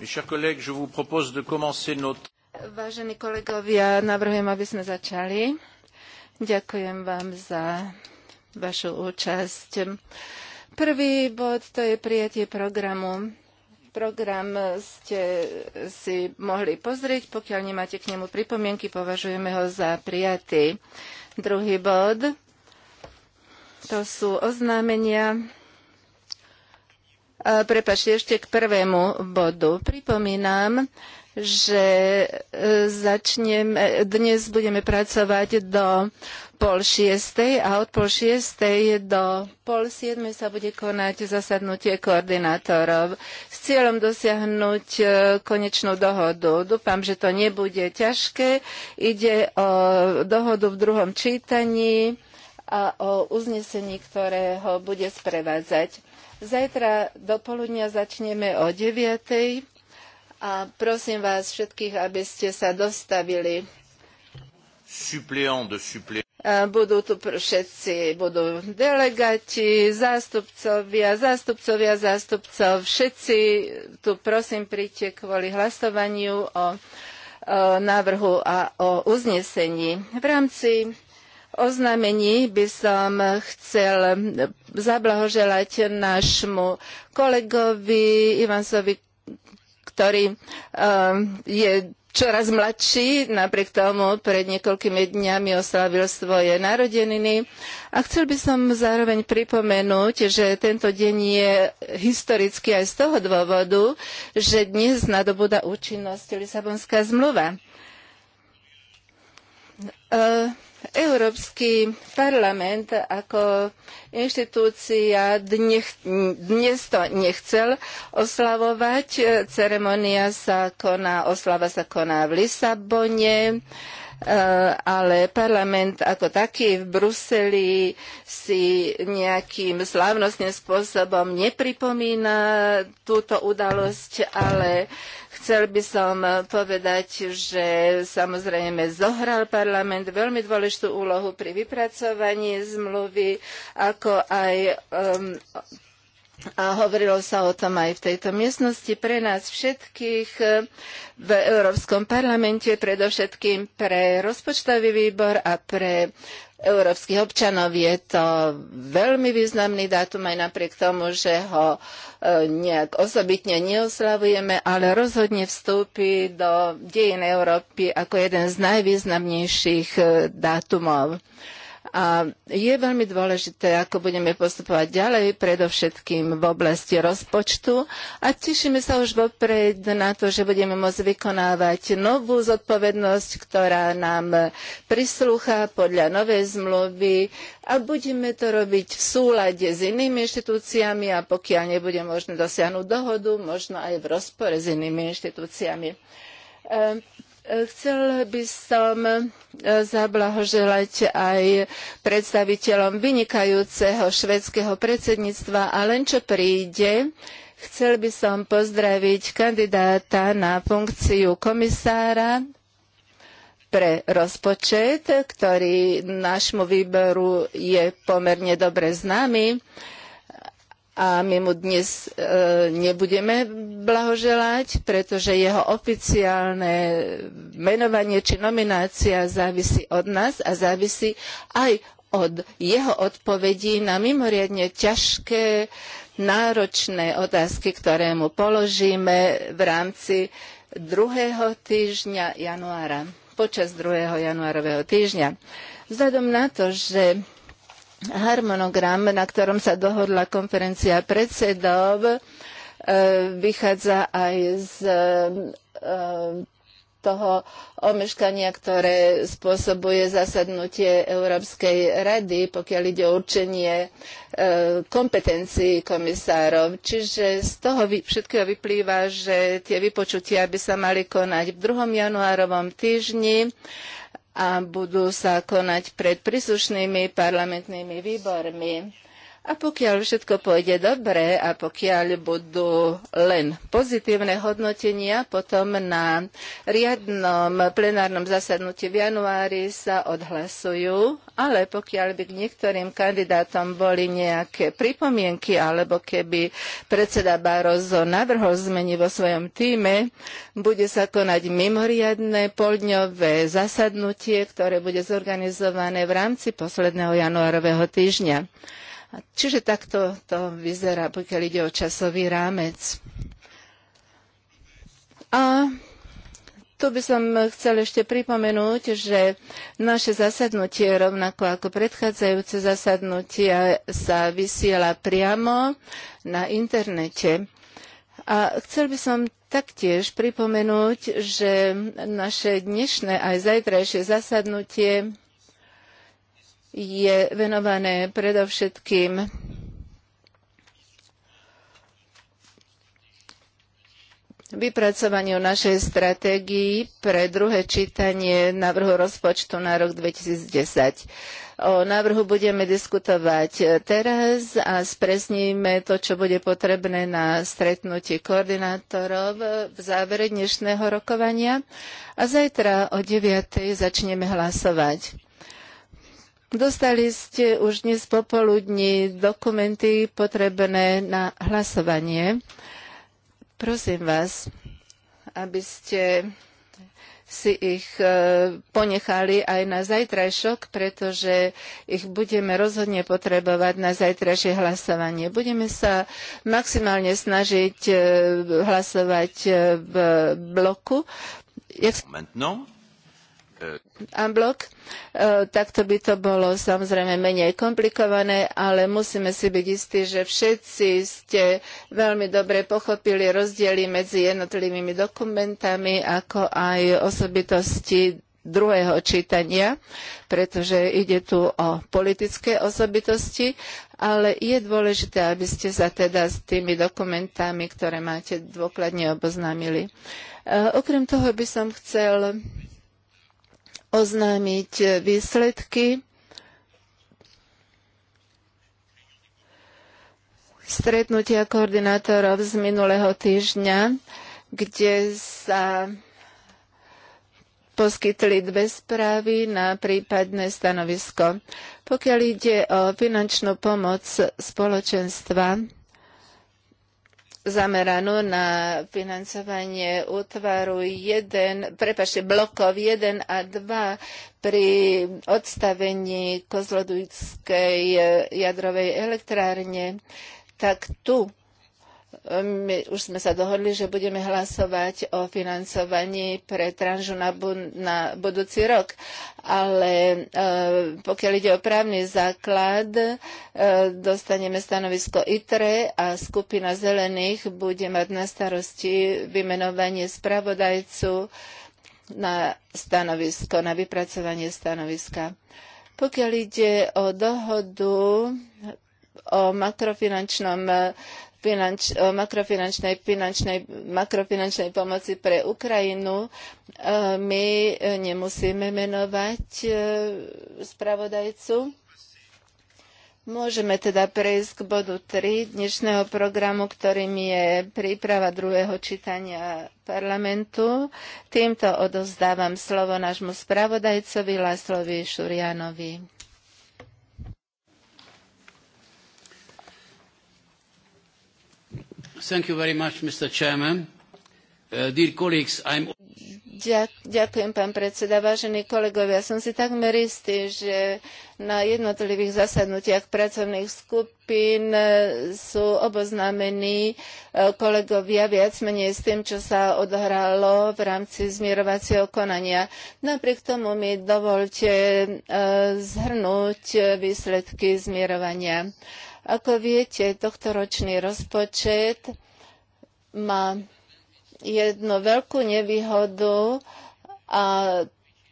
Vážení kolegovia, navrhujem, aby sme začali. Ďakujem vám za vašu účasť. Prvý bod to je prijatie programu. Program ste si mohli pozrieť, pokiaľ nemáte k nemu pripomienky, považujeme ho za prijatý. Druhý bod to sú oznámenia E, prepáčte ešte k prvému bodu. Pripomínam, že e, začnem, e, dnes budeme pracovať do pol šiestej a od pol šiestej do pol siedmej sa bude konať zasadnutie koordinátorov s cieľom dosiahnuť konečnú dohodu. Dúfam, že to nebude ťažké. Ide o dohodu v druhom čítaní a o uznesení, ktoré ho bude sprevádzať. Zajtra do poludnia začneme o 9. A prosím vás všetkých, aby ste sa dostavili. Suppléant de suppléant. Budú tu všetci, budú delegáti, zástupcovia, zástupcovia, zástupcov. Všetci tu prosím príďte kvôli hlasovaniu o návrhu a o uznesení. V rámci oznámení by som chcel zablahoželať nášmu kolegovi Ivansovi, ktorý eh, je čoraz mladší, napriek tomu pred niekoľkými dňami oslavil svoje narodeniny. A chcel by som zároveň pripomenúť, že tento deň je historický aj z toho dôvodu, že dnes nadobúda účinnosť Lisabonská zmluva. Eh, Európsky parlament ako inštitúcia dnes to nechcel oslavovať. Ceremonia sa koná, oslava sa koná v Lisabone e, ale parlament ako taký v Bruseli si nejakým slávnostným spôsobom nepripomína túto udalosť, ale Chcel by som eh, povedať, že samozrejme zohral parlament veľmi dôležitú úlohu pri vypracovaní zmluvy, ako aj um, a hovorilo sa o tom aj v tejto miestnosti, pre nás všetkých eh, v Európskom parlamente, predovšetkým pre rozpočtový výbor a pre európskych občanov. Je to veľmi významný dátum aj napriek tomu, že ho e, nejak osobitne neoslavujeme, ale rozhodne vstúpi do dejin Európy ako jeden z najvýznamnejších e, dátumov. A je veľmi dôležité, ako budeme postupovať ďalej, predovšetkým v oblasti rozpočtu. A tešíme sa už vopred na to, že budeme môcť vykonávať novú zodpovednosť, ktorá nám prislúcha podľa novej zmluvy a budeme to robiť v súlade s inými inštitúciami a pokiaľ nebude možné dosiahnuť dohodu, možno aj v rozpore s inými inštitúciami. Ehm, Chcel by som e, zablahoželať aj predstaviteľom vynikajúceho švedského predsedníctva a len čo príde, chcel by som pozdraviť kandidáta na funkciu komisára pre rozpočet, ktorý nášmu výboru je pomerne dobre známy a my mu dnes e, nebudeme blahoželať, pretože jeho oficiálne menovanie či nominácia závisí od nás a závisí aj od jeho odpovedí na mimoriadne ťažké, náročné otázky, ktoré mu položíme v rámci druhého týždňa januára, počas druhého januárového týždňa. Vzhľadom na to, že harmonogram, na ktorom sa dohodla konferencia predsedov, e, vychádza aj z e, toho omeškania, ktoré spôsobuje zasadnutie Európskej rady, pokiaľ ide o určenie e, kompetencií komisárov. Čiže z toho všetkého vyplýva, že tie vypočutia by sa mali konať v 2. januárovom týždni a budú sa konať pred príslušnými parlamentnými výbormi. A pokiaľ všetko pôjde dobre a pokiaľ budú len pozitívne hodnotenia, potom na riadnom plenárnom zasadnutí v januári sa odhlasujú, ale pokiaľ by k niektorým kandidátom boli nejaké pripomienky, alebo keby predseda Barozo navrhol zmeni vo svojom týme, bude sa konať mimoriadne poldňové zasadnutie, ktoré bude zorganizované v rámci posledného januárového týždňa. Čiže takto to vyzerá, pokiaľ ide o časový rámec. A tu by som chcel ešte pripomenúť, že naše zasadnutie, rovnako ako predchádzajúce zasadnutia, sa vysiela priamo na internete. A chcel by som taktiež pripomenúť, že naše dnešné aj zajtrajšie zasadnutie je venované predovšetkým vypracovaniu našej stratégii pre druhé čítanie návrhu rozpočtu na rok 2010. O návrhu budeme diskutovať teraz a spresníme to, čo bude potrebné na stretnutie koordinátorov v závere dnešného rokovania a zajtra o 9.00 začneme hlasovať. Dostali ste už dnes popoludní dokumenty potrebné na hlasovanie. Prosím vás, aby ste si ich e, ponechali aj na zajtrajšok, pretože ich budeme rozhodne potrebovať na zajtrajšie hlasovanie. Budeme sa maximálne snažiť e, hlasovať e, v bloku. Jak... No. Eh, unblock, eh, takto by to bolo samozrejme menej komplikované, ale musíme si byť istí, že všetci ste veľmi dobre pochopili rozdiely medzi jednotlivými dokumentami, ako aj osobitosti druhého čítania, pretože ide tu o politické osobitosti, ale je dôležité, aby ste sa teda s tými dokumentami, ktoré máte, dôkladne oboznámili. Eh, okrem toho by som chcel oznámiť e, výsledky stretnutia koordinátorov z minulého týždňa, kde sa poskytli dve správy na prípadné stanovisko. Pokiaľ ide o finančnú pomoc spoločenstva, zameranú na financovanie útvaru 1, prepašte, blokov 1 a 2 pri odstavení kozlodujskej eh, jadrovej elektrárne, tak tu my už sme sa dohodli, že budeme hlasovať o financovaní pre tranžu na, bu- na budúci rok. Ale e, pokiaľ ide o právny základ, e, dostaneme stanovisko ITRE a skupina zelených bude mať na starosti vymenovanie spravodajcu na stanovisko, na vypracovanie stanoviska. Pokiaľ ide o dohodu o makrofinančnom finanč, eh, makrofinančnej, finančnej, makrofinančnej pomoci pre Ukrajinu. Eh, my eh, nemusíme menovať spravodajcu. Môžeme teda prejsť k bodu 3 dnešného programu, ktorým je príprava druhého čítania parlamentu. Týmto odozdávam slovo nášmu spravodajcovi Laslovi Šurianovi. Thank you very much, Mr. Chairman. Uh, dear colleagues, I'm... Ďakujem, pán predseda. Vážení kolegovia, som si takmer istý, že na jednotlivých zasadnutiach pracovných skupín uh, sú oboznámení uh, kolegovia viac menej s tým, čo sa odhralo v rámci zmierovacieho konania. Napriek tomu mi dovolte uh, zhrnúť výsledky zmierovania. Ako viete, tohtoročný rozpočet má jednu veľkú nevýhodu a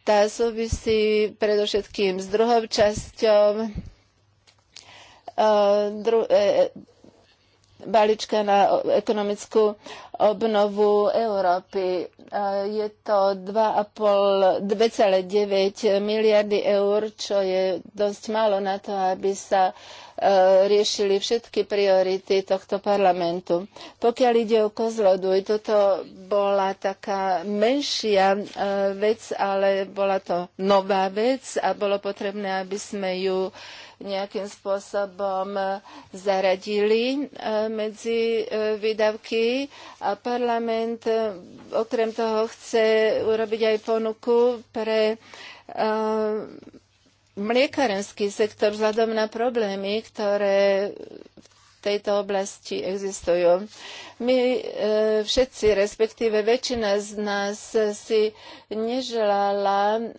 tá súvisí predovšetkým s druhou časťou balíčka na ekonomickú obnovu Európy. Je to 2,9 miliardy eur, čo je dosť málo na to, aby sa e, riešili všetky priority tohto parlamentu. Pokiaľ ide o kozlodu, toto bola taká menšia e, vec, ale bola to nová vec a bolo potrebné, aby sme ju nejakým spôsobom zaradili e, medzi e, výdavky a parlament e, okrem toho chce urobiť aj ponuku pre mliekarenský sektor vzhľadom na problémy, ktoré tejto oblasti existujú. My všetci, respektíve väčšina z nás si neželala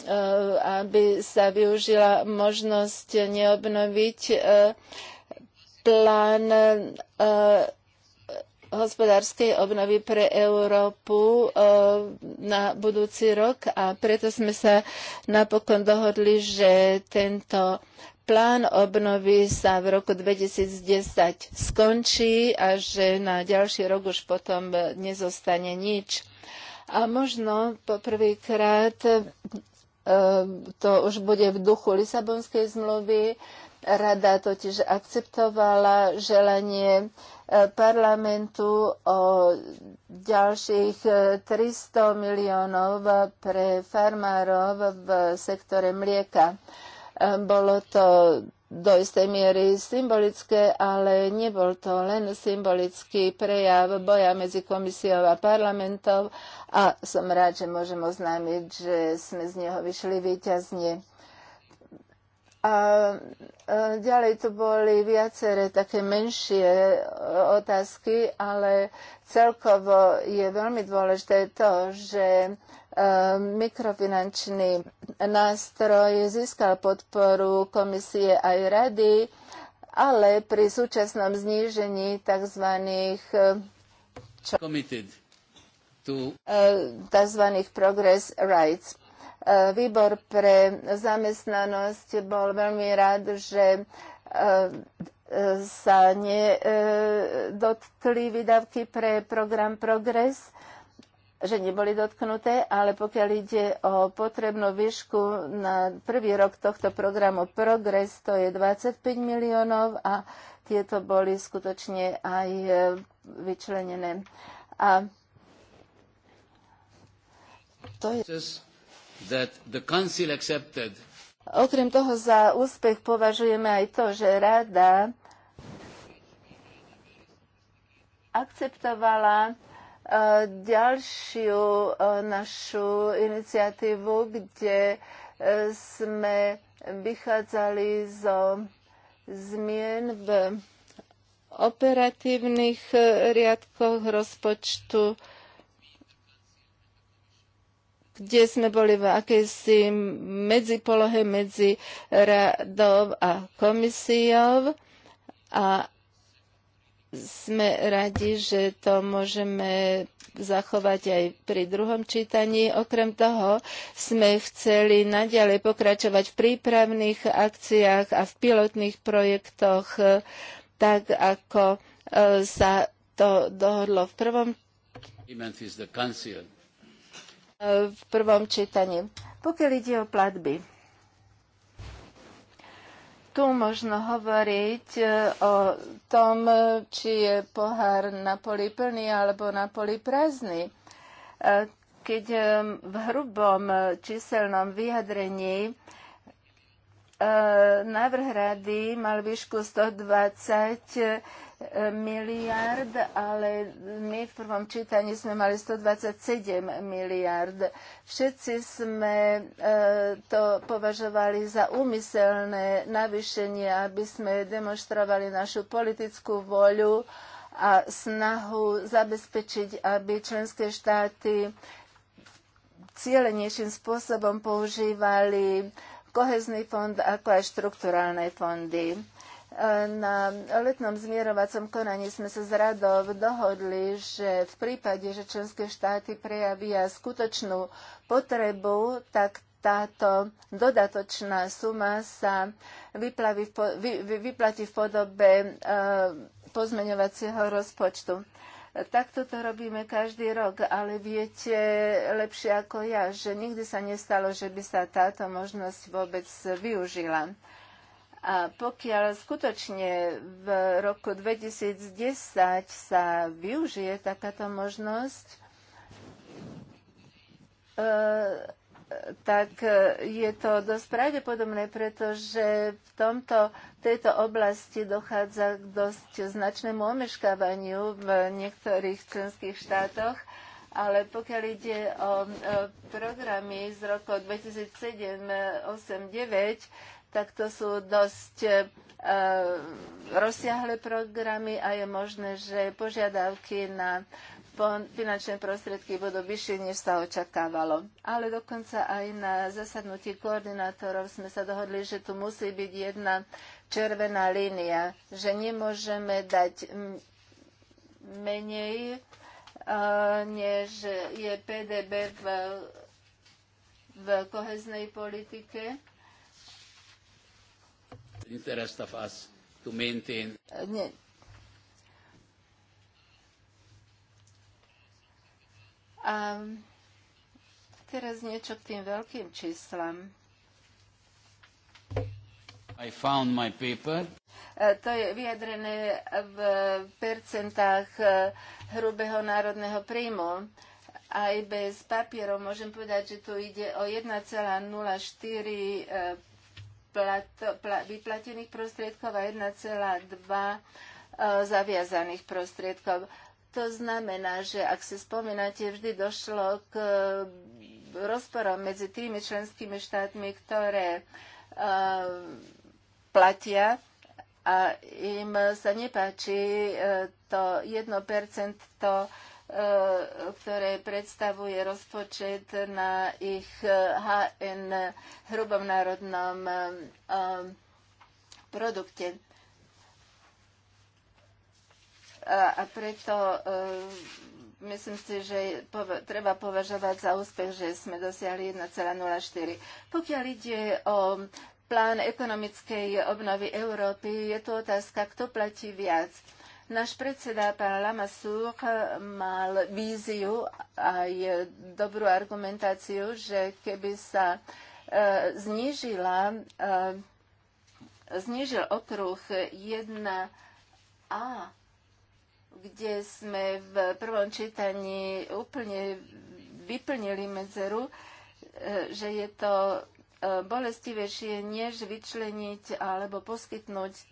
Eh, aby sa využila možnosť neobnoviť eh, plán eh, hospodárskej obnovy pre Európu na budúci rok a preto sme sa napokon dohodli, že tento plán obnovy sa v roku 2010 skončí a že na ďalší rok už potom nezostane nič. A možno poprvýkrát Ehm, to už bude v duchu Lisabonskej zmluvy. Rada totiž akceptovala želanie e, parlamentu o ďalších 300 e, miliónov pre farmárov v sektore mlieka. Ehm, bolo to do istej miery symbolické, ale nebol to len symbolický prejav boja medzi komisiou a parlamentom a som rád, že môžem oznámiť, že sme z neho vyšli výťazne. A ďalej tu boli viaceré také menšie e, otázky, ale celkovo je veľmi dôležité to, že E, mikrofinančný nástroj získal podporu komisie aj rady, ale pri súčasnom znížení tzv. E, čo, tzv. E, progress rights. Výbor pre zamestnanosť bol veľmi rád, že sa nedotkli výdavky pre program Progress že neboli dotknuté, ale pokiaľ ide o potrebnú výšku na prvý rok tohto programu Progress, to je 25 miliónov a tieto boli skutočne aj e, vyčlenené. A to je... That the council accepted. Okrem toho za úspech považujeme aj to, že rada akceptovala ďalšiu našu iniciatívu, kde e, sme vychádzali zo zmien v operatívnych e, riadkoch rozpočtu, kde sme boli v akejsi medzipolohe medzi radov a komisiou a sme radi, že to môžeme zachovať aj pri druhom čítaní. Okrem toho sme chceli naďalej pokračovať v prípravných akciách a v pilotných projektoch, e, tak ako e, sa to dohodlo v prvom, e, v prvom čítaní. Pokiaľ ide o platby, tu možno hovoriť e, o tom, e, či je pohár na poli plný alebo na poli prázdny. E, keď v hrubom číselnom vyjadrení Návrh rady mal výšku 120 eh, miliard, ale my v prvom čítaní sme mali 127 miliard. Všetci sme eh, to považovali za úmyselné navýšenie, aby sme demonstrovali našu politickú voľu a snahu zabezpečiť, aby členské štáty cieľenejším spôsobom používali kohezný fond, ako aj štrukturálne fondy. E, Na letnom zmierovacom konaní sme sa z radov dohodli, že v prípade, že členské štáty prejavia skutočnú potrebu, tak táto dodatočná suma sa vyplaví, vy, vy, vyplatí v podobe e, pozmeňovacieho rozpočtu. E, Takto to robíme každý rok, ale viete lepšie ako ja, že nikdy sa nestalo, že by sa táto možnosť vôbec využila. A pokiaľ skutočne v roku 2010 sa využije takáto možnosť, e tak e, je to dosť pravdepodobné, pretože v tomto, tejto oblasti dochádza k dosť značnému omeškávaniu v niektorých členských štátoch, ale pokiaľ ide o e, programy z roku 2007, 8, tak to sú dosť e, rozsiahle programy a je možné, že požiadavky na finančné prostriedky budú vyššie, než sa očakávalo. Ale dokonca aj na zasadnutí koordinátorov sme sa dohodli, že tu musí byť jedna červená línia, že nemôžeme dať menej, než je PDB v, v koheznej politike. Interest of us to maintain. Nie A teraz niečo k tým veľkým číslam. I found my paper. E, to je vyjadrené v percentách e, hrubého národného príjmu. Aj bez papierov môžem povedať, že tu ide o 1,04 e, vyplatených prostriedkov a 1,2 zaviazaných prostriedkov. To znamená, že ak si spomínate, vždy došlo k e, rozporom medzi tými členskými štátmi, ktoré e, platia a im sa nepáči e, to 1% to, ktoré predstavuje rozpočet na ich HN hrubom národnom produkte. A, a preto e, myslím si, že pov- treba považovať za úspech, že sme dosiahli 1,04. Pokiaľ ide o plán ekonomickej obnovy Európy, je to otázka, kto platí viac. Náš predseda, pán Lamassur, mal víziu aj dobrú argumentáciu, že keby sa e, znížila, e, znížil okruh 1A kde sme v prvom čítaní úplne vyplnili medzeru, e, že je to e, bolestivejšie, než vyčleniť alebo poskytnúť e,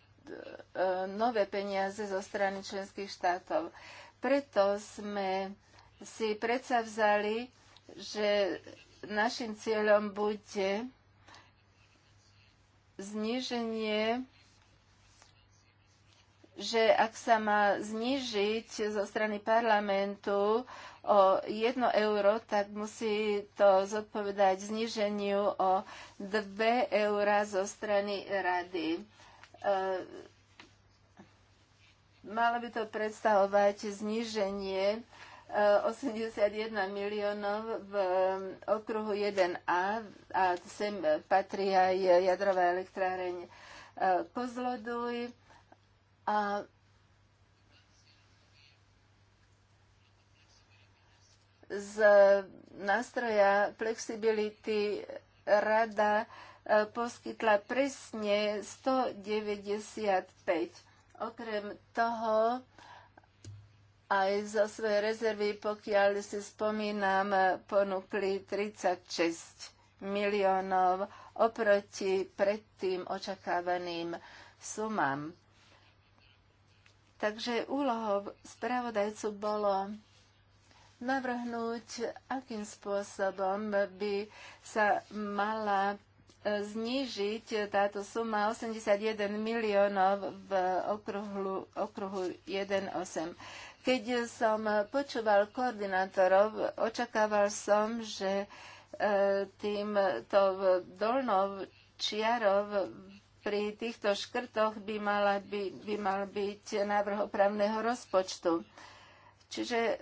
nové peniaze zo strany členských štátov. Preto sme si predsa vzali, že našim cieľom bude zníženie že ak sa má znižiť zo strany parlamentu o 1 euro, tak musí to zodpovedať zniženiu o 2 eura zo strany rady. E, malo by to predstavovať zníženie 81 e, miliónov v okruhu 1A a sem patrí aj jadrová elektráreň Kozloduj e, a z nástroja flexibility rada e, poskytla presne 195. Okrem toho aj zo svojej rezervy, pokiaľ si spomínam, ponúkli 36 miliónov oproti predtým očakávaným sumám. Takže úlohou spravodajcu bolo navrhnúť, akým spôsobom by sa mala e, znížiť táto suma 81 miliónov v okruhu, okruhu 1.8. Keď som počúval koordinátorov, očakával som, že e, týmto dolnou čiarov pri týchto škrtoch by, mala by, by mal byť návrh opravného rozpočtu. Čiže e,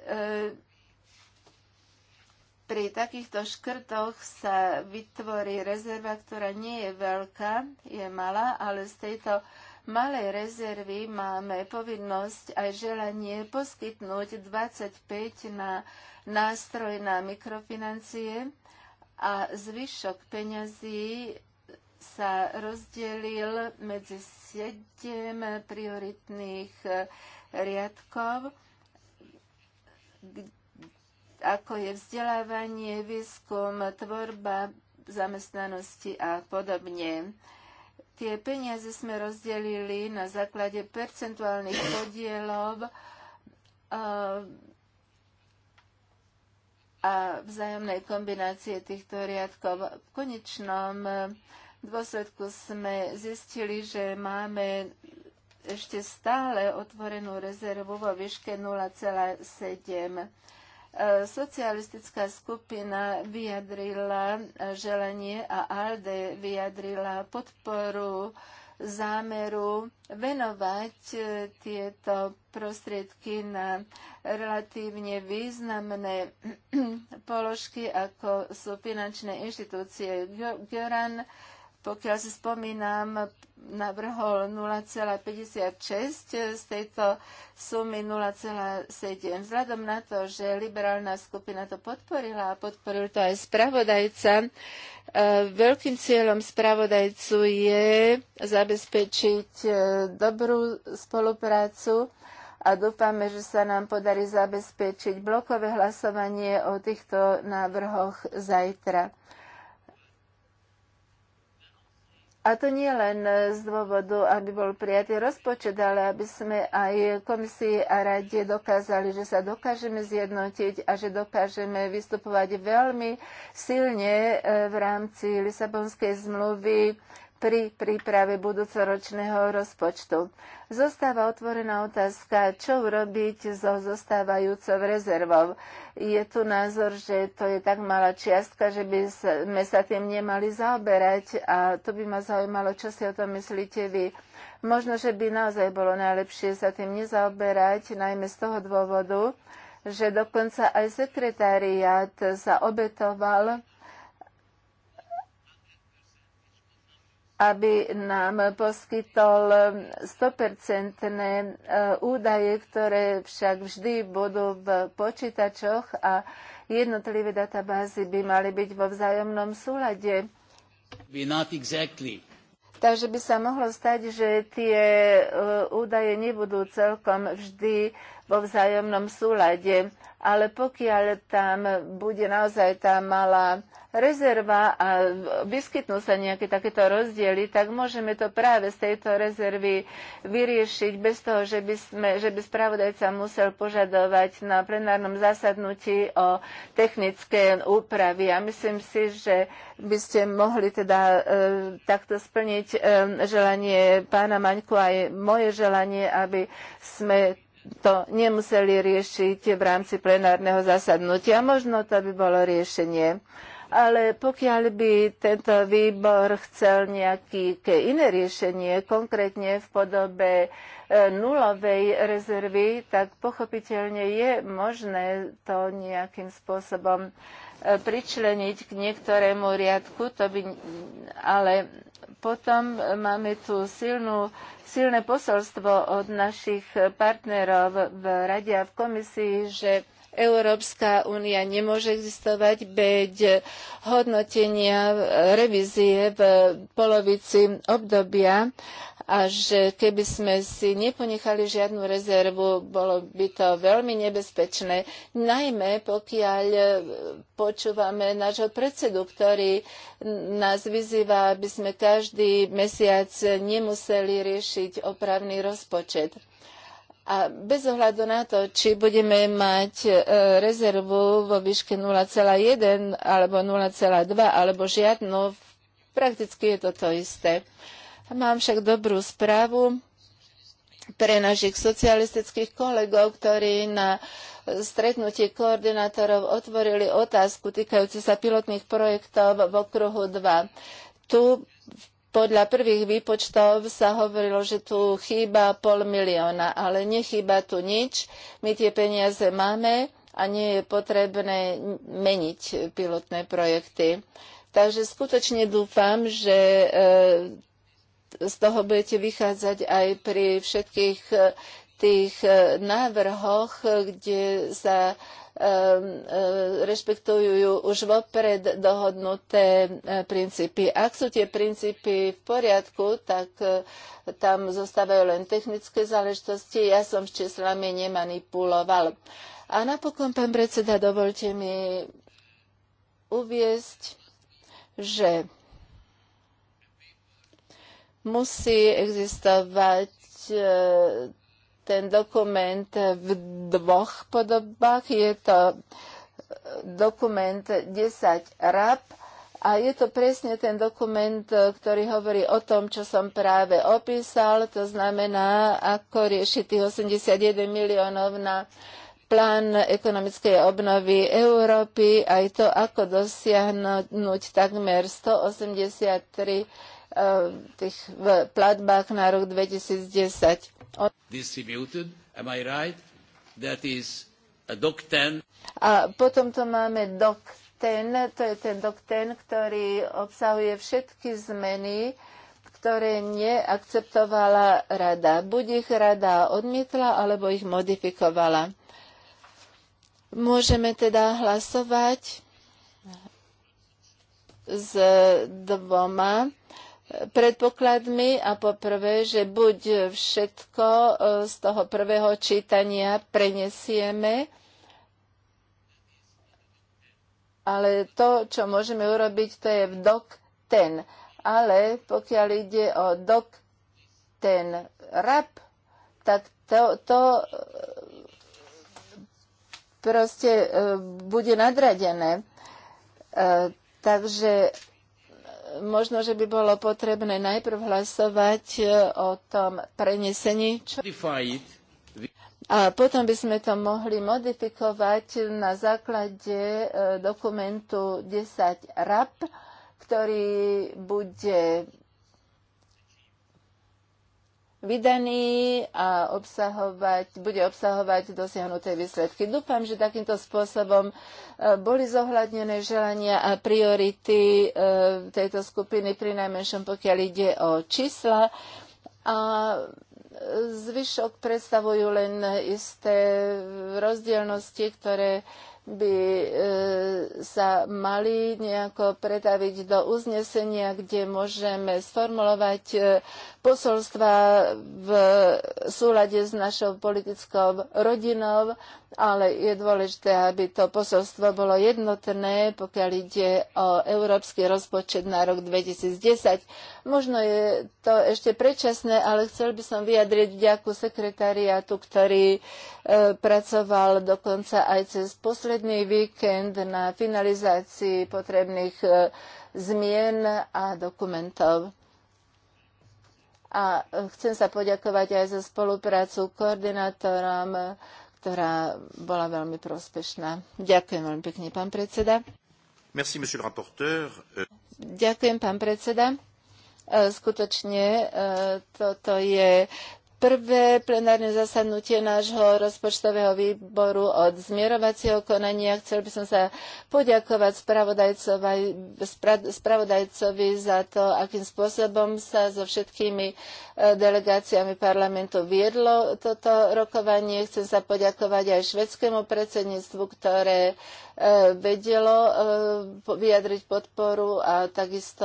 pri takýchto škrtoch sa vytvorí rezerva, ktorá nie je veľká, je malá, ale z tejto malej rezervy máme povinnosť aj želanie poskytnúť 25 na nástroj na mikrofinancie a zvyšok peňazí sa rozdelil medzi sedem prioritných eh, riadkov, ako je vzdelávanie, výskum, tvorba zamestnanosti a podobne. Tie peniaze sme rozdelili na základe percentuálnych podielov eh, a vzájomnej kombinácie týchto riadkov. V konečnom eh, v dôsledku sme zistili, že máme ešte stále otvorenú rezervu vo výške 0,7 e, socialistická skupina vyjadrila želanie a ALDE vyjadrila podporu zámeru venovať e, tieto prostriedky na relatívne významné položky, ako sú finančné inštitúcie. Göran pokiaľ si spomínam, navrhol 0,56, eh, z tejto sumy 0,7. Vzhľadom na to, že liberálna skupina to podporila a podporil to aj spravodajca, eh, veľkým cieľom spravodajcu je zabezpečiť eh, dobrú spoluprácu a dúfame, že sa nám podarí zabezpečiť blokové hlasovanie o týchto návrhoch zajtra. A to nie len z dôvodu, aby bol prijatý rozpočet, ale aby sme aj komisii a rade dokázali, že sa dokážeme zjednotiť a že dokážeme vystupovať veľmi silne eh, v rámci Lisabonskej zmluvy pri príprave budúcoročného rozpočtu. Zostáva otvorená otázka, čo urobiť so zostávajúcou rezervou. Je tu názor, že to je tak malá čiastka, že by sme sa tým nemali zaoberať a to by ma zaujímalo, čo si o tom myslíte vy. Možno, že by naozaj bolo najlepšie sa tým nezaoberať, najmä z toho dôvodu, že dokonca aj sekretariát sa obetoval aby nám poskytol 100% e, údaje, ktoré však vždy budú v počítačoch a jednotlivé databázy by mali byť vo vzájomnom súlade. Exactly. Takže by sa mohlo stať, že tie e, údaje nebudú celkom vždy vo vzájomnom súlade, ale pokiaľ tam bude naozaj tá malá rezerva a vyskytnú sa nejaké takéto rozdiely, tak môžeme to práve z tejto rezervy vyriešiť bez toho, že by, sme, že by spravodajca musel požadovať na plenárnom zasadnutí o technické úpravy. A myslím si, že by ste mohli teda e, takto splniť e, želanie pána Maňku aj moje želanie, aby sme to nemuseli riešiť v rámci plenárneho zasadnutia. Možno to by bolo riešenie ale pokiaľ by tento výbor chcel nejaké iné riešenie, konkrétne v podobe e, nulovej rezervy, tak pochopiteľne je možné to nejakým spôsobom e, pričleniť k niektorému riadku, to by, ale potom máme tu silnú, silné posolstvo od našich partnerov v Rade a v komisii, že Európska únia nemôže existovať bez hodnotenia revízie v polovici obdobia a že keby sme si neponechali žiadnu rezervu, bolo by to veľmi nebezpečné. Najmä pokiaľ počúvame nášho predsedu, ktorý nás vyzýva, aby sme každý mesiac nemuseli riešiť opravný rozpočet. A bez ohľadu na to, či budeme mať e, rezervu vo výške 0,1 alebo 0,2 alebo žiadnu, prakticky je to to isté. Mám však dobrú správu pre našich socialistických kolegov, ktorí na stretnutí koordinátorov otvorili otázku týkajúcu sa pilotných projektov v okruhu 2. Tu podľa prvých výpočtov sa hovorilo, že tu chýba pol milióna, ale nechýba tu nič. My tie peniaze máme a nie je potrebné meniť pilotné projekty. Takže skutočne dúfam, že e, z toho budete vychádzať aj pri všetkých e, tých e, návrhoch, kde sa rešpektujú už vopred dohodnuté e, princípy. Ak sú tie princípy v poriadku, tak e, tam zostávajú len technické záležitosti. Ja som s číslami nemanipuloval. A napokon, pán predseda, dovolte mi uviesť, že musí existovať e, ten dokument v dvoch podobách. Je to eh, dokument 10 RAP a je to presne ten dokument, eh, ktorý hovorí o tom, čo som práve opísal, to znamená, ako riešiť tých 81 miliónov na plán ekonomickej obnovy Európy, aj to, ako dosiahnuť takmer 183 Eh, tých v platbách na rok 2010. a A potom to máme DOC 10, to je ten DOC 10, ktorý obsahuje všetky zmeny, ktoré neakceptovala rada. Buď ich rada odmietla, alebo ich modifikovala. Môžeme teda hlasovať s dvoma predpokladmi a poprvé, že buď všetko e, z toho prvého čítania prenesieme, ale to, čo môžeme urobiť, to je v dok ten. Ale pokiaľ ide o dok ten rap, tak to, to e, proste e, bude nadradené. Takže možno, že by bolo potrebné najprv hlasovať e, o tom prenesení. Čo... A potom by sme to mohli modifikovať na základe e, dokumentu 10 RAP, ktorý bude vydaný a obsahovať, bude obsahovať dosiahnuté výsledky. Dúfam, že takýmto spôsobom e, boli zohľadnené želania a priority e, tejto skupiny, pri najmenšom pokiaľ ide o čísla. A e, zvyšok predstavujú len isté rozdielnosti, ktoré by sa mali nejako pretaviť do uznesenia, kde môžeme sformulovať posolstva v súlade s našou politickou rodinou, ale je dôležité, aby to posolstvo bolo jednotné, pokiaľ ide o európsky rozpočet na rok 2010. Možno je to ešte predčasné, ale chcel by som vyjadriť vďaku sekretariátu, ktorý e, pracoval dokonca aj cez posledný víkend na finalizácii potrebných e, zmien a dokumentov. A e, chcem sa poďakovať aj za spoluprácu koordinátorom, e, ktorá bola veľmi prospešná. Ďakujem veľmi pekne, pán predseda. Merci, monsieur le rapporteur. Ďakujem, pán predseda. E, skutočne toto je prvé plenárne zasadnutie nášho rozpočtového výboru od zmierovacieho konania. Chcel by som sa poďakovať spravodajcovi za to, akým spôsobom sa so všetkými e, delegáciami parlamentu viedlo toto rokovanie. Chcem sa poďakovať aj švedskému predsedníctvu, ktoré e, vedelo e, vyjadriť podporu a takisto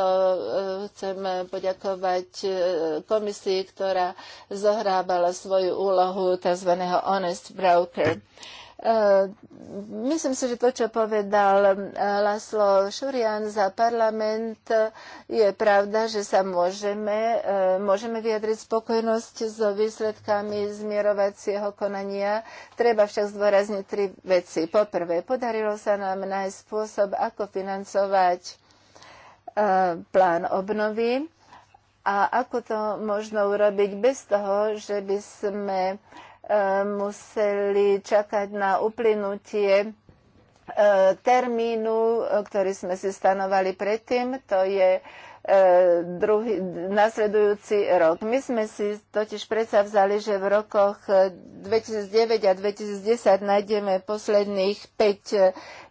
chcem poďakovať komisii, ktorá zohrala zohrávala svoju úlohu tzv. honest broker. E, myslím si, že to, čo povedal e, Laslo Šurian za parlament, je pravda, že sa môžeme, e, môžeme vyjadriť spokojnosť so výsledkami zmierovacieho konania. Treba však zdôrazniť tri veci. Poprvé, podarilo sa nám nájsť spôsob, ako financovať plán obnovy a ako to možno urobiť bez toho, že by sme e, museli čakať na uplynutie e, termínu, e, ktorý sme si stanovali predtým, to je E, druhý, nasledujúci rok. My sme si totiž predsa vzali, že v rokoch 2009 e, a 2010 nájdeme posledných 5 e,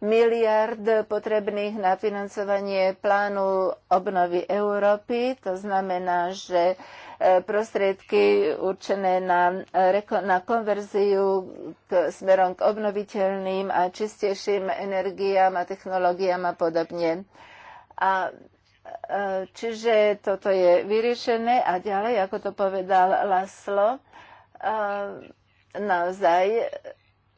miliard potrebných na financovanie plánu obnovy Európy. To znamená, že prostriedky určené na, na konverziu k smerom k obnoviteľným a čistejším energiám a technológiám a podobne. A Čiže toto je vyriešené a ďalej, ako to povedal Laslo, eh, naozaj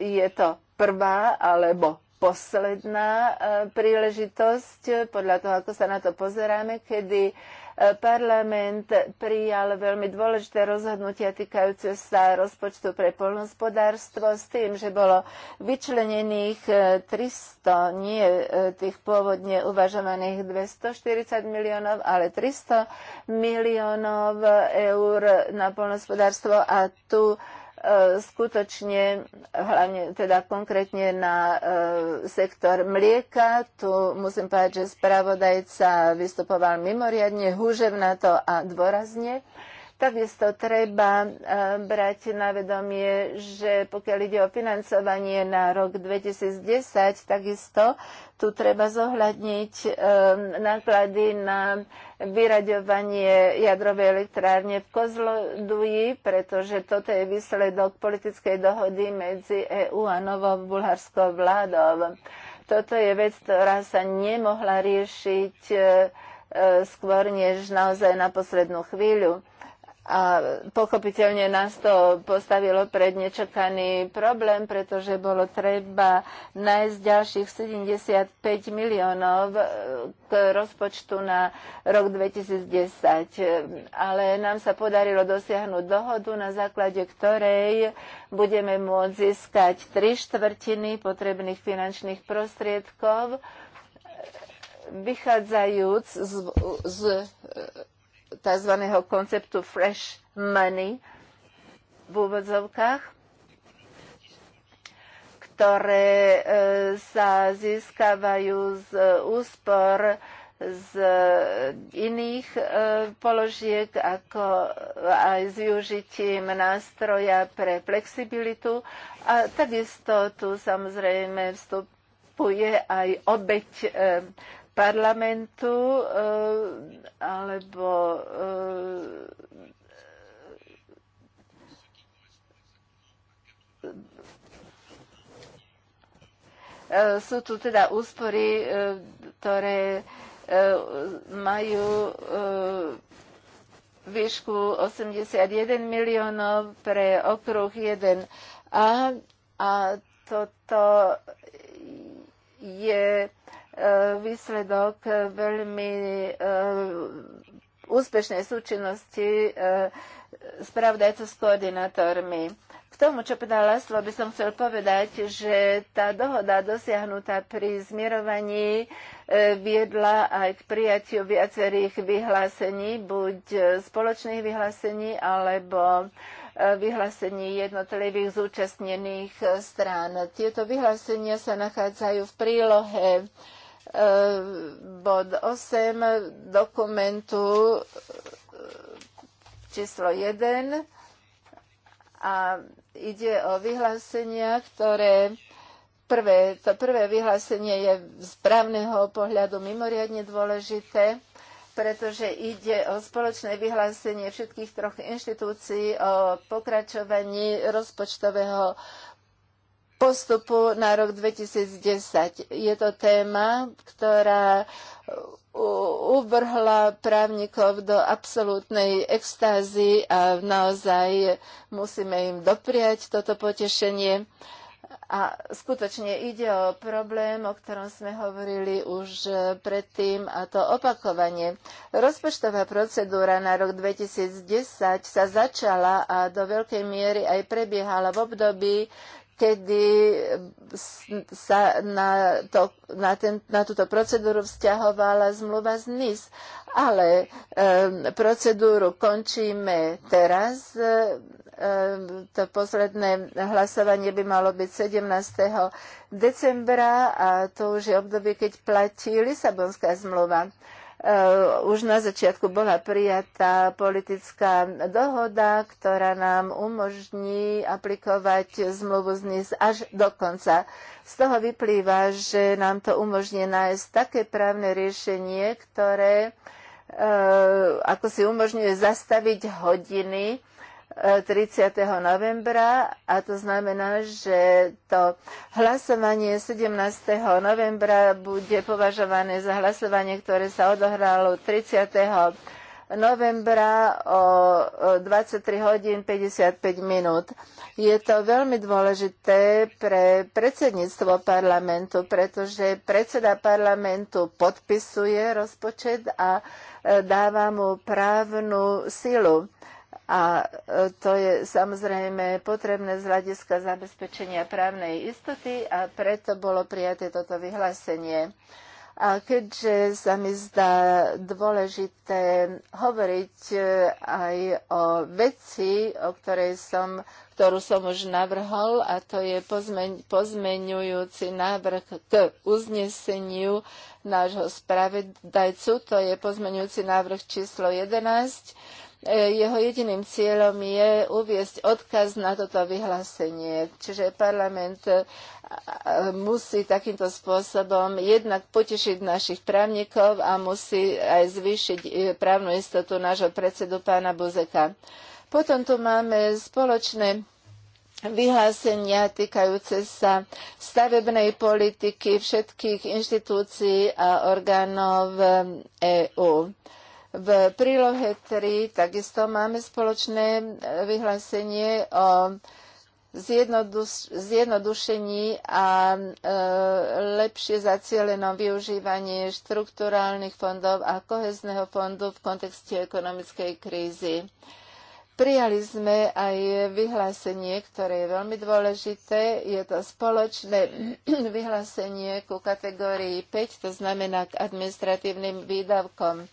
je to prvá alebo posledná eh, príležitosť, eh, podľa toho, ako sa na to pozeráme, kedy Parlament prijal veľmi dôležité rozhodnutia týkajúce sa rozpočtu pre polnospodárstvo s tým, že bolo vyčlenených 300, e, nie e, tých pôvodne uvažovaných 240 miliónov, ale 300 miliónov eur na polnospodárstvo a tu skutočne, hlavne teda konkrétne na e, sektor mlieka. Tu musím povedať, že spravodajca vystupoval mimoriadne húževnato a dôrazne. Takisto treba eh, brať na vedomie, že pokiaľ ide o financovanie na rok 2010, takisto tu treba zohľadniť eh, náklady na vyraďovanie jadrovej elektrárne v Kozloduji, pretože toto je výsledok politickej dohody medzi EÚ a novou bulharskou vládou. Toto je vec, ktorá sa nemohla riešiť eh, skôr než naozaj na poslednú chvíľu a pochopiteľne nás to postavilo pred nečakaný problém, pretože bolo treba nájsť ďalších 75 miliónov k rozpočtu na rok 2010. Ale nám sa podarilo dosiahnuť dohodu, na základe ktorej budeme môcť získať tri štvrtiny potrebných finančných prostriedkov, vychádzajúc z, z tzv. konceptu fresh money v úvodzovkách, ktoré e, sa získavajú z úspor z iných e, položiek, ako aj s využitím nástroja pre flexibilitu. A takisto tu samozrejme vstupuje aj obeď e, parlamentu uh, alebo uh, sú tu teda úspory, uh, ktoré uh, majú uh, výšku 81 miliónov pre okruh 1A a toto je výsledok veľmi e, úspešnej súčinnosti e, spravodajcov s koordinátormi. K tomu, čo povedal Laslo, by som chcel povedať, že tá dohoda dosiahnutá pri zmierovaní e, viedla aj k prijatiu viacerých vyhlásení, buď spoločných vyhlásení, alebo vyhlásení jednotlivých zúčastnených strán. Tieto vyhlásenia sa nachádzajú v prílohe E, bod 8 dokumentu e, číslo 1 a ide o vyhlásenia, ktoré prvé, to prvé vyhlásenie je z právneho pohľadu mimoriadne dôležité, pretože ide o spoločné vyhlásenie všetkých troch inštitúcií o pokračovaní rozpočtového postupu na rok 2010. Je to téma, ktorá uvrhla právnikov do absolútnej extázy a naozaj musíme im dopriať toto potešenie. A skutočne ide o problém, o ktorom sme hovorili už predtým, a to opakovanie. Rozpočtová procedúra na rok 2010 sa začala a do veľkej miery aj prebiehala v období, kedy eh, sa na, to, na, ten, na túto procedúru vzťahovala zmluva z NIS. Ale e, procedúru končíme teraz. E, to posledné hlasovanie by malo byť 17. decembra a to už je obdobie, keď platí Lisabonská zmluva. Eh, už na začiatku bola prijatá politická dohoda, ktorá nám umožní aplikovať zmluvu z NIS až do konca. Z toho vyplýva, že nám to umožní nájsť také právne riešenie, ktoré eh, ako si umožňuje zastaviť hodiny 30. novembra a to znamená, že to hlasovanie 17. novembra bude považované za hlasovanie, ktoré sa odohralo 30 novembra o 23 hodín 55 minút. Je to veľmi dôležité pre predsedníctvo parlamentu, pretože predseda parlamentu podpisuje rozpočet a e, dáva mu právnu silu a e, to je samozrejme potrebné z hľadiska zabezpečenia právnej istoty a preto bolo prijaté toto vyhlásenie. A keďže sa mi zdá dôležité hovoriť e, aj o veci, o ktorej som, ktorú som už navrhol, a to je pozmeň, pozmeňujúci návrh k uzneseniu nášho spravedajcu, to je pozmeňujúci návrh číslo 11, E, jeho jediným cieľom je uviesť odkaz na toto vyhlásenie. Čiže parlament e, musí takýmto spôsobom jednak potešiť našich právnikov a musí aj zvýšiť e, právnu istotu nášho predsedu pána Buzeka. Potom tu máme spoločné vyhlásenia týkajúce sa stavebnej politiky všetkých inštitúcií a orgánov EÚ. V prílohe 3 takisto máme spoločné e, vyhlásenie o zjednodušení a e, lepšie zacielenom využívanie štruktúrálnych fondov a kohezného fondu v kontexte ekonomickej krízy. Prijali sme aj vyhlásenie, ktoré je veľmi dôležité. Je to spoločné vyhlásenie ku kategórii 5, to znamená k administratívnym výdavkom.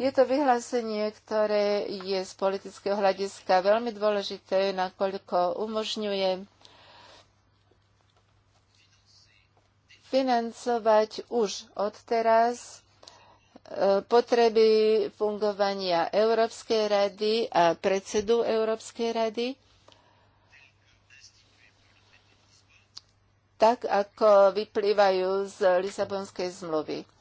Je to vyhlásenie, ktoré je z politického hľadiska veľmi dôležité, nakoľko umožňuje financovať už odteraz e, potreby fungovania Európskej rady a predsedu Európskej rady, tak ako vyplývajú z Lisabonskej zmluvy.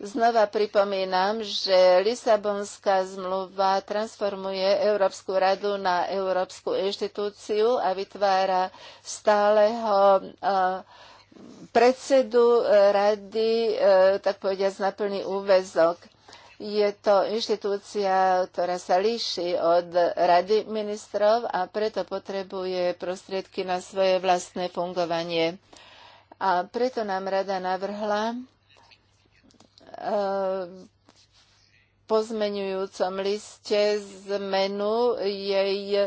Znova pripomínam, že Lisabonská zmluva transformuje Európsku radu na Európsku inštitúciu a vytvára stáleho predsedu rady, e, tak povediať, na plný úvezok. Je to inštitúcia, ktorá sa líši od Rady ministrov a preto potrebuje prostriedky na svoje vlastné fungovanie. A preto nám rada navrhla, pozmenujúcom liste zmenu jej e,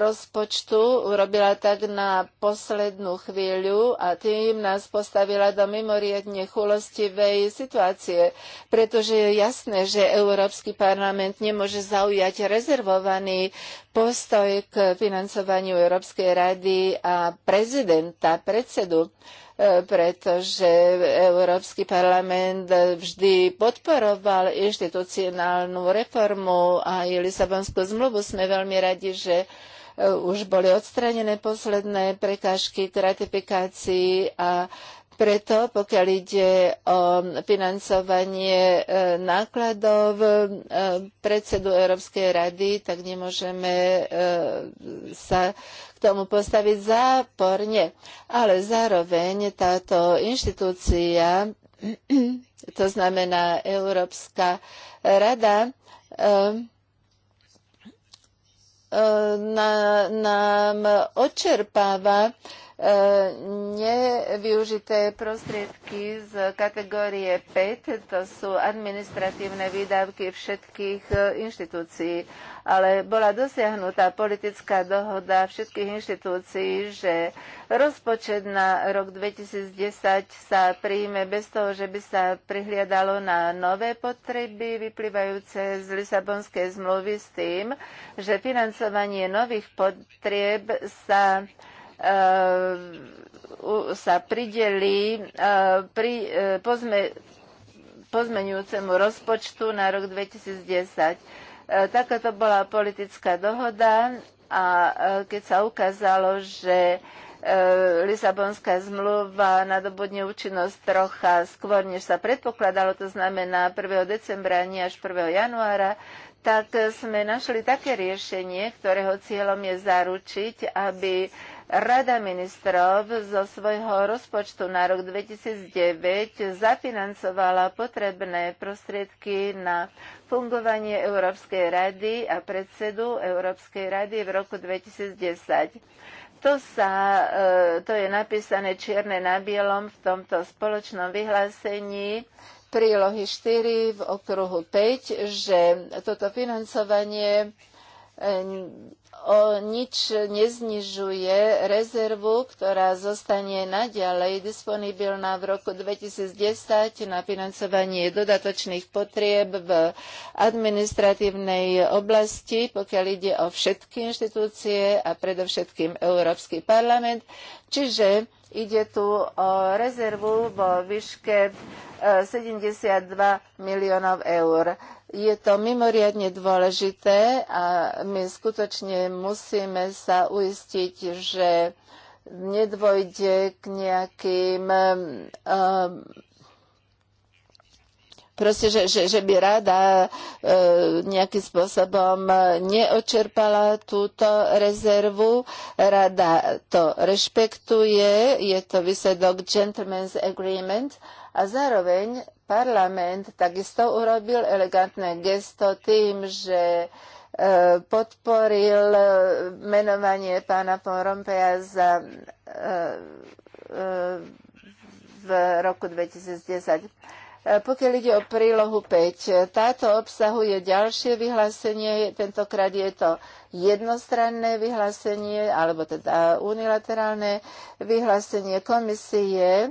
rozpočtu urobila tak na poslednú chvíľu a tým nás postavila do mimoriadne chulostivej situácie, pretože je jasné, že Európsky parlament nemôže zaujať rezervovaný postoj k financovaniu Európskej rady a prezidenta, predsedu pretože Európsky parlament vždy podporoval inštitucionálnu reformu a aj Lisabonskú zmluvu. Sme veľmi radi, že e, už boli odstranené posledné prekážky k ratifikácii a preto, pokiaľ ide o financovanie e, nákladov e, predsedu Európskej rady, tak nemôžeme sa k tomu postaviť záporne. Ale zároveň táto inštitúcia, to znamená Európska rada, ehm, ehm, nám odčerpáva ehm, nevyužité prostriedky z kategórie 5, to sú administratívne výdavky všetkých eh, inštitúcií ale bola dosiahnutá politická dohoda všetkých inštitúcií, že rozpočet na rok 2010 sa príjme bez toho, že by sa prihliadalo na nové potreby vyplývajúce z Lisabonskej zmluvy s tým, že financovanie nových potrieb sa eh, sa prideli eh, pri eh, pozme, pozmenujúcemu rozpočtu na rok 2010. E, Takáto bola politická dohoda a e, keď sa ukázalo, že e, Lisabonská zmluva nadobudne účinnosť trocha skôr, než sa predpokladalo, to znamená 1. decembra, nie až 1. januára, tak sme našli také riešenie, ktorého cieľom je zaručiť, aby Rada ministrov zo svojho rozpočtu na rok 2009 zafinancovala potrebné prostriedky na fungovanie Európskej rady a predsedu Európskej rady v roku 2010. To, sa, e, to je napísané čierne na bielom v tomto spoločnom vyhlásení prílohy 4 v okruhu 5, že toto financovanie Ehm, o nič neznižuje rezervu, ktorá zostane naďalej disponibilná v roku 2010 na financovanie dodatočných potrieb v administratívnej oblasti, pokiaľ ide o všetky inštitúcie a predovšetkým Európsky parlament. Čiže Ide tu o rezervu vo výške 72 e, miliónov eur. Je to mimoriadne dôležité a my skutočne musíme sa uistiť, že nedvojde k nejakým um, proste, že, že, že by rada e, nejakým spôsobom neočerpala túto rezervu. Rada to rešpektuje, je to výsledok Gentleman's Agreement a zároveň parlament takisto urobil elegantné gesto tým, že e, podporil menovanie pána Pompeja za, e, e, v roku 2010. E, pokiaľ ide o prílohu 5, e, táto obsahuje ďalšie vyhlásenie, tentokrát je to jednostranné vyhlásenie, alebo teda unilaterálne vyhlásenie komisie e,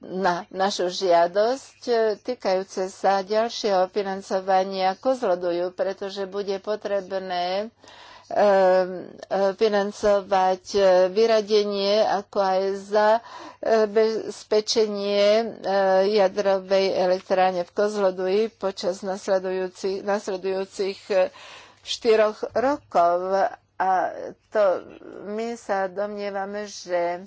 na našu žiadosť týkajúce sa ďalšieho financovania kozlodujú, pretože bude potrebné Ehm, eh, financovať eh, vyradenie, ako aj za eh, bezpečenie jadrovej elektráne v Kozloduji počas nasledujúcich, nasledujúcich štyroch rokov. A to my sa domnievame, že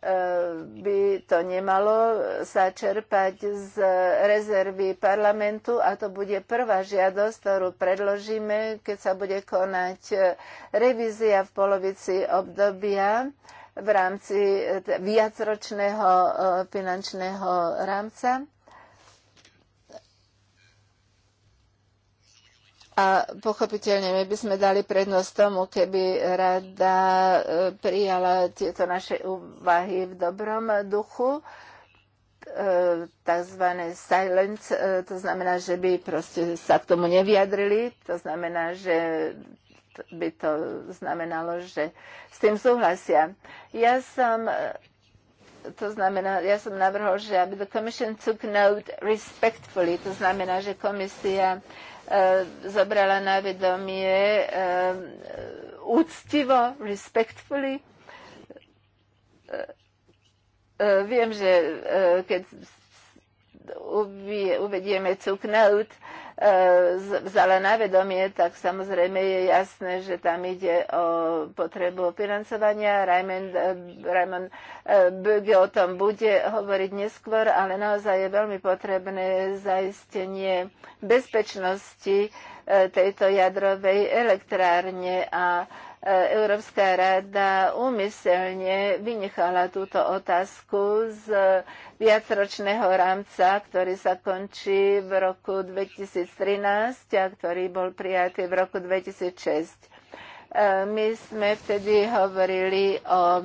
Eh, by to nemalo sa čerpať z rezervy parlamentu a to bude prvá žiadosť, ktorú predložíme, keď sa bude konať eh, revízia v polovici obdobia v rámci eh, viacročného finančného rámca A pochopiteľne my by sme dali prednosť tomu, keby rada e, prijala tieto naše úvahy v dobrom duchu, e, tzv. silence, e, to znamená, že by proste sa k tomu neviadrili, to znamená, že by to znamenalo, že s tým súhlasia. Ja som to znamená, ja som navrhol, že aby the commission took note respectfully, to znamená, že komisia uh, E, zobrala na vedomie e, úctivo, respectfully. E, viem, že keď uvedieme cuknaut, vzala na vedomie, tak samozrejme je jasné, že tam ide o potrebu financovania. Raymond, eh, Raymond eh, Böge o tom bude hovoriť neskôr, ale naozaj je veľmi potrebné zaistenie bezpečnosti eh, tejto jadrovej elektrárne a E, Európska rada úmyselne vynechala túto otázku z viacročného rámca, ktorý sa končí v roku 2013 a ktorý bol prijatý v roku 2006 E, my sme vtedy hovorili o e,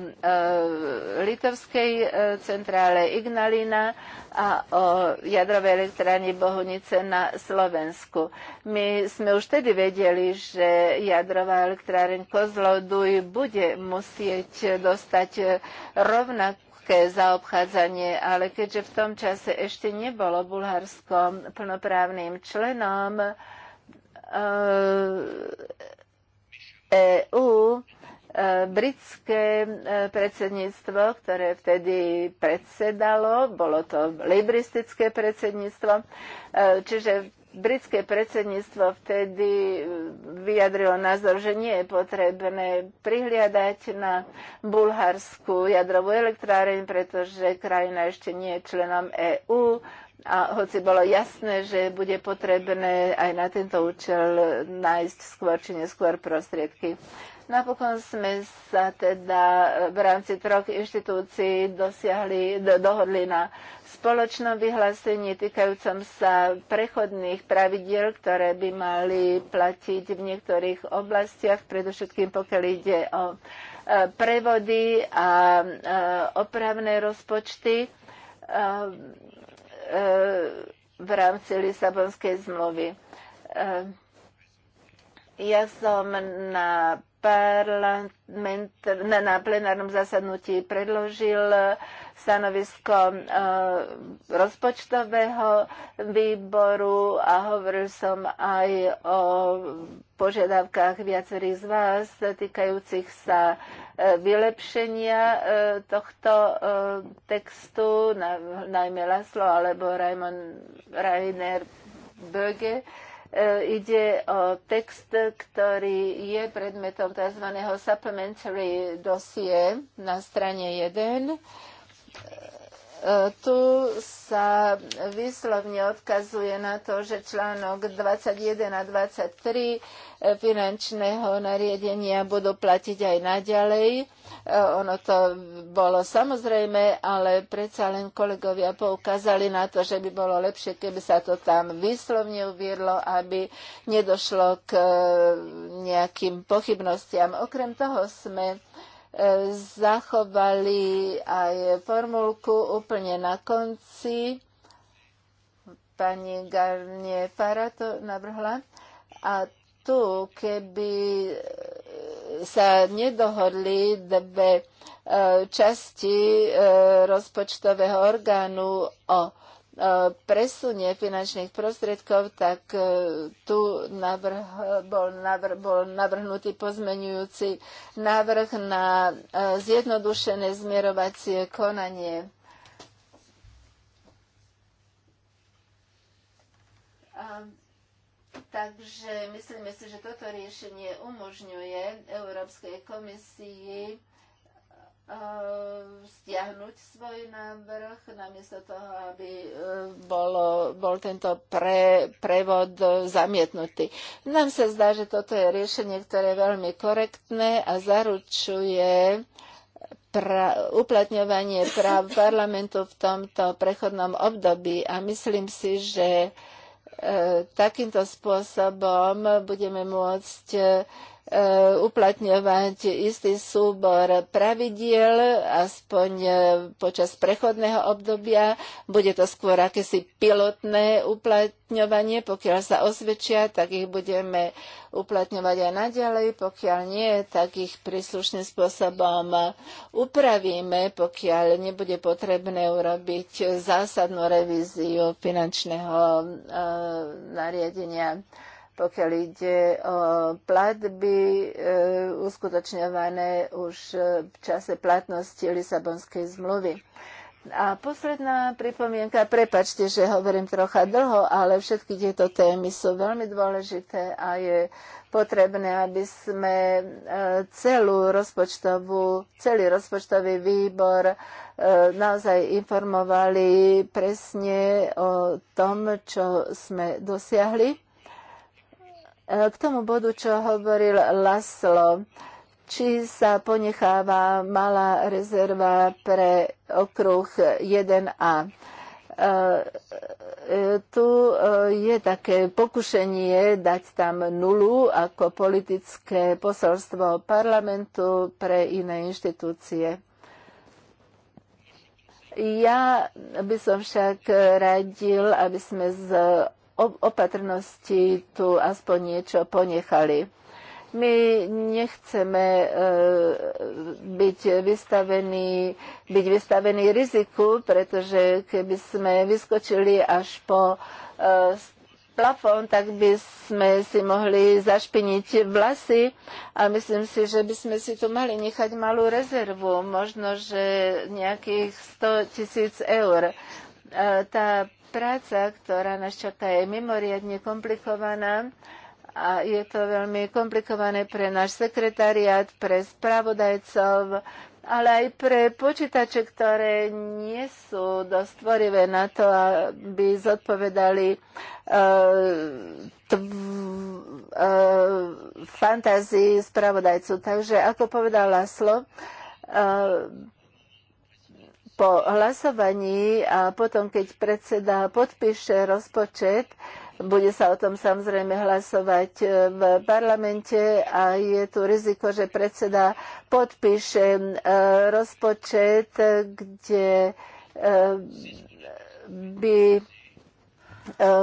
litovskej e, centrále Ignalina a o jadrovej elektrárni Bohunice na Slovensku. My sme už tedy vedeli, že jadrová elektráreň Kozloduj bude musieť dostať rovnak ľahké zaobchádzanie, ale keďže v tom čase ešte nebolo Bulharsko plnoprávnym členom, e EÚ e, britské e, predsedníctvo, ktoré vtedy predsedalo, bolo to libristické predsedníctvo, e, čiže britské predsedníctvo vtedy vyjadrilo názor, že nie je potrebné prihliadať na bulharskú jadrovú elektráreň, pretože krajina ešte nie je členom EÚ a hoci bolo jasné, že bude potrebné aj na tento účel nájsť skôr či neskôr prostriedky. Napokon sme sa teda v rámci troch inštitúcií dosiahli, do, dohodli na spoločnom vyhlásení týkajúcom sa prechodných pravidiel, ktoré by mali platiť v niektorých oblastiach, predovšetkým pokiaľ ide o e, prevody a e, opravné rozpočty e, v rámci Lisabonskej zmluvy. Ehm, ja som na parlament na plenárnom zasadnutí predložil e, stanovisko e, rozpočtového výboru a hovoril som aj o požiadavkách viacerých z vás týkajúcich sa e, vylepšenia tohto textu, najmä Laslo alebo Rainer Böge E, ide o text, ktorý je predmetom tzv. supplementary dosie na strane 1 tu sa výslovne odkazuje na to, že článok 21 a 23 e, finančného nariadenia budú platiť aj naďalej. E, ono to bolo samozrejme, ale predsa len kolegovia poukázali na to, že by bolo lepšie, keby sa to tam výslovne uviedlo, aby nedošlo k e, nejakým pochybnostiam. Okrem toho sme zachovali aj formulku úplne na konci. Pani Garnie Fara to navrhla. A tu, keby e, sa nedohodli dve e, časti e, rozpočtového orgánu o presunie finančných prostriedkov, tak e, tu navrh, bol, navrh, bol navrhnutý pozmenujúci návrh na e, zjednodušené zmierovacie konanie. A, takže myslíme si, že toto riešenie umožňuje Európskej komisii Eh, stiahnuť svoj návrh, namiesto toho, aby eh, bolo, bol tento pre, prevod zamietnutý. Nám sa zdá, že toto je riešenie, ktoré je veľmi korektné a zaručuje pra, uplatňovanie práv parlamentu v tomto prechodnom období a myslím si, že eh, takýmto spôsobom budeme môcť Eh, uplatňovať istý súbor pravidiel, aspoň eh, počas prechodného obdobia. Bude to skôr akési pilotné uplatňovanie. Pokiaľ sa osvedčia, tak ich budeme uplatňovať aj naďalej. Pokiaľ nie, tak ich príslušným spôsobom upravíme, pokiaľ nebude potrebné urobiť zásadnú revíziu finančného eh, nariadenia pokiaľ ide o platby e, uskutočňované už v čase platnosti Lisabonskej zmluvy. A posledná pripomienka, prepačte, že hovorím trocha dlho, ale všetky tieto témy sú veľmi dôležité a je potrebné, aby sme e, celú rozpočtovú, celý rozpočtový výbor e, naozaj informovali presne o tom, čo sme dosiahli Eh, k tomu bodu, čo hovoril Laslo, či sa ponecháva malá rezerva pre okruh 1A. Eh, eh, tu je také pokušenie dať tam nulu ako politické posolstvo parlamentu pre iné inštitúcie. Ja by som však radil, aby sme z opatrnosti tu aspoň niečo ponechali. My nechceme e, byť vystavení, byť vystavení riziku, pretože keby sme vyskočili až po e, plafón, tak by sme si mohli zašpiniť vlasy a myslím si, že by sme si tu mali nechať malú rezervu, možno, že nejakých 100 tisíc eur. E, tá práca, ktorá nás čaká, je mimoriadne komplikovaná a je to veľmi komplikované pre náš sekretariat, pre spravodajcov, ale aj pre počítače, ktoré nie sú dosť tvorivé na to, aby zodpovedali uh, tv, uh, fantázii spravodajcu. Takže, ako povedala Laslo, uh, e, po hlasovaní a potom, keď predseda podpíše rozpočet, bude sa o tom samozrejme hlasovať e, v parlamente a je tu riziko, že predseda podpíše e, rozpočet, kde e, by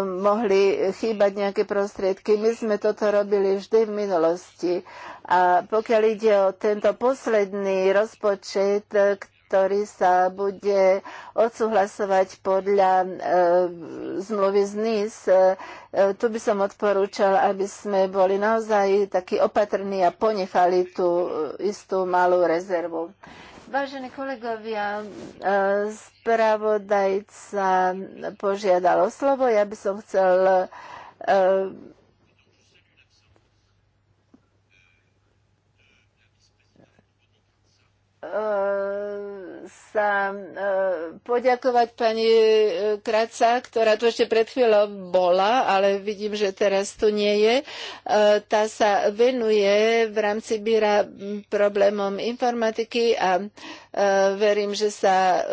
mohli chýbať nejaké prostriedky. My sme toto robili vždy v minulosti. A pokiaľ ide o tento posledný rozpočet, ktorý sa bude odsúhlasovať podľa e, zmluvy z NIS. E, tu by som odporúčal, aby sme boli naozaj takí opatrní a ponechali tú istú malú rezervu. Vážení kolegovia, e, spravodajca požiadal o slovo. Ja by som chcel e, E, sa e, poďakovať pani e, Kraca, ktorá tu ešte pred chvíľou bola, ale vidím, že teraz tu nie je. Tá sa venuje v rámci Bíra problémom informatiky a verím, že sa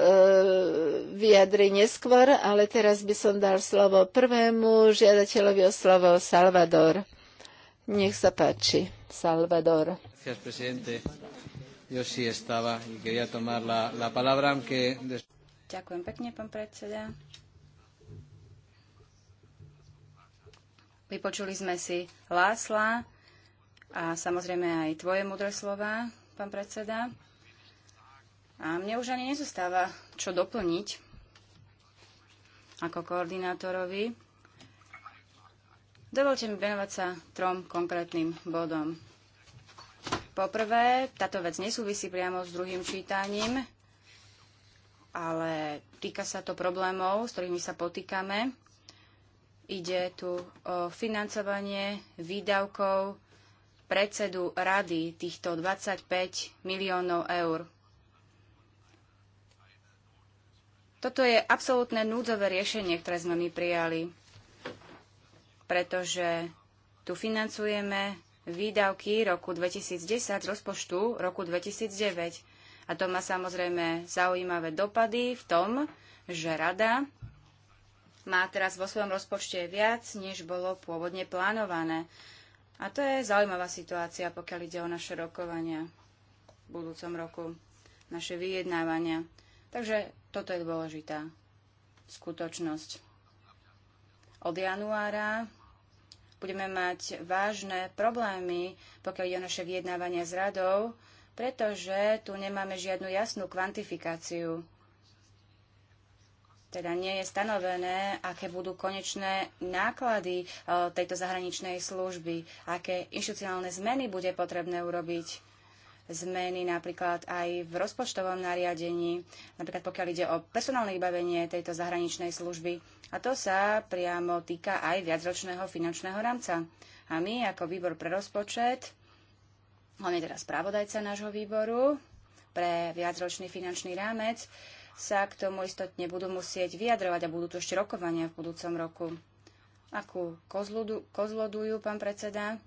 vyjadri neskôr, ale teraz by som dal slovo prvému žiadateľovi o slovo Salvador. Nech sa páči, Salvador. Gracias, presidente. Yo sí estaba y quería tomar la, la palabra, aunque... Ďakujem pekne, pán predseda. Vypočuli sme si Lásla a samozrejme aj tvoje mudré slova, pán predseda. A mne už ani nezostáva čo doplniť ako koordinátorovi. Dovolte mi venovať sa trom konkrétnym bodom. Poprvé, táto vec nesúvisí priamo s druhým čítaním, ale týka sa to problémov, s ktorými sa potýkame. Ide tu o financovanie výdavkov predsedu rady týchto 25 miliónov eur. Toto je absolútne núdzové riešenie, ktoré sme my prijali, pretože tu financujeme výdavky roku 2010 z rozpočtu roku 2009. A to má samozrejme zaujímavé dopady v tom, že rada má teraz vo svojom rozpočte viac, než bolo pôvodne plánované. A to je zaujímavá situácia, pokiaľ ide o naše rokovania v budúcom roku, naše vyjednávania. Takže toto je dôležitá skutočnosť. Od januára budeme mať vážne problémy, pokiaľ ide o naše vyjednávania s radou, pretože tu nemáme žiadnu jasnú kvantifikáciu. Teda nie je stanovené, aké budú konečné náklady e, tejto zahraničnej služby, aké inštitucionálne zmeny bude potrebné urobiť zmeny napríklad aj v rozpočtovom nariadení, napríklad pokiaľ ide o personálne vybavenie tejto zahraničnej služby. A to sa priamo týka aj viacročného finančného rámca. A my ako výbor pre rozpočet, on je teraz spravodajca nášho výboru pre viacročný finančný rámec, sa k tomu istotne budú musieť vyjadrovať a budú tu ešte rokovania v budúcom roku. Akú kozlodujú, pán predseda?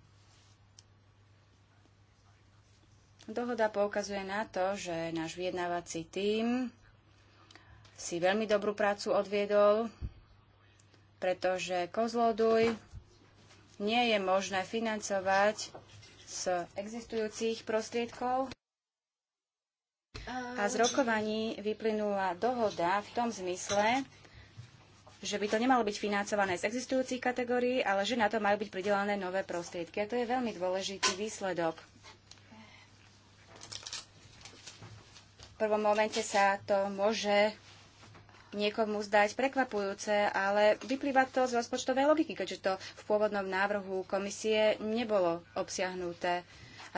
Dohoda poukazuje na to, že náš vyjednávací tím si veľmi dobrú prácu odviedol, pretože Kozloduj nie je možné financovať z existujúcich prostriedkov. A z rokovaní vyplynula dohoda v tom zmysle, že by to nemalo byť financované z existujúcich kategórií, ale že na to majú byť pridelené nové prostriedky. A to je veľmi dôležitý výsledok. prvom momente sa to môže niekomu zdať prekvapujúce, ale vyplýva to z rozpočtovej logiky, keďže to v pôvodnom návrhu komisie nebolo obsiahnuté.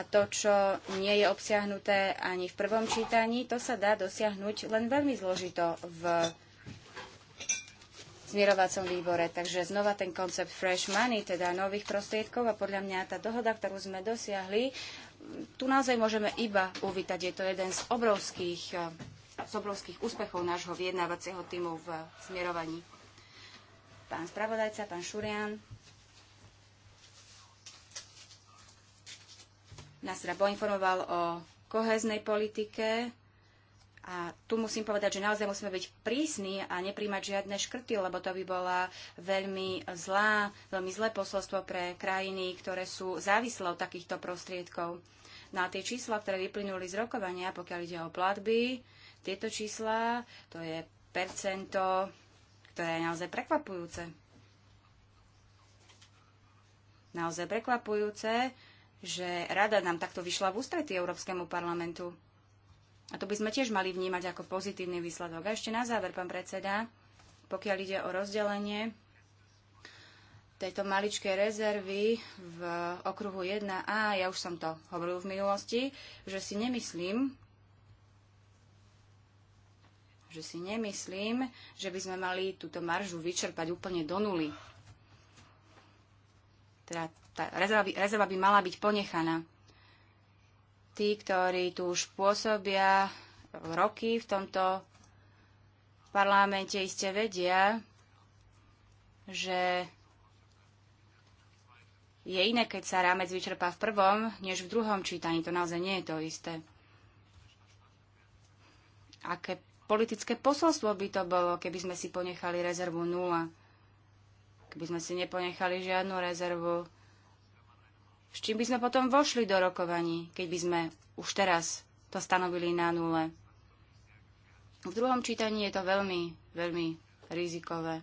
A to, čo nie je obsiahnuté ani v prvom čítaní, to sa dá dosiahnuť len veľmi zložito v zmierovacom výbore. Takže znova ten koncept fresh money, teda nových prostriedkov a podľa mňa tá dohoda, ktorú sme dosiahli, tu naozaj môžeme iba uvítať. Je to jeden z obrovských, eh, z obrovských úspechov nášho vyjednávacieho týmu v smerovaní. Pán spravodajca, pán Šurian. Nás teda poinformoval o koheznej politike, a tu musím povedať, že naozaj musíme byť prísni a nepríjmať žiadne škrty, lebo to by bola veľmi zlá, veľmi zlé posolstvo pre krajiny, ktoré sú závislé od takýchto prostriedkov. Na no tie čísla, ktoré vyplynuli z rokovania, pokiaľ ide o platby, tieto čísla, to je percento, ktoré je naozaj prekvapujúce. Naozaj prekvapujúce, že rada nám takto vyšla v ústretí Európskemu parlamentu. A to by sme tiež mali vnímať ako pozitívny výsledok. A ešte na záver, pán predseda, pokiaľ ide o rozdelenie tejto maličkej rezervy v okruhu 1a, ja už som to hovoril v minulosti, že si nemyslím, že si nemyslím, že by sme mali túto maržu vyčerpať úplne do nuly. Teda tá rezerva by, rezerva by mala byť ponechaná tí, ktorí tu už pôsobia roky v tomto parlamente, iste vedia, že je iné, keď sa rámec vyčerpá v prvom, než v druhom čítaní. To naozaj nie je to isté. Aké politické posolstvo by to bolo, keby sme si ponechali rezervu nula? Keby sme si neponechali žiadnu rezervu? S čím by sme potom vošli do rokovaní, keď by sme už teraz to stanovili na nule? V druhom čítaní je to veľmi, veľmi rizikové.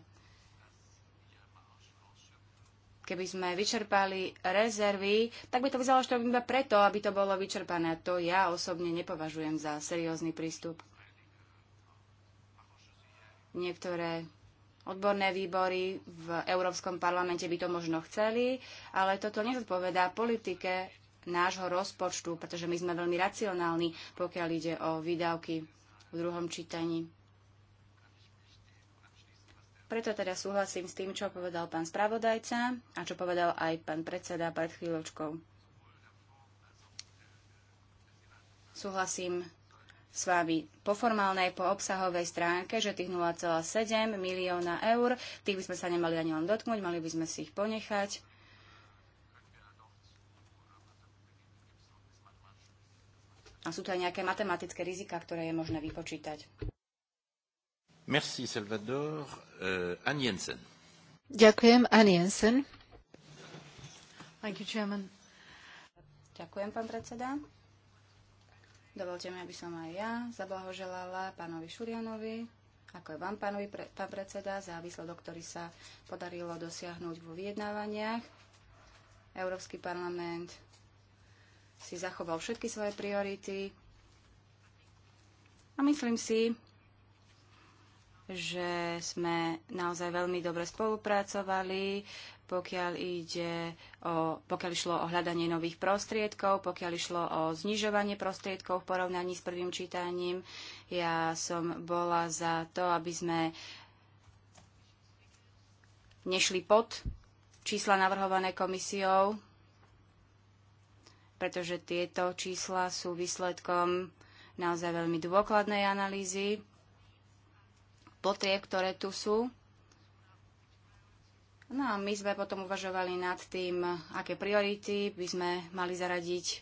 Keby sme vyčerpali rezervy, tak by to vyzalo to iba preto, aby to bolo vyčerpané. To ja osobne nepovažujem za seriózny prístup. Niektoré Odborné výbory v Európskom parlamente by to možno chceli, ale toto nezodpovedá politike nášho rozpočtu, pretože my sme veľmi racionálni, pokiaľ ide o výdavky v druhom čítaní. Preto teda súhlasím s tým, čo povedal pán spravodajca a čo povedal aj pán predseda pred chvíľočkou. Súhlasím s po formálnej, po obsahovej stránke, že tých 0,7 milióna eur, tých by sme sa nemali ani len dotknúť, mali by sme si ich ponechať. A sú to aj nejaké matematické rizika, ktoré je možné vypočítať. Merci, Salvador. Uh, Ann Jensen. Ďakujem, Ann Jensen. Thank you, Chairman. Ďakujem, pán predseda. Dovolte mi, aby som aj ja zablahoželala pánovi Šurianovi, ako aj vám, pánovi, pre, pán predseda, za výsledok, ktorý sa podarilo dosiahnuť vo vyjednávaniach. Európsky parlament si zachoval všetky svoje priority a myslím si, že sme naozaj veľmi dobre spolupracovali pokiaľ, ide o, pokiaľ išlo o hľadanie nových prostriedkov, pokiaľ išlo o znižovanie prostriedkov v porovnaní s prvým čítaním. Ja som bola za to, aby sme nešli pod čísla navrhované komisiou, pretože tieto čísla sú výsledkom naozaj veľmi dôkladnej analýzy potrieb, ktoré tu sú No a my sme potom uvažovali nad tým, aké priority by sme mali zaradiť,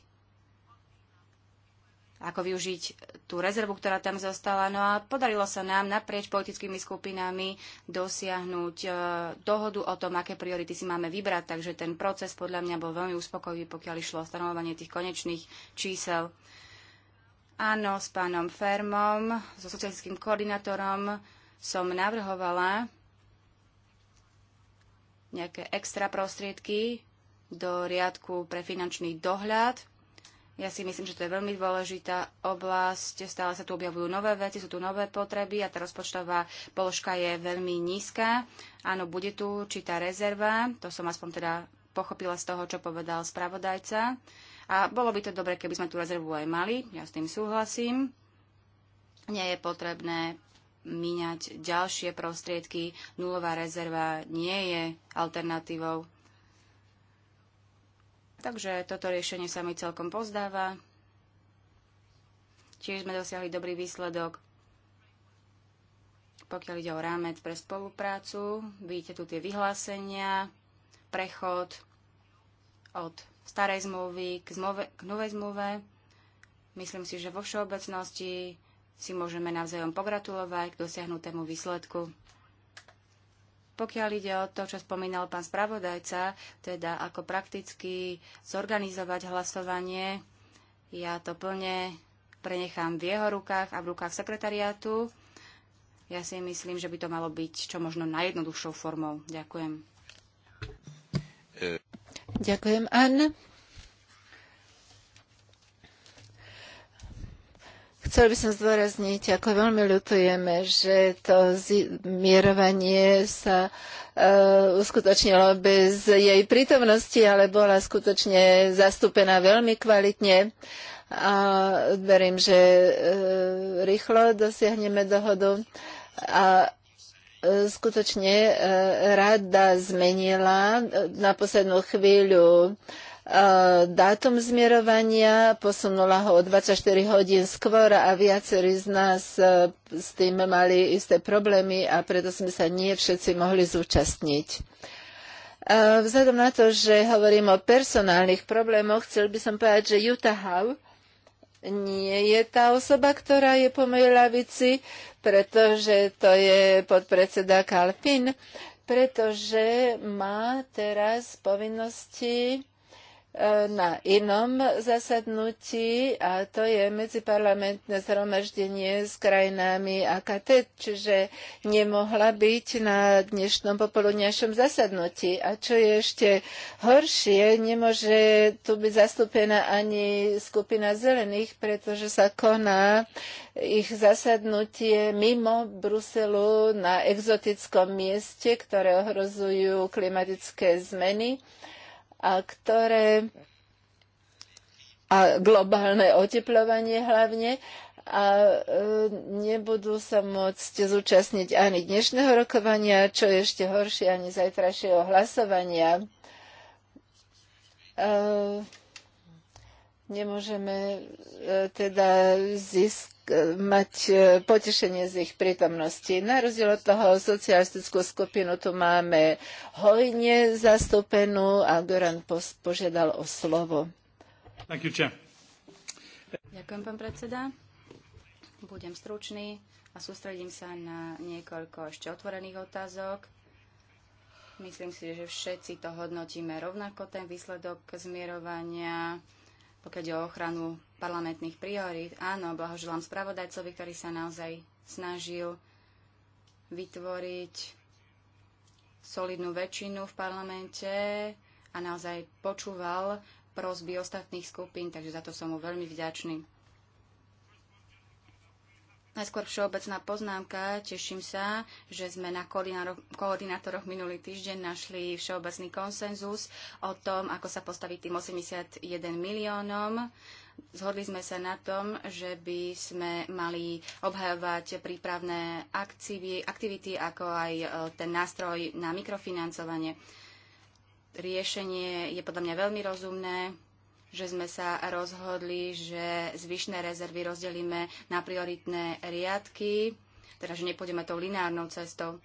ako využiť tú rezervu, ktorá tam zostala. No a podarilo sa nám naprieč politickými skupinami dosiahnuť e, dohodu o tom, aké priority si máme vybrať. Takže ten proces podľa mňa bol veľmi uspokojivý, pokiaľ išlo o stanovovanie tých konečných čísel. Áno, s pánom Fermom, so socialistickým koordinátorom som navrhovala, nejaké extra prostriedky do riadku pre finančný dohľad. Ja si myslím, že to je veľmi dôležitá oblasť. Stále sa tu objavujú nové veci, sú tu nové potreby a tá rozpočtová položka je veľmi nízka. Áno, bude tu určitá rezerva, to som aspoň teda pochopila z toho, čo povedal spravodajca. A bolo by to dobre, keby sme tú rezervu aj mali, ja s tým súhlasím. Nie je potrebné míňať ďalšie prostriedky. Nulová rezerva nie je alternatívou. Takže toto riešenie sa mi celkom pozdáva. Tiež sme dosiahli dobrý výsledok, pokiaľ ide o rámec pre spoluprácu. Vidíte tu tie vyhlásenia, prechod od starej zmluvy k, zmluve, k novej zmluve. Myslím si, že vo všeobecnosti si môžeme navzájom pogratulovať k dosiahnutému výsledku. Pokiaľ ide o to, čo spomínal pán spravodajca, teda ako prakticky zorganizovať hlasovanie, ja to plne prenechám v jeho rukách a v rukách sekretariátu. Ja si myslím, že by to malo byť čo možno najjednoduchšou formou. Ďakujem. Ďakujem, Anne. Chcel by som zdôrazniť, ako veľmi ľutujeme, že to zmierovanie sa e, uskutočnilo bez jej prítomnosti, ale bola skutočne zastúpená veľmi kvalitne a verím, že e, rýchlo dosiahneme dohodu. A e, skutočne e, rada zmenila na poslednú chvíľu Ehm, dátum zmierovania, posunula ho o 24 hodín skôr a viacerí z nás ehm, s tým mali isté problémy a preto sme sa nie všetci mohli zúčastniť. Ehm, vzhľadom na to, že hovorím o personálnych problémoch, chcel by som povedať, že Utah Hau nie je tá osoba, ktorá je po mojej lavici, pretože to je podpredseda Kalfin, pretože má teraz povinnosti E, na inom zasadnutí a to je medziparlamentné zhromaždenie s krajinami AKT, čiže nemohla byť na dnešnom popoludňajšom zasadnutí. A čo je ešte horšie, nemôže tu byť zastúpená ani skupina zelených, pretože sa koná ich zasadnutie mimo Bruselu na exotickom mieste, ktoré ohrozujú klimatické zmeny a ktoré a globálne oteplovanie hlavne a e, nebudú sa môcť zúčastniť ani dnešného rokovania, čo je ešte horšie, ani zajtrajšieho hlasovania. E Nemôžeme e, teda zisk, e, mať e, potešenie z ich prítomnosti. Na rozdiel od toho socialistickú skupinu tu máme hojne zastúpenú a Goran požiadal o slovo. You, Ďakujem, pán predseda. Budem stručný a sústredím sa na niekoľko ešte otvorených otázok. Myslím si, že všetci to hodnotíme rovnako, ten výsledok zmierovania pokiaľ ide o ochranu parlamentných priorít. Áno, blahoželám spravodajcovi, ktorý sa naozaj snažil vytvoriť solidnú väčšinu v parlamente a naozaj počúval prosby ostatných skupín, takže za to som mu veľmi vďačný. Najskôr všeobecná poznámka. Teším sa, že sme na koordinátoroch minulý týždeň našli všeobecný konsenzus o tom, ako sa postaviť tým 81 miliónom. Zhodli sme sa na tom, že by sme mali obhajovať prípravné aktivity, ako aj e, ten nástroj na mikrofinancovanie. Riešenie je podľa mňa veľmi rozumné že sme sa rozhodli, že zvyšné rezervy rozdelíme na prioritné riadky, teda že nepôjdeme tou lineárnou cestou.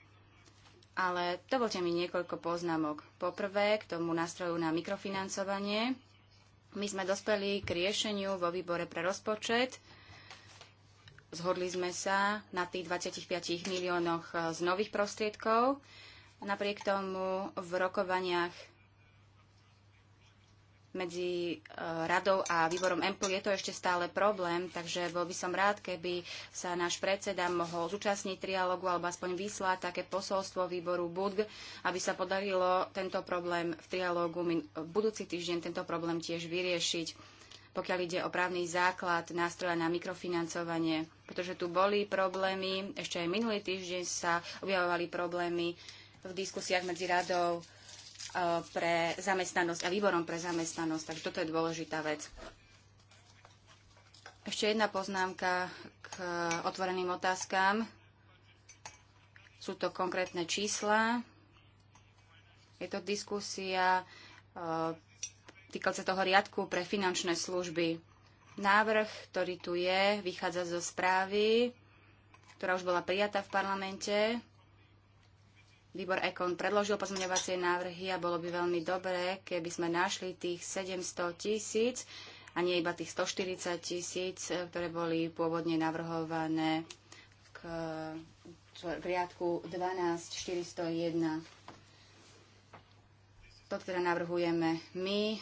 Ale dovolte mi niekoľko poznámok. Poprvé, k tomu nástroju na mikrofinancovanie. My sme dospeli k riešeniu vo výbore pre rozpočet. Zhodli sme sa na tých 25 miliónoch z nových prostriedkov. Napriek tomu v rokovaniach medzi e, radou a výborom EMPL je to ešte stále problém, takže bol by som rád, keby sa náš predseda mohol zúčastniť trialogu alebo aspoň vyslať také posolstvo výboru BUDG, aby sa podarilo tento problém v trialógu budúci týždeň tento problém tiež vyriešiť pokiaľ ide o právny základ nástroja na mikrofinancovanie. Pretože tu boli problémy, ešte aj minulý týždeň sa objavovali problémy v diskusiách medzi radou pre zamestnanosť a výborom pre zamestnanosť. Takže toto je dôležitá vec. Ešte jedna poznámka k otvoreným otázkam. Sú to konkrétne čísla. Je to diskusia e, týkal sa toho riadku pre finančné služby. Návrh, ktorý tu je, vychádza zo správy, ktorá už bola prijatá v parlamente Výbor Ekon predložil pozmeňovacie návrhy a bolo by veľmi dobré, keby sme našli tých 700 tisíc a nie iba tých 140 tisíc, eh, ktoré boli pôvodne navrhované k, k riadku 12401. To teda navrhujeme my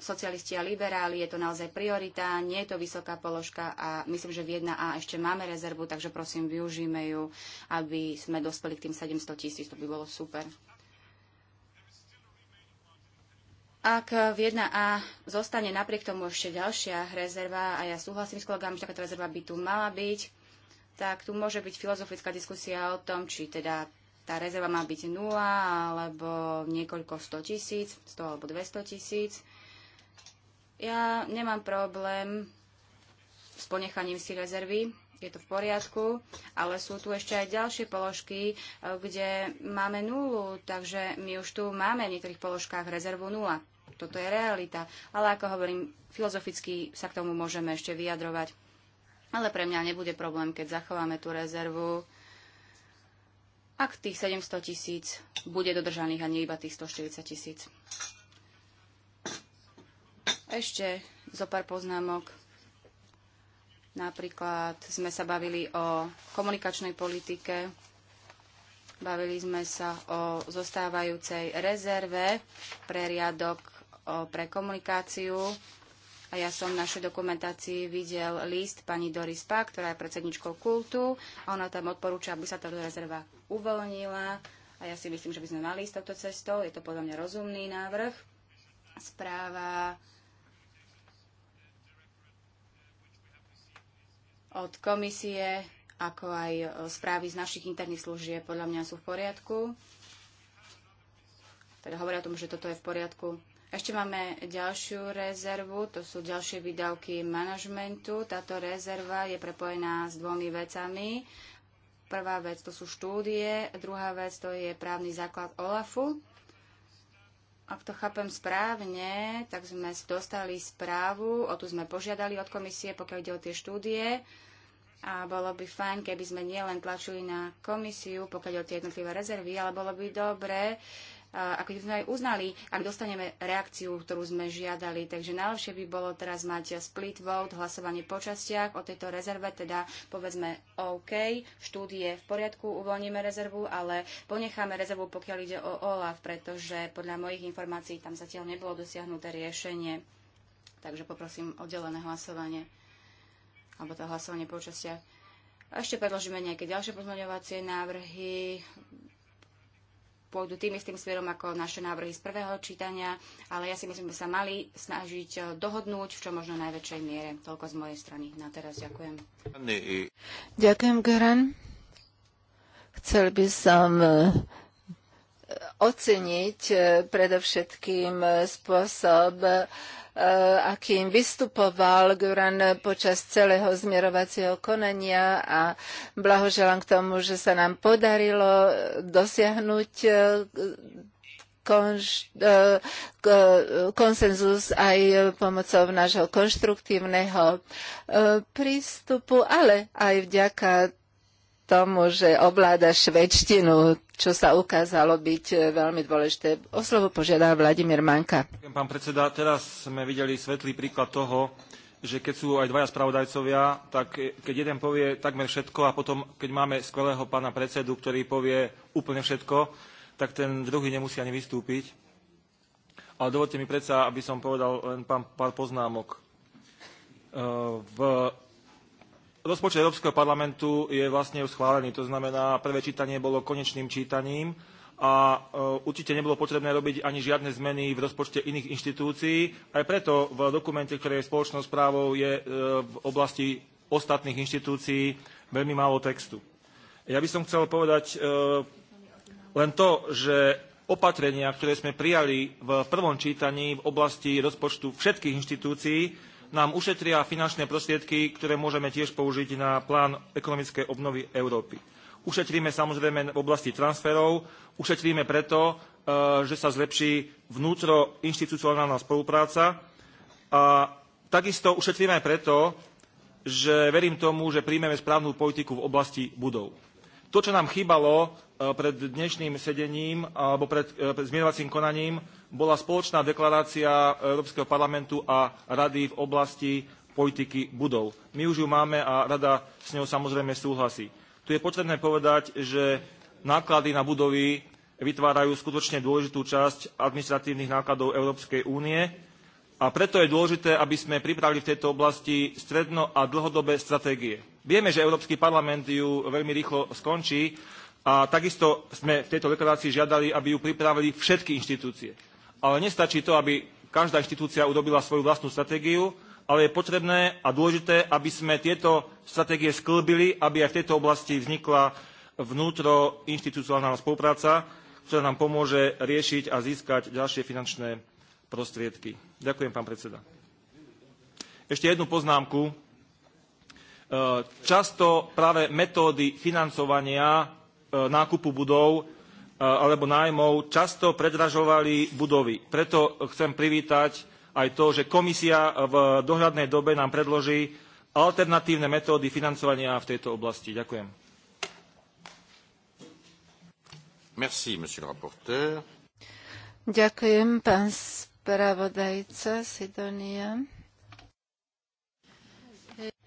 socialisti a liberáli, je to naozaj priorita, nie je to vysoká položka a myslím, že v 1A ešte máme rezervu, takže prosím, využíme ju, aby sme dospeli k tým 700 tisíc, to by bolo super. Ak v 1A zostane napriek tomu ešte ďalšia rezerva, a ja súhlasím s kolegami, že takáto rezerva by tu mala byť, tak tu môže byť filozofická diskusia o tom, či teda tá rezerva má byť nula alebo niekoľko 100 tisíc, 100 alebo 200 tisíc. Ja nemám problém s ponechaním si rezervy, je to v poriadku, ale sú tu ešte aj ďalšie položky, e, kde máme nulu, takže my už tu máme v niektorých položkách rezervu nula. Toto je realita. Ale ako hovorím, filozoficky sa k tomu môžeme ešte vyjadrovať. Ale pre mňa nebude problém, keď zachováme tú rezervu, ak tých 700 tisíc bude dodržaných a nie iba tých 140 tisíc. Ešte zo pár poznámok. Napríklad sme sa bavili o komunikačnej politike, bavili sme sa o zostávajúcej rezerve pre riadok pre komunikáciu. A ja som v našej dokumentácii videl list pani Doris Pak, ktorá je predsedničkou kultu. A ona tam odporúča, aby sa tá rezerva uvoľnila. A ja si myslím, že by sme mali ísť touto cestou. Je to podľa mňa rozumný návrh. Správa od komisie, ako aj e, správy z našich interných služieb podľa mňa sú v poriadku. Teda hovoria o tom, že toto je v poriadku. Ešte máme ďalšiu rezervu, to sú ďalšie výdavky manažmentu. Táto rezerva je prepojená s dvomi vecami. Prvá vec to sú štúdie, druhá vec to je právny základ OLAFu. Ak to chápem správne, tak sme dostali správu, o tu sme požiadali od komisie, pokiaľ ide o tie štúdie. A bolo by fajn, keby sme nielen tlačili na komisiu, pokiaľ o tie jednotlivé rezervy, ale bolo by dobre, ako by sme aj uznali, ak dostaneme reakciu, ktorú sme žiadali. Takže najlepšie by bolo teraz mať split vote, hlasovanie po častiach o tejto rezerve, teda povedzme OK, štúdie v poriadku, uvoľníme rezervu, ale ponecháme rezervu, pokiaľ ide o OLAF, pretože podľa mojich informácií tam zatiaľ nebolo dosiahnuté riešenie. Takže poprosím oddelené hlasovanie alebo to hlasovanie po častiach. Ešte predložíme nejaké ďalšie pozmeňovacie návrhy pôjdu tým istým smerom ako naše návrhy z prvého čítania, ale ja si myslím, že sa mali snažiť eh, dohodnúť v čo možno najväčšej miere. Toľko z mojej strany. Na teraz ďakujem. Ďakujem, Geran. Chcel by som eh, oceniť eh, predovšetkým spôsob, Eh, akým vystupoval Guran počas celého zmierovacieho konania a blahoželám k tomu, že sa nám podarilo dosiahnuť eh, konš, eh, konsenzus aj pomocou nášho konštruktívneho prístupu, ale aj vďaka tomu, že ovláda švedštinu, čo sa ukázalo byť e, veľmi dôležité. O slovo požiadal Vladimír Manka. Pán predseda, teraz sme videli svetlý príklad toho, že keď sú aj dvaja spravodajcovia, tak e, keď jeden povie takmer všetko a potom, keď máme skvelého pána predsedu, ktorý povie úplne všetko, tak ten druhý nemusí ani vystúpiť. Ale dovolte mi predsa, aby som povedal len pár, pár poznámok. E, v rozpočet Európskeho parlamentu je vlastne už schválený. To znamená, prvé čítanie bolo konečným čítaním a e, určite nebolo potrebné robiť ani žiadne zmeny v rozpočte iných inštitúcií. Aj preto v dokumente, ktoré je spoločnou správou, je e, v oblasti ostatných inštitúcií veľmi málo textu. Ja by som chcel povedať e, len to, že opatrenia, ktoré sme prijali v prvom čítaní v oblasti rozpočtu všetkých inštitúcií, nám ušetria finančné prostriedky, ktoré môžeme tiež použiť na plán ekonomickej obnovy Európy. Ušetríme samozrejme v oblasti transferov, ušetríme preto, e, že sa zlepší vnútroinštitucionálna spolupráca a takisto ušetríme aj preto, že verím tomu, že príjmeme správnu politiku v oblasti budov. To, čo nám chýbalo e, pred dnešným sedením alebo pred e, zmierovacím konaním, bola spoločná deklarácia Európskeho parlamentu a Rady v oblasti politiky budov. My už ju máme a Rada s ňou samozrejme súhlasí. Tu je potrebné povedať, že náklady na budovy vytvárajú skutočne dôležitú časť administratívnych nákladov Európskej únie a preto je dôležité, aby sme pripravili v tejto oblasti stredno- a dlhodobé stratégie. Vieme, že Európsky parlament ju veľmi rýchlo skončí a takisto sme v tejto deklarácii žiadali, aby ju pripravili všetky inštitúcie ale nestačí to, aby každá inštitúcia udobila svoju vlastnú stratégiu, ale je potrebné a dôležité, aby sme tieto stratégie sklbili, aby aj v tejto oblasti vznikla vnútroinštitucionálna spolupráca, ktorá nám pomôže riešiť a získať ďalšie finančné prostriedky. Ďakujem, pán predseda. Ešte jednu poznámku. E, často práve metódy financovania e, nákupu budov E, alebo nájmov často predražovali budovy. Preto chcem privítať aj to, že komisia v dohľadnej dobe nám predloží alternatívne metódy financovania v tejto oblasti. Ďakujem. Merci, Ďakujem, pán spravodajca Sidonia.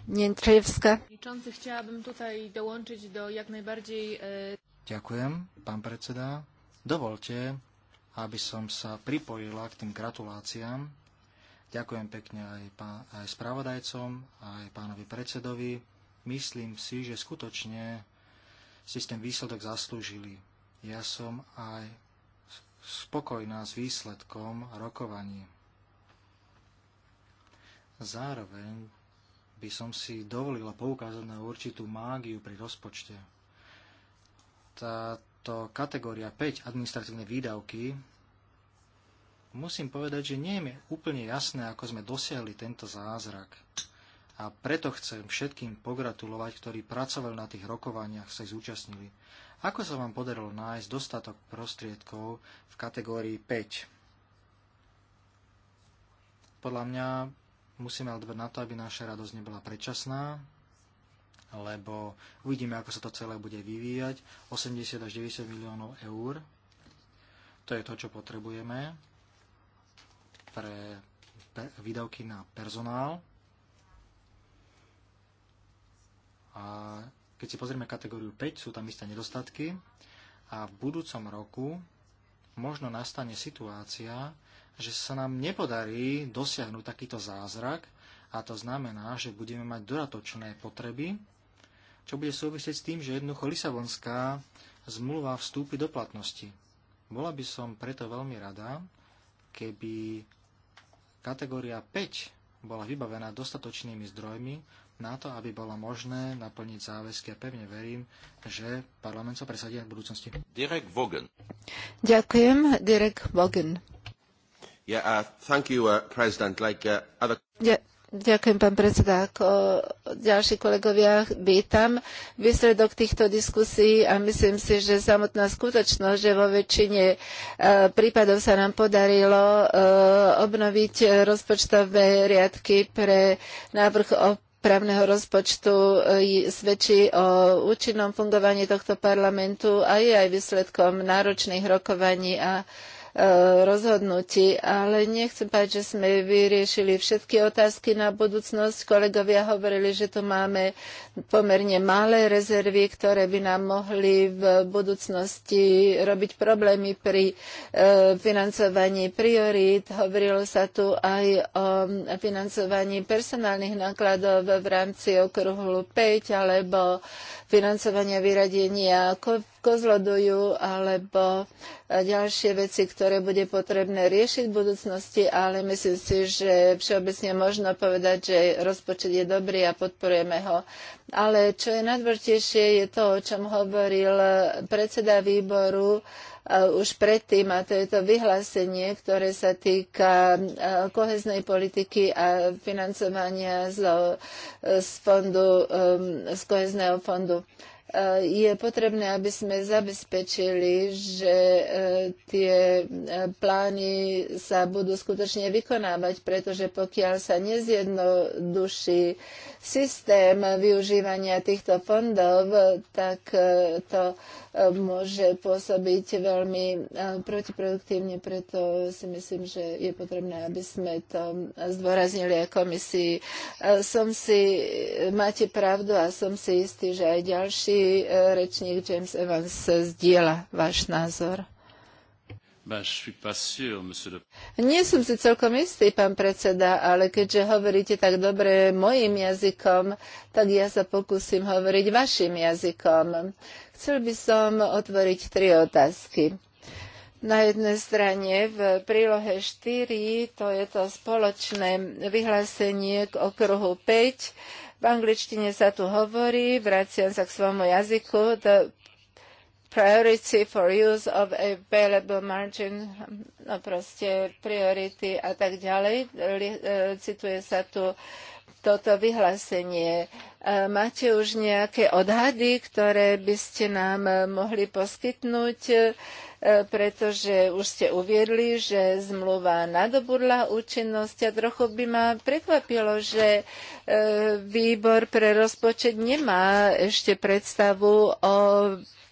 Nientrzejewska. Chciałabym tutaj dołączyć do jak najbardziej e, Ďakujem, pán predseda. Dovolte, aby som sa pripojila k tým gratuláciám. Ďakujem pekne aj, pán, aj spravodajcom, aj pánovi predsedovi. Myslím si, že skutočne si ten výsledok zaslúžili. Ja som aj spokojná s výsledkom rokovaní. Zároveň by som si dovolila poukázať na určitú mágiu pri rozpočte táto kategória 5 administratívne výdavky, musím povedať, že nie je mi úplne jasné, ako sme dosiahli tento zázrak. A preto chcem všetkým pogratulovať, ktorí pracovali na tých rokovaniach, sa ich zúčastnili. Ako sa vám podarilo nájsť dostatok prostriedkov v kategórii 5? Podľa mňa musíme ale dbať na to, aby naša radosť nebola predčasná, lebo uvidíme, ako sa to celé bude vyvíjať. 80 až 90 miliónov eur, to je to, čo potrebujeme pre výdavky na personál. A keď si pozrieme kategóriu 5, sú tam isté nedostatky a v budúcom roku možno nastane situácia, že sa nám nepodarí dosiahnuť takýto zázrak a to znamená, že budeme mať dodatočné potreby čo bude súvisieť s tým, že jednoducho Lisabonská zmluva vstúpi do platnosti. Bola by som preto veľmi rada, keby kategória 5 bola vybavená dostatočnými zdrojmi na to, aby bolo možné naplniť záväzky a pevne verím, že parlament sa presadí v budúcnosti. Derek Vogen. Ďakujem, Derek Vogen. Yeah, uh, thank you, uh, President. Like, uh, other... yeah. Ďakujem, pán predseda. Ako ďalší kolegovia vítam výsledok týchto diskusí a myslím si, že samotná skutočnosť, že vo väčšine e, prípadov sa nám podarilo e, obnoviť rozpočtové riadky pre návrh o právneho rozpočtu e, svedčí o účinnom fungovaní tohto parlamentu a je aj výsledkom náročných rokovaní a rozhodnutí, ale nechcem povedať, že sme vyriešili všetky otázky na budúcnosť. Kolegovia hovorili, že tu máme pomerne malé rezervy, ktoré by nám mohli v budúcnosti robiť problémy pri e, financovaní priorít. Hovorilo sa tu aj o financovaní personálnych nákladov v rámci okruhu 5 alebo financovania vyradenia COVID kozlodujú alebo ďalšie veci, ktoré bude potrebné riešiť v budúcnosti, ale myslím si, že všeobecne možno povedať, že rozpočet je dobrý a podporujeme ho. Ale čo je najdôležitejšie, je to, o čom hovoril predseda výboru e, už predtým, a to je to vyhlásenie, ktoré sa týka e, koheznej politiky a financovania e, z, fondu, z kohezného fondu. Eh, je potrebné, aby sme zabezpečili, že eh, tie eh, plány sa budú skutočne vykonávať, pretože pokiaľ sa nezjednoduší systém využívania týchto fondov, tak to môže pôsobiť veľmi e, protiproduktívne, preto si myslím, že je potrebné, aby sme to zdôraznili aj komisii. E, som si, máte pravdu a som si istý, že aj ďalší e, rečník James Evans zdieľa váš názor. Nie som si celkom istý, pán predseda, ale keďže hovoríte tak dobre mojim jazykom, tak ja sa pokúsim hovoriť vašim jazykom. Chcel by som otvoriť tri otázky. Na jednej strane v prílohe 4, to je to spoločné vyhlásenie k okruhu 5, v angličtine sa tu hovorí, vraciam sa k svojmu jazyku, the priority for use of available margin, no proste priority a tak ďalej. E, cituje sa tu toto vyhlásenie. E, máte už nejaké odhady, ktoré by ste nám mohli poskytnúť, e, pretože už ste uviedli, že zmluva nadobudla účinnosť a trochu by ma prekvapilo, že výbor pre rozpočet nemá ešte predstavu o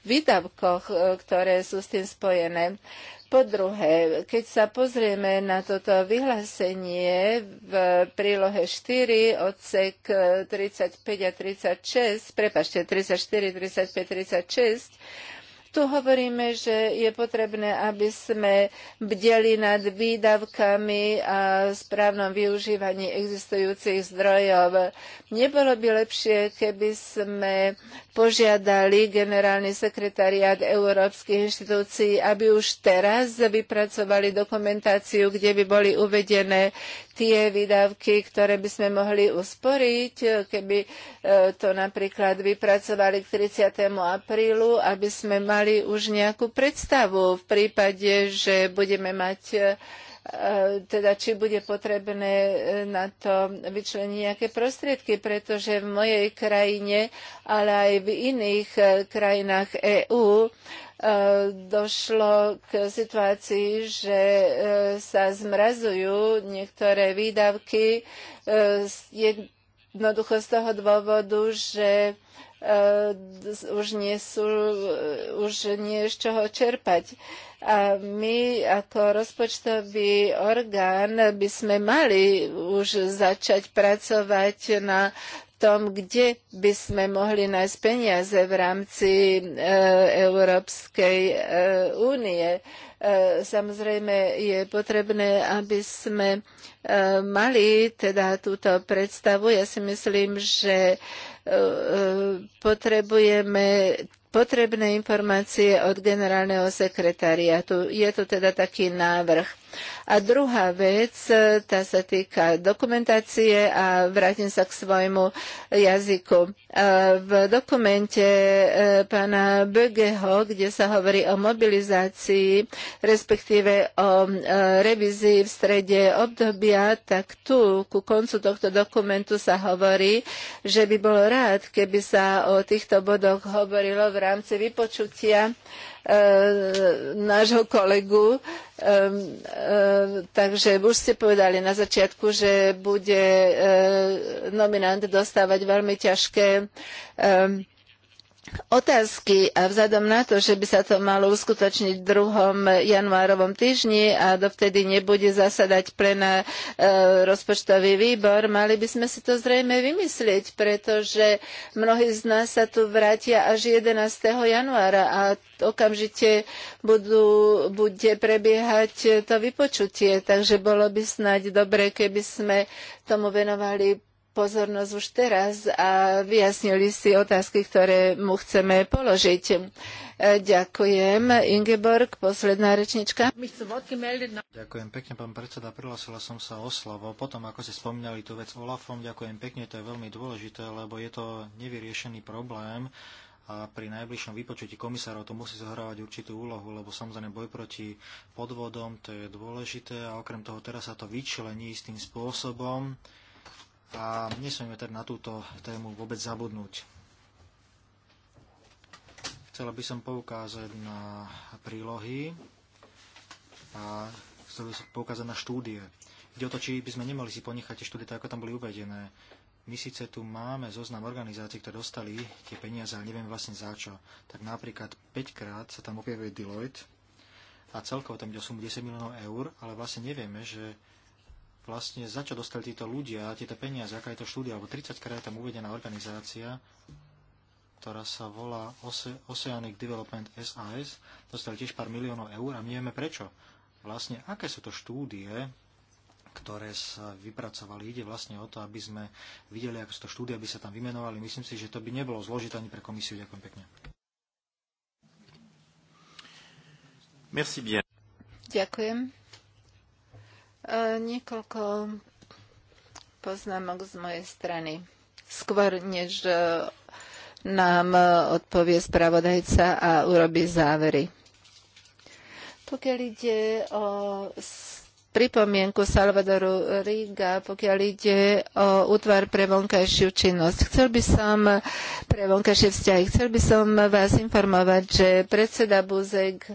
výdavkoch, e, ktoré sú s tým spojené. Po druhé, keď sa pozrieme na toto vyhlásenie v prílohe 4, odsek 35 e, a 36, prepašte, 34, 35, 36, tu hovoríme, že je potrebné, aby sme bdeli nad výdavkami a správnom využívaní existujúcich zdrojov. Nebolo by lepšie, keby sme požiadali generálny sekretariat európskych inštitúcií, aby už teraz vypracovali dokumentáciu, kde by boli uvedené tie výdavky, ktoré by sme mohli usporiť, keby e, to napríklad vypracovali k 30. aprílu, aby sme mali už nejakú predstavu v prípade, že budeme mať e, E, teda či bude potrebné e, na to vyčleniť nejaké prostriedky, pretože v mojej krajine, ale aj v iných e, krajinách EÚ došlo k situácii, že sa zmrazujú niektoré výdavky jednoducho z toho dôvodu, že Eh, už nie sú, eh, už nie je z čoho čerpať. A my ako rozpočtový orgán by sme mali už začať pracovať na tom, kde by sme mohli nájsť peniaze v rámci e, Európskej únie. E, samozrejme je potrebné, aby sme e, mali teda túto predstavu. Ja si myslím, že e, E, e, potrebujeme potrebné informácie od generálneho sekretariátu. Je to teda taký návrh. A druhá vec, e, tá sa týka dokumentácie a vrátim sa k svojmu jazyku. E, v dokumente e, pána Bögeho, kde sa hovorí o mobilizácii, respektíve o revízii v strede obdobia, tak tu ku koncu tohto dokumentu sa hovorí, že by bol rád, keby sa o týchto bodoch hovorilo v rámci vypočutia E, nášho kolegu. E, e, takže už ste povedali na začiatku, že bude nominant dostávať veľmi ťažké otázky a vzhľadom na to, že by sa to malo uskutočniť v druhom januárovom týždni a dovtedy nebude zasadať pre na e, rozpočtový výbor, mali by sme si to zrejme vymyslieť, pretože mnohí z nás sa tu vrátia až 11. januára a okamžite budú, bude prebiehať to vypočutie, takže bolo by snáď dobre, keby sme tomu venovali pozornosť už teraz a vyjasnili si otázky, ktoré mu chceme položiť. E, ďakujem. Ingeborg, posledná rečnička. Ďakujem pekne, pán predseda. Prihlasila som sa o slovo. Potom, ako ste spomínali tú vec Olafom, ďakujem pekne, to je veľmi dôležité, lebo je to nevyriešený problém a pri najbližšom vypočutí komisárov to musí zohrávať určitú úlohu, lebo samozrejme boj proti podvodom, to je dôležité a okrem toho teraz sa to vyčlení istým spôsobom a nesmieme teda na túto tému vôbec zabudnúť. Chcela by som poukázať na prílohy a chcel by som poukázať na štúdie. Ide o to, či by sme nemali si ponechať tie štúdie tak, ako tam boli uvedené. My síce tu máme zoznam organizácií, ktoré dostali tie peniaze, ale neviem vlastne za čo. Tak napríklad 5 krát sa tam objavuje Deloitte a celkovo tam ide o sumu 10 miliónov eur, ale vlastne nevieme, že vlastne za čo dostali títo ľudia, tieto peniaze, aká je to štúdia, alebo 30 krát je tam uvedená organizácia, ktorá sa volá Ose- Oceanic Development SAS, dostali tiež pár miliónov eur a my vieme prečo. Vlastne, aké sú to štúdie, ktoré sa vypracovali. Ide vlastne o to, aby sme videli, ako sú to štúdie, aby sa tam vymenovali. Myslím si, že to by nebolo zložité ani pre komisiu. Ďakujem pekne. Merci bien. Ďakujem. E, niekoľko poznámok z mojej strany. Skôr než e, nám odpovie spravodajca a urobí závery. Pokiaľ ide o pripomienku Salvadoru Riga, pokiaľ ide o útvar pre vonkajšiu činnosť. Chcel by som pre vonkajšie vzťahy, chcel by som vás informovať, že predseda Buzek e,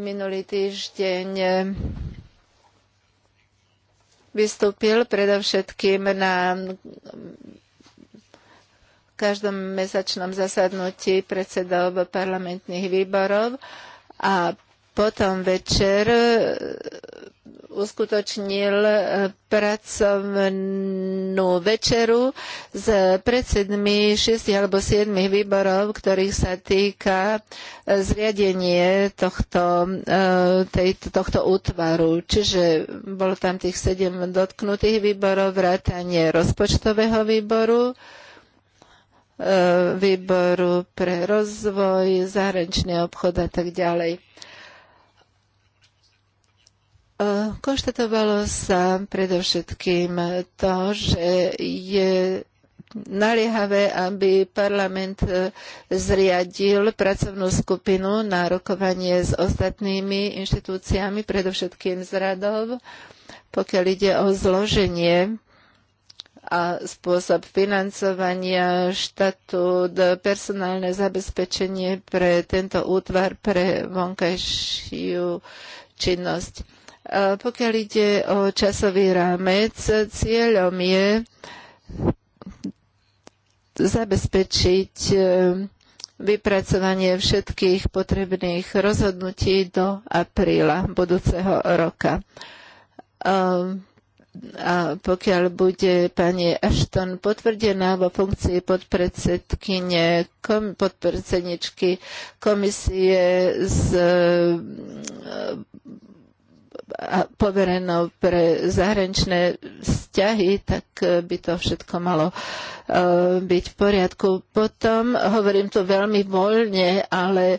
minulý týždeň vystúpil predovšetkým na každom mesačnom zasadnutí predsedov parlamentných výborov a potom večer uskutočnil eh, pracovnú večeru s predsedmi šiestich alebo 7 výborov, ktorých sa týka eh, zriadenie tohto, eh, tejto, tohto útvaru. Čiže bolo tam tých sedem dotknutých výborov, vrátanie rozpočtového výboru výboru pre rozvoj, zahraničný obchod a tak ďalej. Konštatovalo sa predovšetkým to, že je naliehavé, aby parlament e, zriadil pracovnú skupinu na rokovanie s ostatnými inštitúciami, predovšetkým z radov, pokiaľ ide o zloženie a spôsob financovania, štatút, personálne zabezpečenie pre tento útvar pre vonkajšiu činnosť. Eh, pokiaľ ide o časový rámec, cieľom je zabezpečiť eh, vypracovanie všetkých potrebných rozhodnutí do apríla budúceho roka. Eh, a pokiaľ bude pani Ashton potvrdená vo funkcii podpredsedkyne, kom, podpredsedničky komisie z poverenou pre zahraničné vzťahy, tak e, by to všetko malo e, byť v poriadku. Potom, hovorím to veľmi voľne, ale e,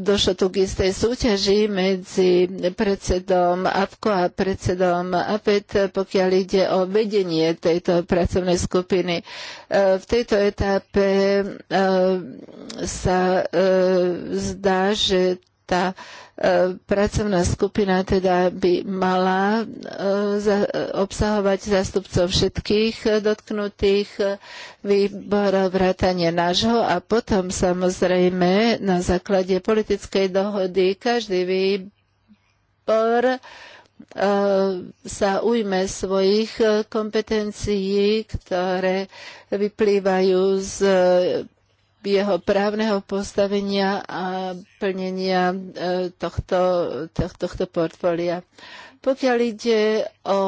došlo tu k istej súťaži medzi predsedom APKO a predsedom APET, pokiaľ ide o vedenie tejto pracovnej skupiny. V tejto etape sa zdá, že tá E, pracovná skupina teda by mala e, obsahovať zástupcov všetkých e, dotknutých výborov vrátane nášho a potom samozrejme na základe politickej dohody každý výbor sa ujme svojich kompetencií, ktoré vyplývajú z jeho právneho postavenia a plnenia e, tohto, tohto, tohto portfólia. Pokiaľ ide o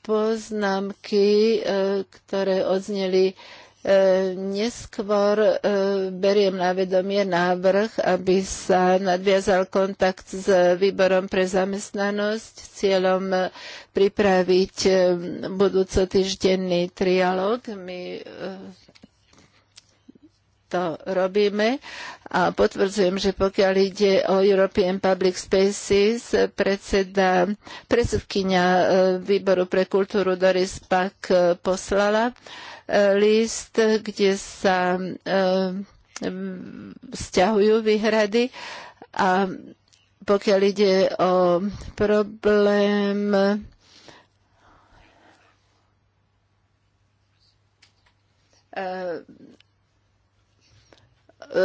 poznámky, e, ktoré odzneli e, neskôr beriem na vedomie návrh, aby sa nadviazal kontakt s výborom pre zamestnanosť s cieľom pripraviť budúco týždenný trialog. My to robíme a potvrdzujem, že pokiaľ ide o European Public Spaces, predseda, predsedkynia e, výboru pre kultúru Doris Pak e, poslala e, list, kde sa vzťahujú výhrady a pokiaľ ide o problém E,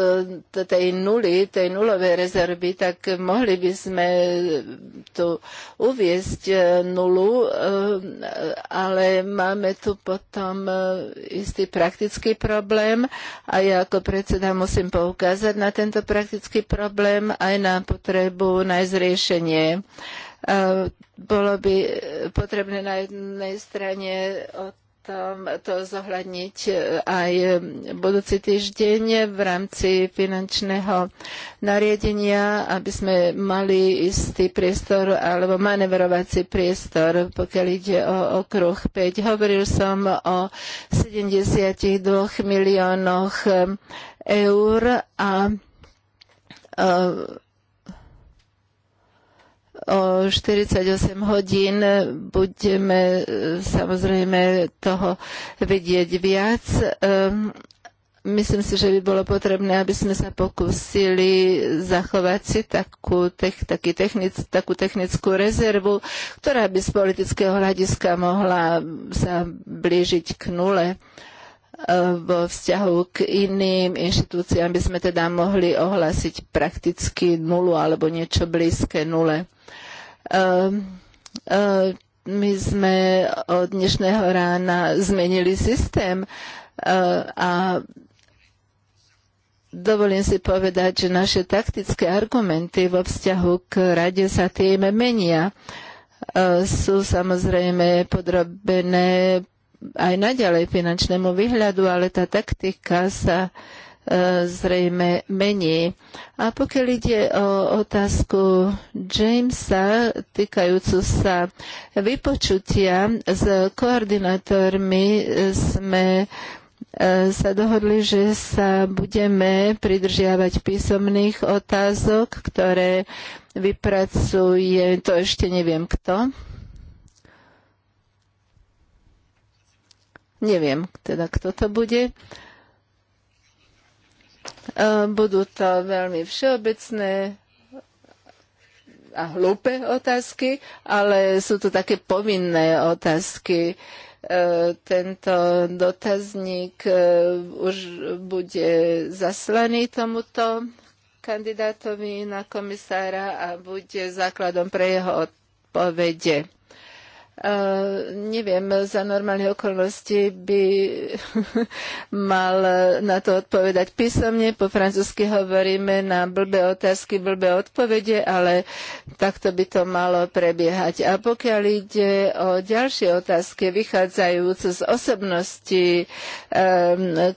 tej nuly, tej nulovej rezervy, tak mohli by sme tu uviesť e, nulu, e, ale máme tu potom istý praktický problém a ja ako predseda musím poukázať na tento praktický problém aj na potrebu nájsť riešenie bolo by potrebné na jednej strane od potom to zohľadniť e, aj e, budúci týždeň v rámci finančného nariadenia, aby sme mali istý priestor alebo manevrovací priestor, pokiaľ ide o okruh 5. Hovoril som o 72 miliónoch e, eur a, a o 48 hodín budeme e, samozrejme toho vedieť viac. Ehm, myslím si, že by bolo potrebné, aby sme sa pokúsili zachovať si takú, tech, taký technic, takú technickú rezervu, ktorá by z politického hľadiska mohla sa blížiť k nule e, vo vzťahu k iným inštitúciám by sme teda mohli ohlásiť prakticky nulu alebo niečo blízke nule. Ehm, ehm, my sme od dnešného rána zmenili systém ehm, a dovolím si povedať, že naše taktické argumenty vo vzťahu k rade sa tým menia. Sú samozrejme podrobené aj naďalej finančnému výhľadu, ale tá taktika sa uh, zrejme mení. A pokiaľ ide o otázku Jamesa týkajúcu sa vypočutia s koordinátormi sme e, sa dohodli, že sa budeme pridržiavať písomných otázok, ktoré vypracuje, to ešte neviem kto. Neviem teda, kto to bude. E, budú to veľmi všeobecné a hlúpe otázky, ale sú to také povinné otázky. E, tento dotazník e, už bude zaslaný tomuto kandidátovi na komisára a bude základom pre jeho odpovede neviem, za normálne okolnosti by mal na to odpovedať písomne. Po francúzsky hovoríme na blbé otázky, blbé odpovede, ale takto by to malo prebiehať. A pokiaľ ide o ďalšie otázky, vychádzajúce z osobnosti um,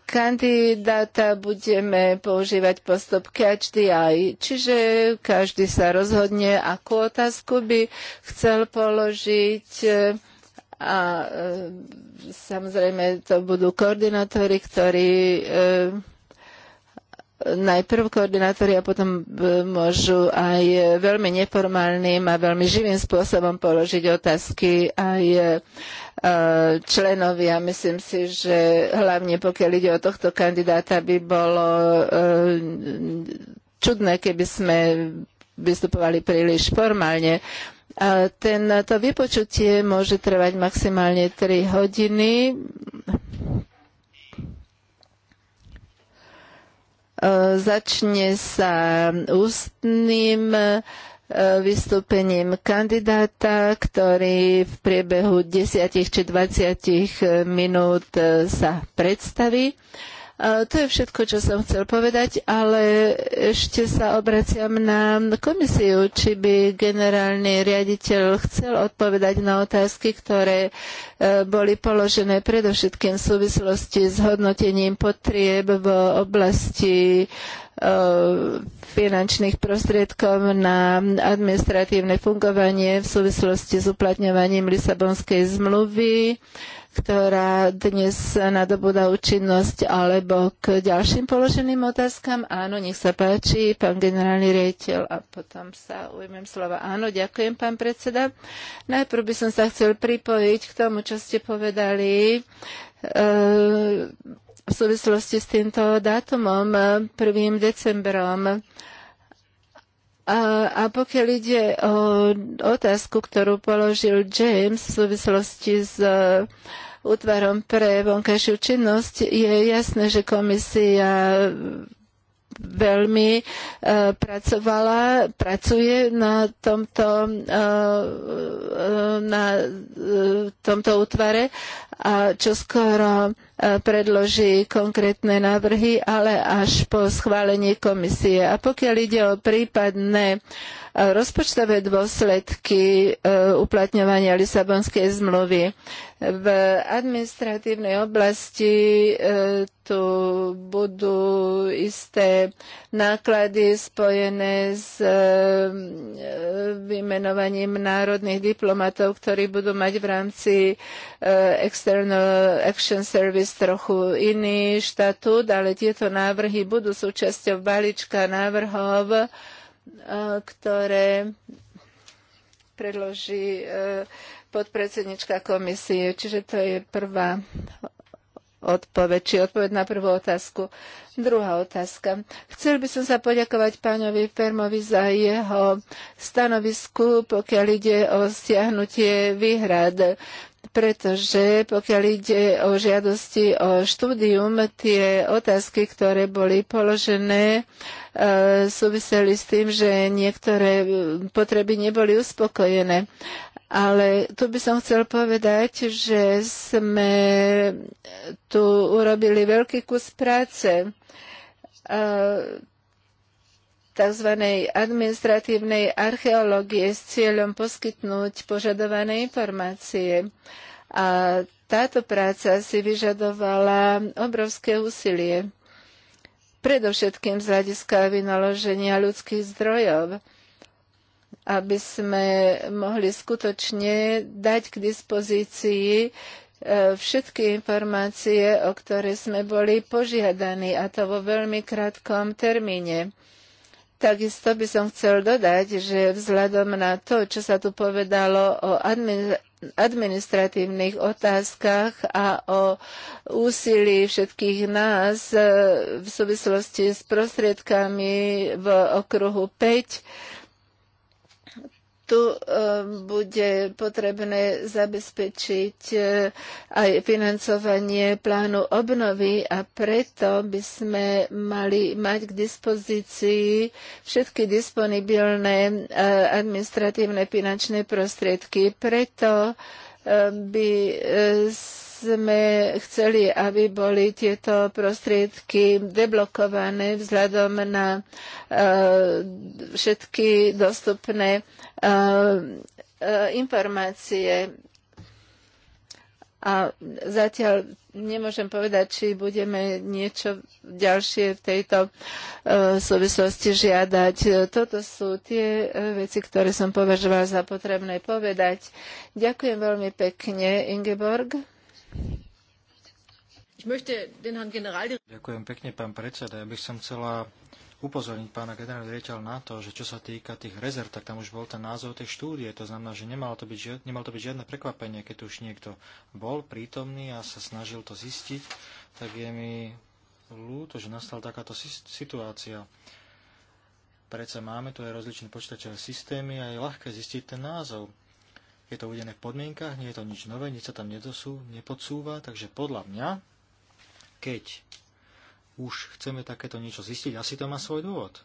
kandidáta, budeme používať postup catch the eye, čiže každý sa rozhodne, akú otázku by chcel položiť a e, samozrejme to budú koordinátori, ktorí e, najprv koordinátori a potom e, môžu aj veľmi neformálnym a veľmi živým spôsobom položiť otázky aj A Myslím si, že hlavne pokiaľ ide o tohto kandidáta, by bolo čudné, keby sme vystupovali príliš formálne. Ten, to vypočutie môže trvať maximálne 3 hodiny. E, začne sa ústnym e, vystúpením kandidáta, ktorý v priebehu 10 či 20 minút e, sa predstaví to je všetko, čo som chcel povedať, ale ešte sa obraciam na komisiu, či by generálny riaditeľ chcel odpovedať na otázky, ktoré e, boli položené predovšetkým v súvislosti s hodnotením potrieb v oblasti e, finančných prostriedkov na administratívne fungovanie v súvislosti s uplatňovaním Lisabonskej zmluvy ktorá dnes nadobúda účinnosť, alebo k ďalším položeným otázkam? Áno, nech sa páči, pán generálny riaditeľ, a potom sa ujmem slova. Áno, ďakujem, pán predseda. Najprv by som sa chcel pripojiť k tomu, čo ste povedali. E v súvislosti s týmto dátumom, 1. decembrom. A, a pokiaľ ide o otázku, ktorú položil James v súvislosti s e, útvarom pre vonkajšiu činnosť, je jasné, že komisia veľmi e, pracovala, pracuje na tomto, e, na tomto útvare a čoskoro skoro predloží konkrétne návrhy, ale až po schválení komisie. A pokiaľ ide o prípadné e, rozpočtové dôsledky e, uplatňovania Lisabonskej zmluvy, v administratívnej oblasti e, tu budú isté náklady spojené s e, vymenovaním národných diplomatov, ktorí budú mať v rámci e, External Action Service trochu iný štatút, ale tieto návrhy budú súčasťou balíčka návrhov, ktoré predloží podpredsednička komisie, čiže to je prvá odpoveď, či odpoveď na prvú otázku. Druhá otázka. Chcel by som sa poďakovať pánovi Fermovi za jeho stanovisku, pokiaľ ide o stiahnutie výhrad pretože pokiaľ ide o žiadosti o štúdium, tie otázky, ktoré boli položené, e, súviseli s tým, že niektoré potreby neboli uspokojené. Ale tu by som chcel povedať, že sme tu urobili veľký kus práce e, tzv. administratívnej archeológie s cieľom poskytnúť požadované informácie. A táto práca si vyžadovala obrovské úsilie, predovšetkým z hľadiska vynaloženia ľudských zdrojov aby sme mohli skutočne dať k dispozícii e, všetky informácie, o ktoré sme boli požiadaní, a to vo veľmi krátkom termíne. Takisto by som chcel dodať, že vzhľadom na to, čo sa tu povedalo o administratívnych otázkach a o úsilí všetkých nás e, v súvislosti s prostriedkami v okruhu 5, tu eh, bude potrebné zabezpečiť eh, aj financovanie plánu obnovy a preto by sme mali mať k dispozícii všetky disponibilné eh, administratívne finančné prostriedky. Preto by sme chceli, aby boli tieto prostriedky deblokované vzhľadom na e, všetky dostupné e, e, informácie. A zatiaľ nemôžem povedať, či budeme niečo ďalšie v tejto súvislosti žiadať. Toto sú tie veci, ktoré som považovala za potrebné povedať. Ďakujem veľmi pekne, Ingeborg. Ďakujem pekne, pán predseda. Ja by som chcela upozorniť pána generálneho riaditeľa na to, že čo sa týka tých rezerv, tak tam už bol ten názov tej štúdie. To znamená, že nemalo to byť, nemalo to byť žiadne prekvapenie, keď už niekto bol prítomný a sa snažil to zistiť, tak je mi ľúto, že nastala takáto situácia. Predsa máme tu aj rozličné počítačové systémy a je ľahké zistiť ten názov je to uvedené v podmienkach, nie je to nič nové, nič sa tam nedosú, nepodsúva, takže podľa mňa, keď už chceme takéto niečo zistiť, asi to má svoj dôvod.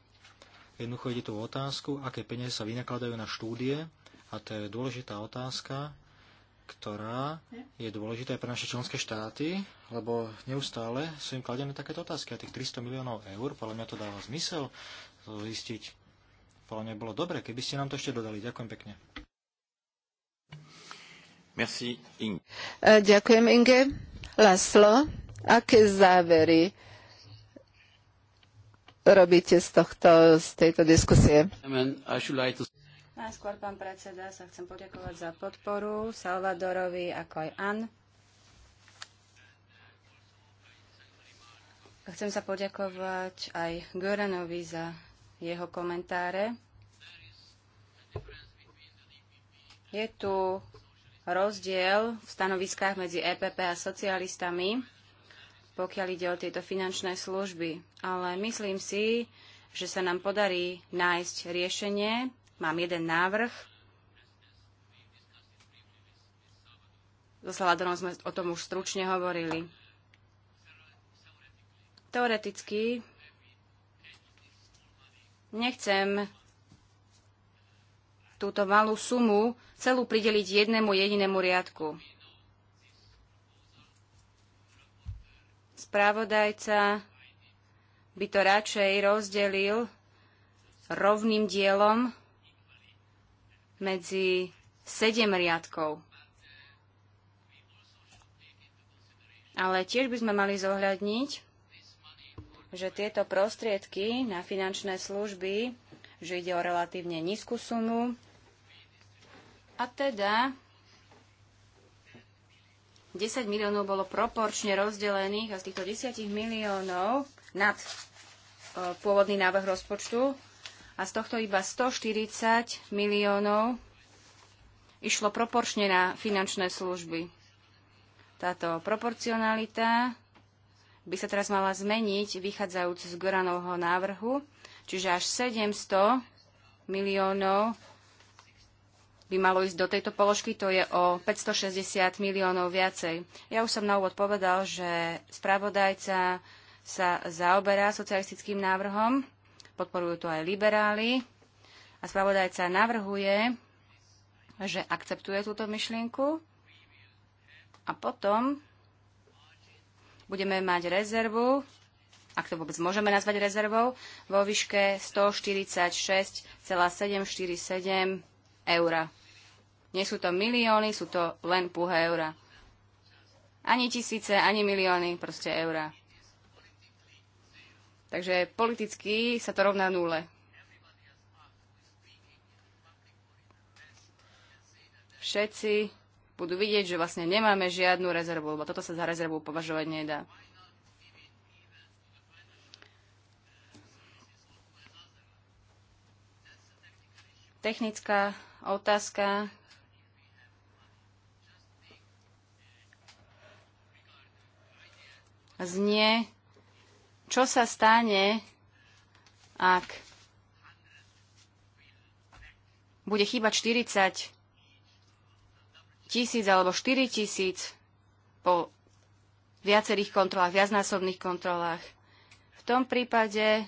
Jednoducho ide tu o otázku, aké peniaze sa vynakladajú na štúdie, a to je dôležitá otázka, ktorá je dôležitá aj pre naše členské štáty, lebo neustále sú im kladené takéto otázky. A tých 300 miliónov eur, podľa mňa to dáva zmysel zistiť. Podľa mňa bolo dobre, keby ste nám to ešte dodali. Ďakujem pekne. E, ďakujem, Inge. Laslo, aké závery robíte z, tohto, z tejto diskusie? Najskôr, pán predseda, sa chcem poďakovať za podporu Salvadorovi ako aj An. Chcem sa poďakovať aj Goranovi za jeho komentáre. Je tu rozdiel v stanoviskách medzi EPP a socialistami, pokiaľ ide o tieto finančné služby. Ale myslím si, že sa nám podarí nájsť riešenie. Mám jeden návrh. So Saladonom sme o tom už stručne hovorili. Teoreticky nechcem túto malú sumu celú prideliť jednému jedinému riadku. Správodajca by to radšej rozdelil rovným dielom medzi sedem riadkov. Ale tiež by sme mali zohľadniť, že tieto prostriedky na finančné služby, že ide o relatívne nízku sumu, a teda 10 miliónov bolo proporčne rozdelených a z týchto 10 miliónov nad e, pôvodný návrh rozpočtu a z tohto iba 140 miliónov išlo proporčne na finančné služby. Táto proporcionalita by sa teraz mala zmeniť, vychádzajúc z Goranovho návrhu, čiže až 700 miliónov by malo ísť do tejto položky, to je o 560 miliónov viacej. Ja už som na úvod povedal, že spravodajca sa zaoberá socialistickým návrhom, podporujú to aj liberáli a spravodajca navrhuje, že akceptuje túto myšlienku a potom budeme mať rezervu, ak to vôbec môžeme nazvať rezervou, vo výške 146,747 eura. Nie sú to milióny, sú to len púhé eura. Ani tisíce, ani milióny, proste eura. Takže politicky sa to rovná nule. Všetci budú vidieť, že vlastne nemáme žiadnu rezervu, lebo toto sa za rezervu považovať nedá. Technická otázka. Znie, čo sa stane, ak bude chýbať 40 tisíc alebo 4 tisíc po viacerých kontrolách, viacnásobných kontrolách. V tom prípade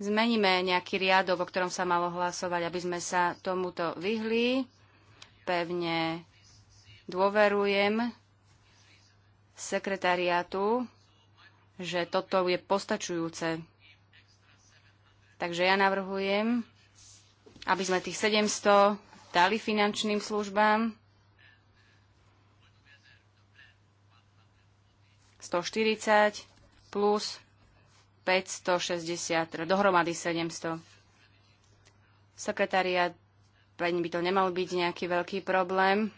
zmeníme nejaký riadok, o ktorom sa malo hlasovať, aby sme sa tomuto vyhli. Pevne dôverujem sekretariátu, že toto je postačujúce. Takže ja navrhujem, aby sme tých 700 dali finančným službám. 140 plus 560, dohromady 700. Sekretariat, pre by to nemal byť nejaký veľký problém.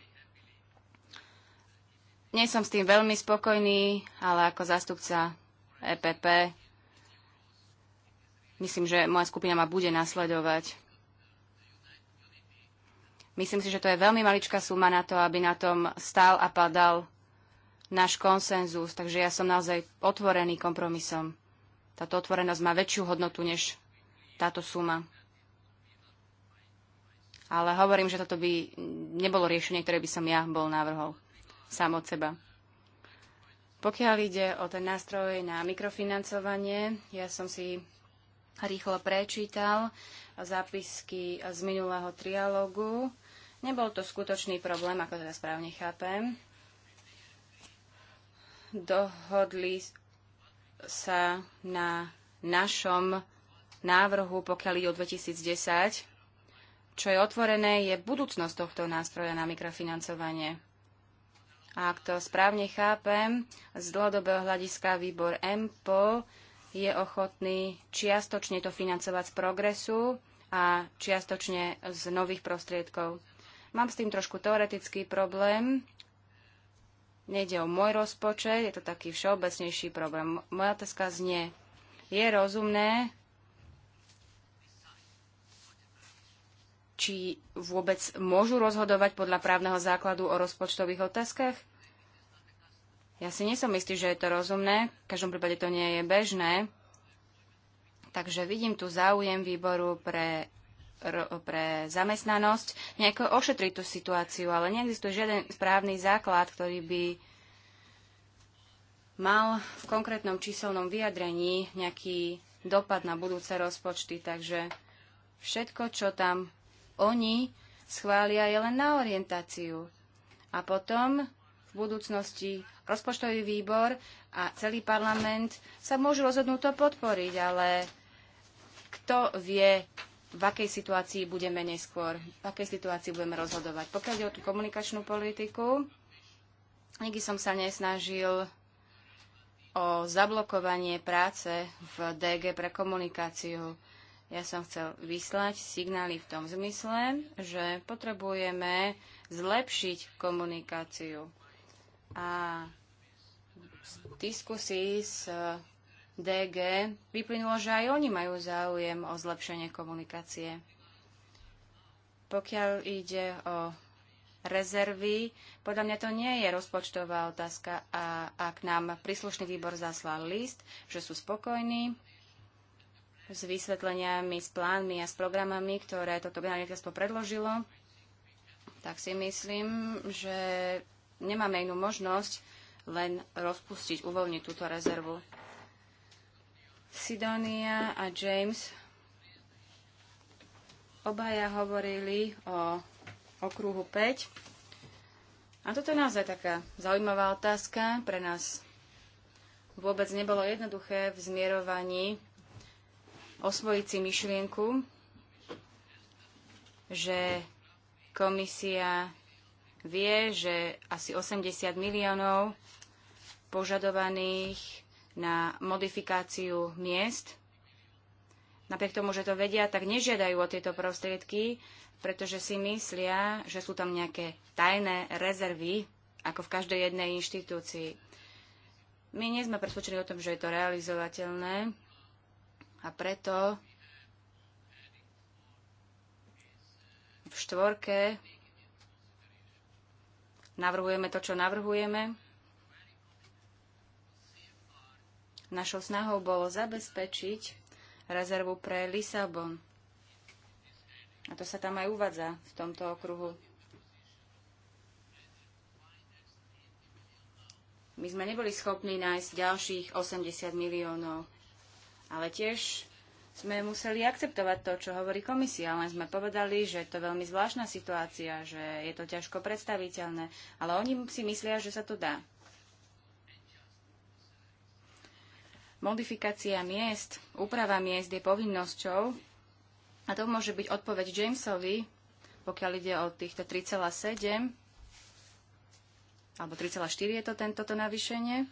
Nie som s tým veľmi spokojný, ale ako zástupca EPP myslím, že moja skupina ma bude nasledovať. Myslím si, že to je veľmi maličká suma na to, aby na tom stál a padal náš konsenzus, takže ja som naozaj otvorený kompromisom. Táto otvorenosť má väčšiu hodnotu než táto suma. Ale hovorím, že toto by nebolo riešenie, ktoré by som ja bol návrhol sám od seba. Pokiaľ ide o ten nástroj na mikrofinancovanie, ja som si rýchlo prečítal zápisky z minulého trialógu. Nebol to skutočný problém, ako teda správne chápem. Dohodli sa na našom návrhu, pokiaľ ide o 2010, čo je otvorené, je budúcnosť tohto nástroja na mikrofinancovanie. A ak to správne chápem, z dlhodobého hľadiska výbor MPO je ochotný čiastočne to financovať z progresu a čiastočne z nových prostriedkov. Mám s tým trošku teoretický problém, Nejde o môj rozpočet, je to taký všeobecnejší problém. Moja otázka znie, je rozumné, či vôbec môžu rozhodovať podľa právneho základu o rozpočtových otázkach? Ja si nesom istý, že je to rozumné. V každom prípade to nie je bežné. Takže vidím tu záujem výboru pre pre zamestnanosť nejako ošetriť tú situáciu, ale neexistuje žiaden správny základ, ktorý by mal v konkrétnom číselnom vyjadrení nejaký dopad na budúce rozpočty. Takže všetko, čo tam oni schvália, je len na orientáciu. A potom v budúcnosti rozpočtový výbor a celý parlament sa môžu rozhodnúť to podporiť, ale kto vie, v akej situácii budeme neskôr, v akej situácii budeme rozhodovať. Pokiaľ je o tú komunikačnú politiku, nikdy som sa nesnažil o zablokovanie práce v DG pre komunikáciu. Ja som chcel vyslať signály v tom zmysle, že potrebujeme zlepšiť komunikáciu. A v diskusii s DG vyplynulo, že aj oni majú záujem o zlepšenie komunikácie. Pokiaľ ide o rezervy, podľa mňa to nie je rozpočtová otázka a ak nám príslušný výbor zaslal list, že sú spokojní s vysvetleniami, s plánmi a s programami, ktoré toto generálne riaditeľstvo predložilo, tak si myslím, že nemáme inú možnosť len rozpustiť, uvoľniť túto rezervu. Sidonia a James obaja hovorili o okruhu 5. A toto je naozaj taká zaujímavá otázka. Pre nás vôbec nebolo jednoduché v zmierovaní osvojiť si myšlienku, že komisia vie, že asi 80 miliónov požadovaných na modifikáciu miest. Napriek tomu, že to vedia, tak nežiadajú o tieto prostriedky, pretože si myslia, že sú tam nejaké tajné rezervy, ako v každej jednej inštitúcii. My nie sme presvedčení o tom, že je to realizovateľné a preto v štvorke navrhujeme to, čo navrhujeme. Našou snahou bolo zabezpečiť rezervu pre Lisabon. A to sa tam aj uvádza v tomto okruhu. My sme neboli schopní nájsť ďalších 80 miliónov, ale tiež sme museli akceptovať to, čo hovorí komisia, len sme povedali, že je to veľmi zvláštna situácia, že je to ťažko predstaviteľné, ale oni si myslia, že sa to dá. Modifikácia miest, úprava miest je povinnosťou a to môže byť odpoveď Jamesovi, pokiaľ ide o týchto 3,7 alebo 3,4 je to tento navýšenie,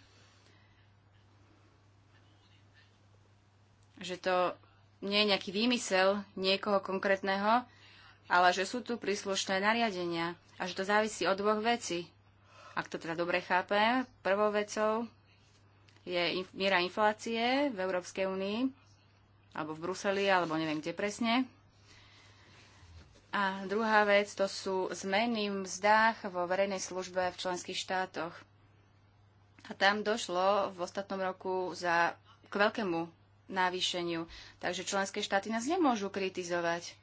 že to nie je nejaký výmysel niekoho konkrétneho, ale že sú tu príslušné nariadenia a že to závisí od dvoch vecí. Ak to teda dobre chápem, prvou vecou je inf- miera inflácie v Európskej únii, alebo v Bruseli, alebo neviem kde presne. A druhá vec, to sú zmeny v mzdách vo verejnej službe v členských štátoch. A tam došlo v ostatnom roku za, k veľkému navýšeniu. Takže členské štáty nás nemôžu kritizovať.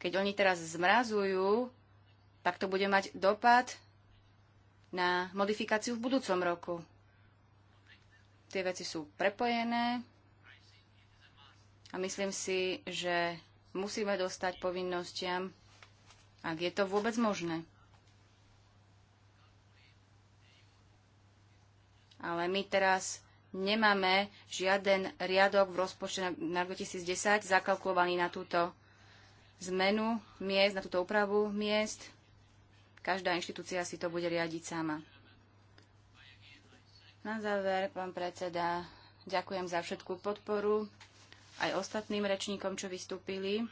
Keď oni teraz zmrazujú, tak to bude mať dopad na modifikáciu v budúcom roku. Tie veci sú prepojené a myslím si, že musíme dostať povinnostiam, ak je to vôbec možné. Ale my teraz nemáme žiaden riadok v rozpočte na 2010 zakalkulovaný na túto zmenu miest, na túto úpravu miest. Každá inštitúcia si to bude riadiť sama. Na záver, pán predseda, ďakujem za všetkú podporu aj ostatným rečníkom, čo vystúpili.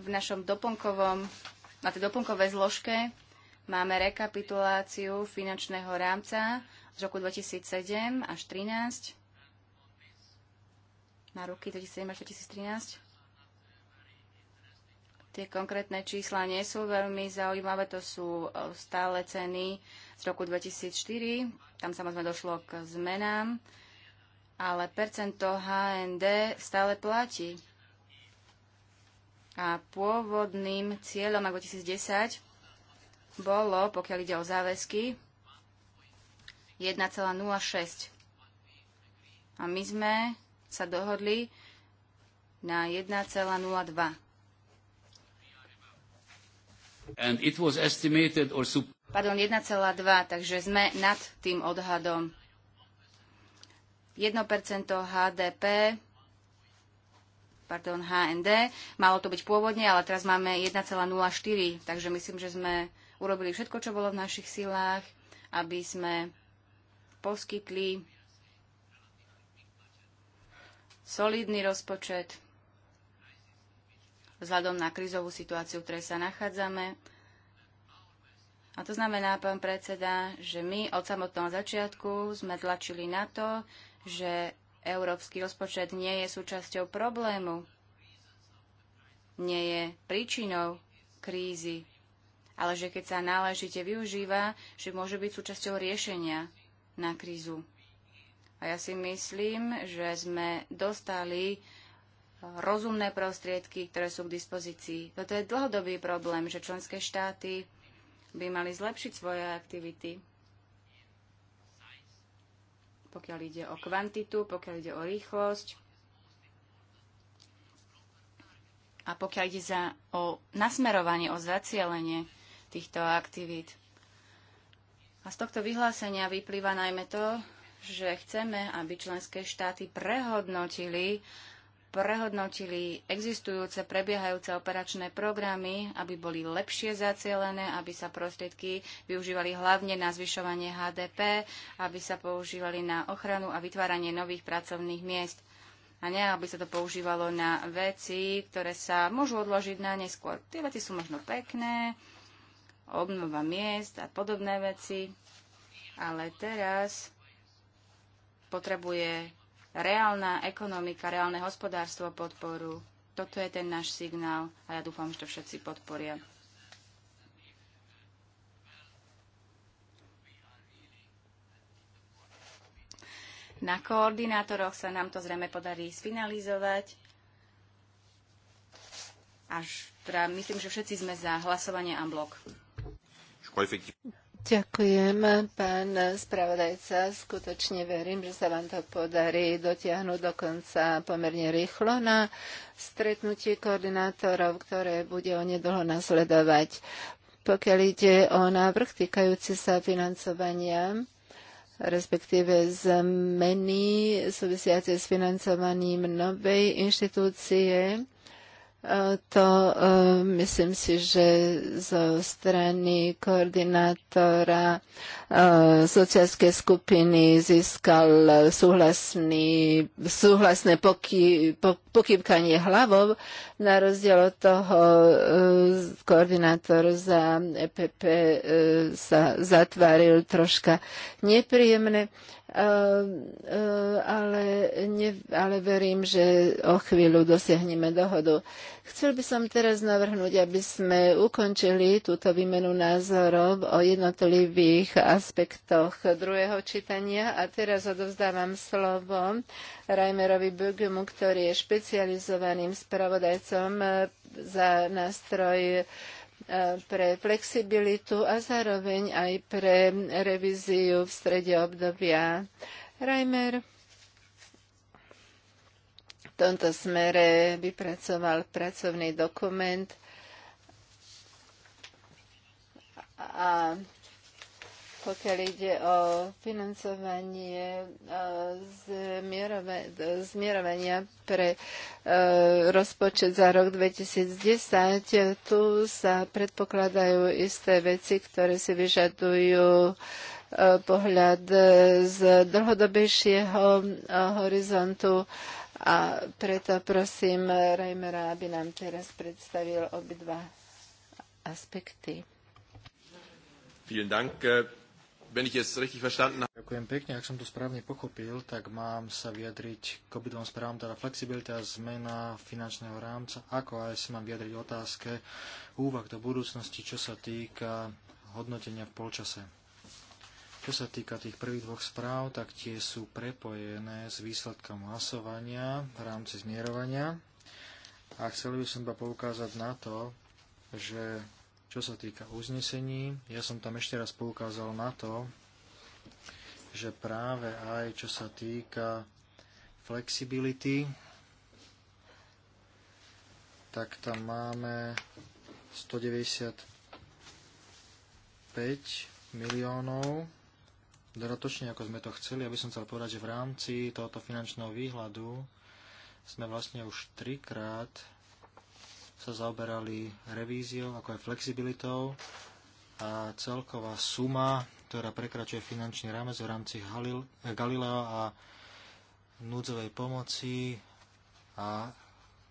V našom doplnkovom, na tej doplnkovej zložke máme rekapituláciu finančného rámca z roku 2007 až 2013 na roky 2007 až 2013. Tie konkrétne čísla nie sú veľmi zaujímavé, to sú e, stále ceny z roku 2004. Tam samozrejme došlo k zmenám, ale percento HND stále platí. A pôvodným cieľom ako 2010 bolo, pokiaľ ide o záväzky, 1,06. A my sme sa dohodli na 1,02. And it was estimated or sup- Pardon, 1,2, takže sme nad tým odhadom. 1% HDP, pardon, HND, malo to byť pôvodne, ale teraz máme 1,04, takže myslím, že sme urobili všetko, čo bolo v našich silách, aby sme poskytli solidný rozpočet vzhľadom na krizovú situáciu, v ktorej sa nachádzame. A to znamená, pán predseda, že my od samotného začiatku sme tlačili na to, že európsky rozpočet nie je súčasťou problému, nie je príčinou krízy, ale že keď sa náležite využíva, že môže byť súčasťou riešenia na krízu. A ja si myslím, že sme dostali rozumné prostriedky, ktoré sú k dispozícii. Toto no je dlhodobý problém, že členské štáty by mali zlepšiť svoje aktivity, pokiaľ ide o kvantitu, pokiaľ ide o rýchlosť a pokiaľ ide za, o nasmerovanie, o zacielenie týchto aktivít. A z tohto vyhlásenia vyplýva najmä to, že chceme, aby členské štáty prehodnotili prehodnotili existujúce prebiehajúce operačné programy, aby boli lepšie zacielené, aby sa prostriedky využívali hlavne na zvyšovanie HDP, aby sa používali na ochranu a vytváranie nových pracovných miest a ne, aby sa to používalo na veci, ktoré sa môžu odložiť na neskôr. Tie veci sú možno pekné, obnova miest a podobné veci, ale teraz potrebuje reálna ekonomika, reálne hospodárstvo podporu. Toto je ten náš signál a ja dúfam, že to všetci podporia. Na koordinátoroch sa nám to zrejme podarí sfinalizovať. Až teda myslím, že všetci sme za hlasovanie a blok. Ďakujem, pán spravodajca. Skutočne verím, že sa vám to podarí dotiahnuť dokonca pomerne rýchlo na stretnutie koordinátorov, ktoré bude o nedlho nasledovať. Pokiaľ ide o návrh týkajúci sa financovania, respektíve zmeny súvisiace s financovaním novej inštitúcie, to eh, myslím si, že zo strany koordinátora eh, sociálskej skupiny získal súhlasný, súhlasné poky, pok, pokývkanie hlavou, na rozdiel od toho e, koordinátor za EPP e, sa zatváril troška nepríjemne, e, ale, ne, ale verím, že o chvíľu dosiahneme dohodu. Chcel by som teraz navrhnúť, aby sme ukončili túto výmenu názorov o jednotlivých aspektoch druhého čítania a teraz odovzdávam slovo Reimerovi Bögemu, ktorý je špecializovaným spravodajcom e, za nástroj e, pre flexibilitu a zároveň aj pre revíziu v strede obdobia. Reimer v tomto smere vypracoval pracovný dokument a pokiaľ ide o financovanie e, zmierovania pre e, rozpočet za rok 2010, tu sa predpokladajú isté veci, ktoré si vyžadujú e, pohľad z dlhodobejšieho horizontu a preto prosím Reimera, aby nám teraz predstavil obidva aspekty. Vielen Dank. Äh, Ďakujem pekne, ak som to správne pochopil, tak mám sa vyjadriť k obidvom správam, teda flexibilita a zmena finančného rámca, ako aj sa mám vyjadriť otázke úvah do budúcnosti, čo sa týka hodnotenia v polčase. Čo sa týka tých prvých dvoch správ, tak tie sú prepojené s výsledkom hlasovania v rámci zmierovania. A chcel by som iba poukázať na to, že čo sa týka uznesení, ja som tam ešte raz poukázal na to, že práve aj čo sa týka flexibility, tak tam máme 195 miliónov dodatočne, ako sme to chceli. Aby som chcel povedať, že v rámci tohoto finančného výhľadu sme vlastne už trikrát sa zaoberali revíziou, ako aj flexibilitou a celková suma, ktorá prekračuje finančný rámec v rámci Galileo a núdzovej pomoci a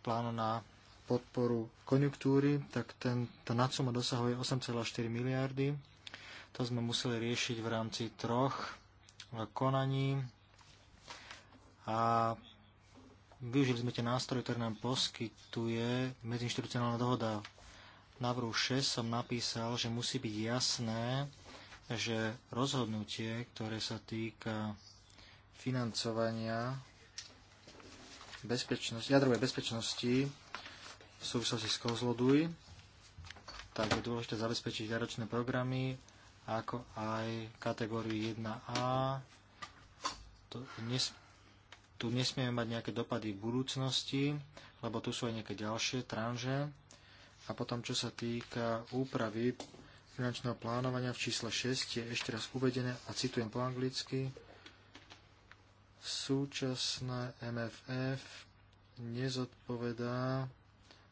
plánu na podporu konjunktúry, tak ten, tá nadsuma dosahuje 8,4 miliardy. To sme museli riešiť v rámci troch konaní a Využili sme tie nástroje, ktoré nám poskytuje medziinstitucionálna dohoda. Na 6 som napísal, že musí byť jasné, že rozhodnutie, ktoré sa týka financovania bezpečnosti, jadrovej bezpečnosti v súvislosti s Kozloduj, tak je dôležité zabezpečiť jaročné programy, ako aj kategóriu 1A. To, nes, tu nesmieme mať nejaké dopady v budúcnosti, lebo tu sú aj nejaké ďalšie tranže. A potom, čo sa týka úpravy finančného plánovania v čísle 6 je ešte raz uvedené a citujem po anglicky. Súčasná MFF nezodpovedá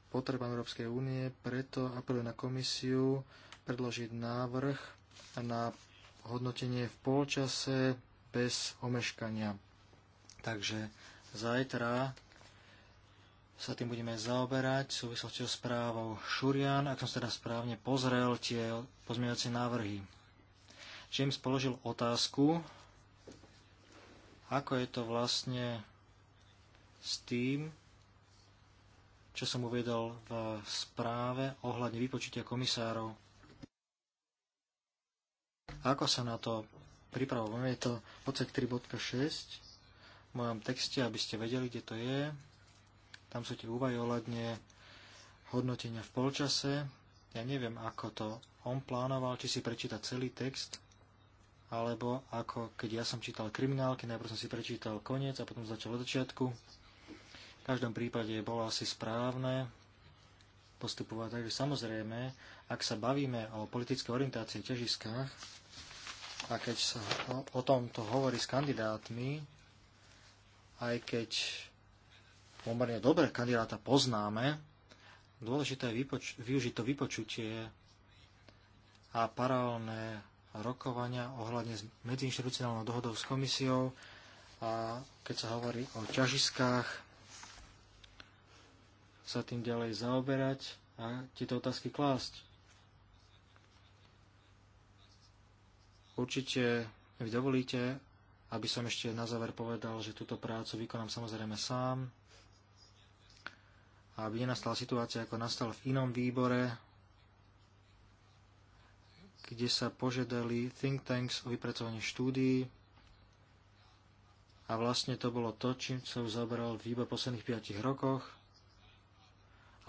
potrebám Európskej únie, preto apeluje na komisiu predložiť návrh na hodnotenie v polčase bez omeškania. Takže zajtra sa tým budeme zaoberať v súvislosti s správou Šurian, ak som sa teda správne pozrel tie pozmeňovacie návrhy. James položil otázku, ako je to vlastne s tým, čo som uvedol v správe ohľadne vypočutia komisárov. Ako sa na to pripravujeme? Je to odsek 3.6 mojom texte, aby ste vedeli, kde to je. Tam sú tie úvahy ohľadne hodnotenia v polčase. Ja neviem, ako to on plánoval, či si prečíta celý text, alebo ako keď ja som čítal kriminálky, najprv som si prečítal koniec a potom začal od začiatku. V každom prípade bolo asi správne postupovať. Takže samozrejme, ak sa bavíme o politické orientácii v ťažiskách a keď sa o tomto hovorí s kandidátmi, aj keď pomerne dobre kandidáta poznáme, dôležité je vypoč- využiť to vypočutie a paralelné rokovania ohľadne medziinštitucionálnou dohodou s komisiou a keď sa hovorí o ťažiskách, sa tým ďalej zaoberať a tieto otázky klásť. Určite, ak dovolíte, aby som ešte na záver povedal, že túto prácu vykonám samozrejme sám, a aby nenastala situácia, ako nastal v inom výbore, kde sa požiadali think tanks o vypracovanie štúdií a vlastne to bolo to, čím sa už zaoberal výbor v posledných 5 rokoch,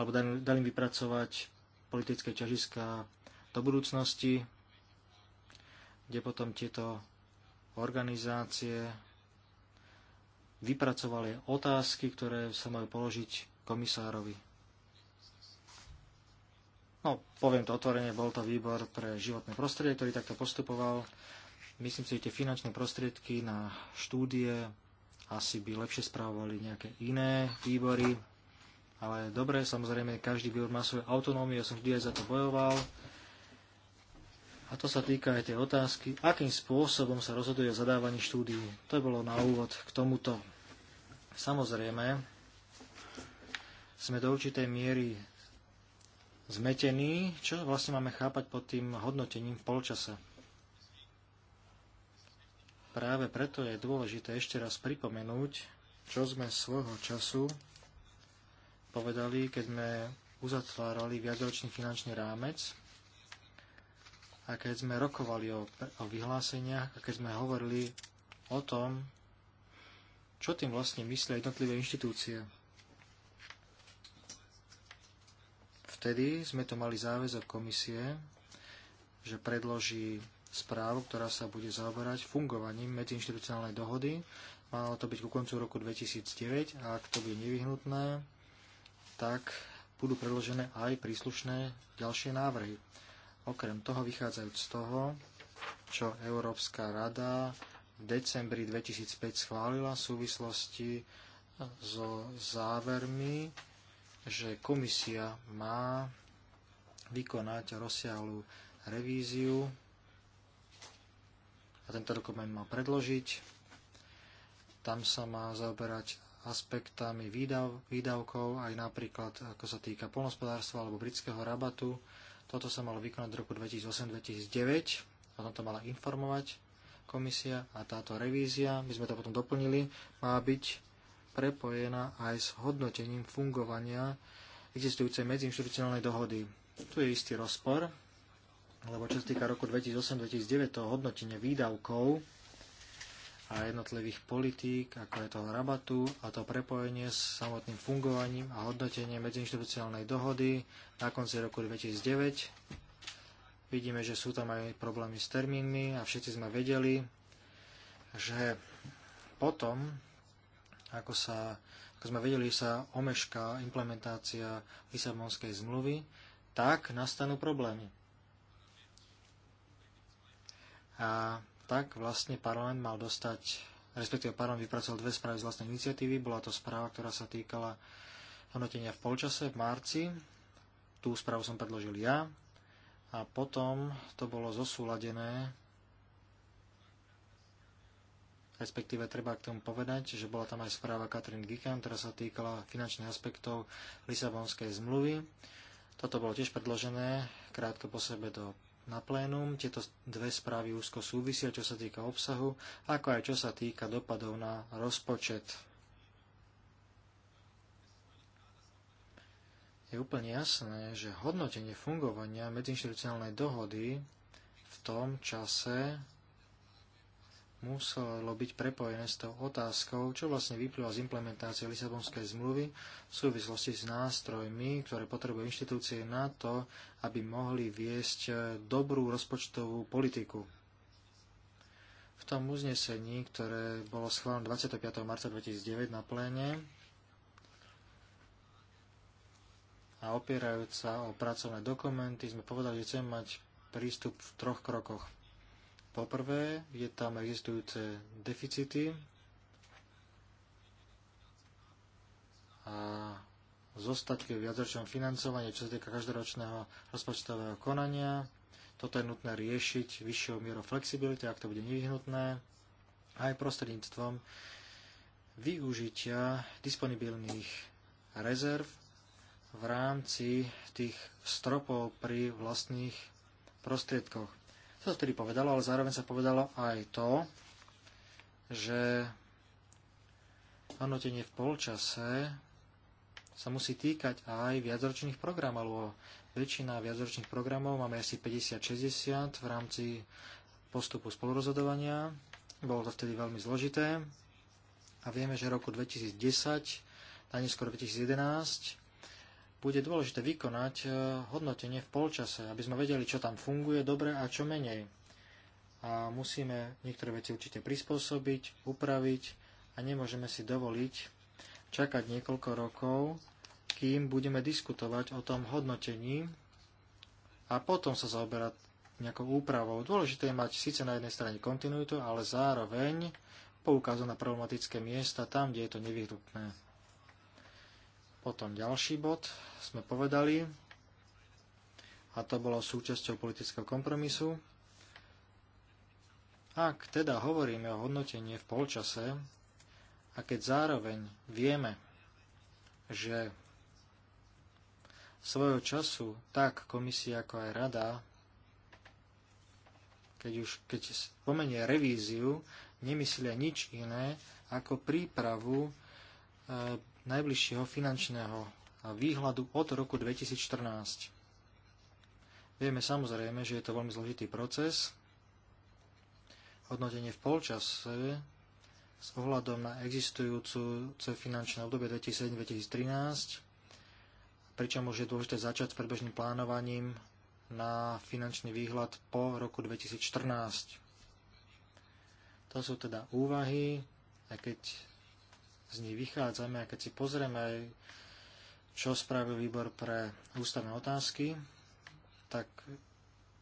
alebo dali im vypracovať politické ťažiska do budúcnosti, kde potom tieto organizácie vypracovali otázky, ktoré sa majú položiť komisárovi. No, poviem to otvorene, bol to výbor pre životné prostredie, ktorý takto postupoval. Myslím si, že tie finančné prostriedky na štúdie asi by lepšie správovali nejaké iné výbory, ale dobre, samozrejme, každý výbor má svoju autonómiu, ja som vždy aj za to bojoval. A to sa týka aj tej otázky, akým spôsobom sa rozhoduje o zadávaní štúdií. To bolo na úvod k tomuto. Samozrejme, sme do určitej miery zmetení, čo vlastne máme chápať pod tým hodnotením v polčase. Práve preto je dôležité ešte raz pripomenúť, čo sme svojho času povedali, keď sme uzatvárali viacročný finančný rámec a keď sme rokovali o, o vyhláseniach a keď sme hovorili o tom, čo tým vlastne myslia jednotlivé inštitúcie. Vtedy sme to mali záväzok komisie, že predloží správu, ktorá sa bude zaoberať fungovaním medziinstitucionálnej dohody. Malo to byť ku koncu roku 2009 a ak to bude nevyhnutné, tak budú predložené aj príslušné ďalšie návrhy. Okrem toho vychádzajúc z toho, čo Európska rada v decembri 2005 schválila v súvislosti so závermi, že komisia má vykonať rozsiahlu revíziu a tento dokument má predložiť. Tam sa má zaoberať aspektami výdav, výdavkov, aj napríklad ako sa týka polnospodárstva alebo britského rabatu. Toto sa malo vykonať v roku 2008-2009, o tom to mala informovať komisia a táto revízia, my sme to potom doplnili, má byť prepojená aj s hodnotením fungovania existujúcej medziinštitucionálnej dohody. Tu je istý rozpor, lebo čo sa týka roku 2008-2009, to hodnotenie výdavkov a jednotlivých politík, ako je toho rabatu a to prepojenie s samotným fungovaním a hodnotením medziinstitucionálnej dohody na konci roku 2009. Vidíme, že sú tam aj problémy s termínmi a všetci sme vedeli, že potom, ako, sa, ako sme vedeli, sa omešká implementácia Lisabonskej zmluvy, tak nastanú problémy. A tak vlastne parlament mal dostať, respektíve parlament vypracoval dve správy z vlastnej iniciatívy. Bola to správa, ktorá sa týkala hodnotenia v polčase v marci. Tú správu som predložil ja. A potom to bolo zosúladené respektíve treba k tomu povedať, že bola tam aj správa Katrin Gikan, ktorá sa týkala finančných aspektov Lisabonskej zmluvy. Toto bolo tiež predložené krátko po sebe do na plénum. Tieto dve správy úzko súvisia, čo sa týka obsahu, ako aj čo sa týka dopadov na rozpočet. Je úplne jasné, že hodnotenie fungovania medziinstitucionálnej dohody v tom čase muselo byť prepojené s tou otázkou, čo vlastne vyplýva z implementácie Lisabonskej zmluvy v súvislosti s nástrojmi, ktoré potrebujú inštitúcie na to, aby mohli viesť e, dobrú rozpočtovú politiku. V tom uznesení, ktoré bolo schválené 25. marca 2009 na pléne a opierajúca o pracovné dokumenty, sme povedali, že chceme mať prístup v troch krokoch. Poprvé, je tam existujúce deficity a zostatky v viacročnom financovaní, čo sa týka každoročného rozpočtového konania. Toto je nutné riešiť vyššou mierou flexibility, ak to bude nevyhnutné, aj prostredníctvom využitia disponibilných rezerv v rámci tých stropov pri vlastných prostriedkoch. To sa tedy povedalo, ale zároveň sa povedalo aj to, že hodnotenie v polčase sa musí týkať aj viacročných programov, lebo väčšina viacročných programov máme asi 50-60 v rámci postupu spolurozhodovania. Bolo to vtedy veľmi zložité a vieme, že roku 2010, najneskôr 2011 bude dôležité vykonať e, hodnotenie v polčase, aby sme vedeli, čo tam funguje dobre a čo menej. A musíme niektoré veci určite prispôsobiť, upraviť a nemôžeme si dovoliť čakať niekoľko rokov, kým budeme diskutovať o tom hodnotení a potom sa zaoberať nejakou úpravou. Dôležité je mať síce na jednej strane kontinuitu, ale zároveň poukázať na problematické miesta tam, kde je to nevyhnutné. Potom ďalší bod sme povedali, a to bolo súčasťou politického kompromisu. Ak teda hovoríme o hodnotení v polčase a keď zároveň vieme, že svojho času tak komisia ako aj rada, keď už keď spomenie revíziu, nemyslia nič iné ako prípravu E, najbližšieho finančného výhľadu od roku 2014. Vieme samozrejme, že je to veľmi zložitý proces. Hodnotenie v polčase s ohľadom na existujúcu finančné obdobie 2007-2013, pričom už je dôležité začať s predbežným plánovaním na finančný výhľad po roku 2014. To sú teda úvahy, aj keď z nich vychádzame a keď si pozrieme aj, čo spravil výbor pre ústavné otázky, tak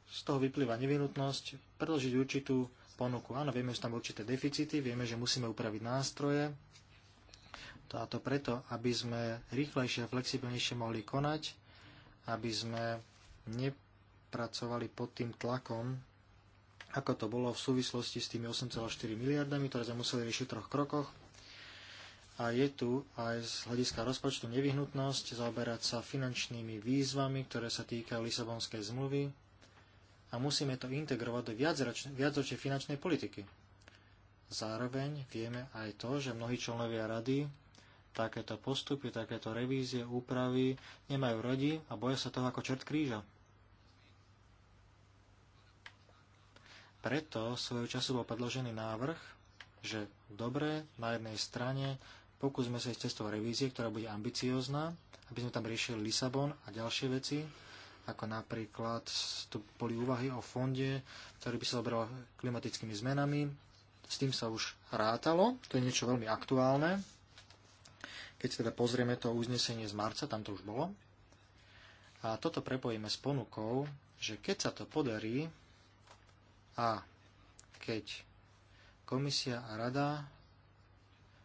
z toho vyplýva nevinutnosť predložiť určitú ponuku. Áno, vieme, že tam určité deficity, vieme, že musíme upraviť nástroje, a to preto, aby sme rýchlejšie a flexibilnejšie mohli konať, aby sme nepracovali pod tým tlakom, ako to bolo v súvislosti s tými 8,4 miliardami, ktoré sme museli riešiť v troch krokoch a je tu aj z hľadiska rozpočtu nevyhnutnosť zaoberať sa finančnými výzvami, ktoré sa týkajú Lisabonskej zmluvy a musíme to integrovať do viacročnej finančnej politiky. Zároveň vieme aj to, že mnohí členovia rady takéto postupy, takéto revízie, úpravy nemajú radi a boja sa toho ako čert kríža. Preto svojho času bol predložený návrh, že dobre, na jednej strane Pokúsme sa ísť cestou revízie, ktorá bude ambiciózna, aby sme tam riešili Lisabon a ďalšie veci, ako napríklad tu boli úvahy o fonde, ktorý by sa zaoberal klimatickými zmenami. S tým sa už rátalo, to je niečo veľmi aktuálne. Keď si teda pozrieme to uznesenie z marca, tam to už bolo. A toto prepojíme s ponukou, že keď sa to podarí a keď komisia a rada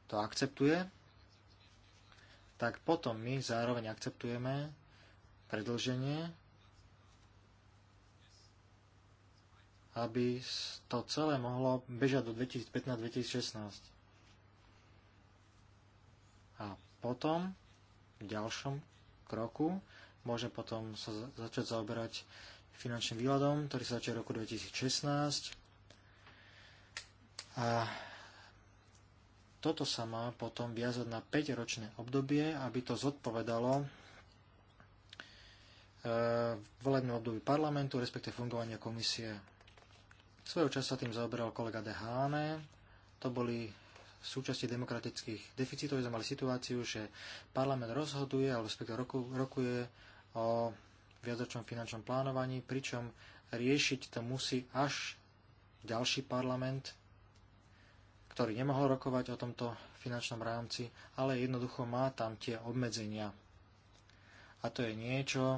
to akceptuje, tak potom my zároveň akceptujeme predlženie, aby to celé mohlo bežať do 2015-2016. A potom, v ďalšom kroku, môže potom sa začať zaoberať finančným výhľadom, ktorý sa začal v roku 2016. A toto sa má potom viazať na 5-ročné obdobie, aby to zodpovedalo e, volebnom období parlamentu, respektive fungovania komisie. Svojho času sa tým zaoberal kolega De Háne. To boli súčasti demokratických deficitov. Sme mali situáciu, že parlament rozhoduje, alebo respektíve roku, rokuje o viacročnom finančnom plánovaní, pričom riešiť to musí až ďalší parlament ktorý nemohol rokovať o tomto finančnom rámci, ale jednoducho má tam tie obmedzenia. A to je niečo,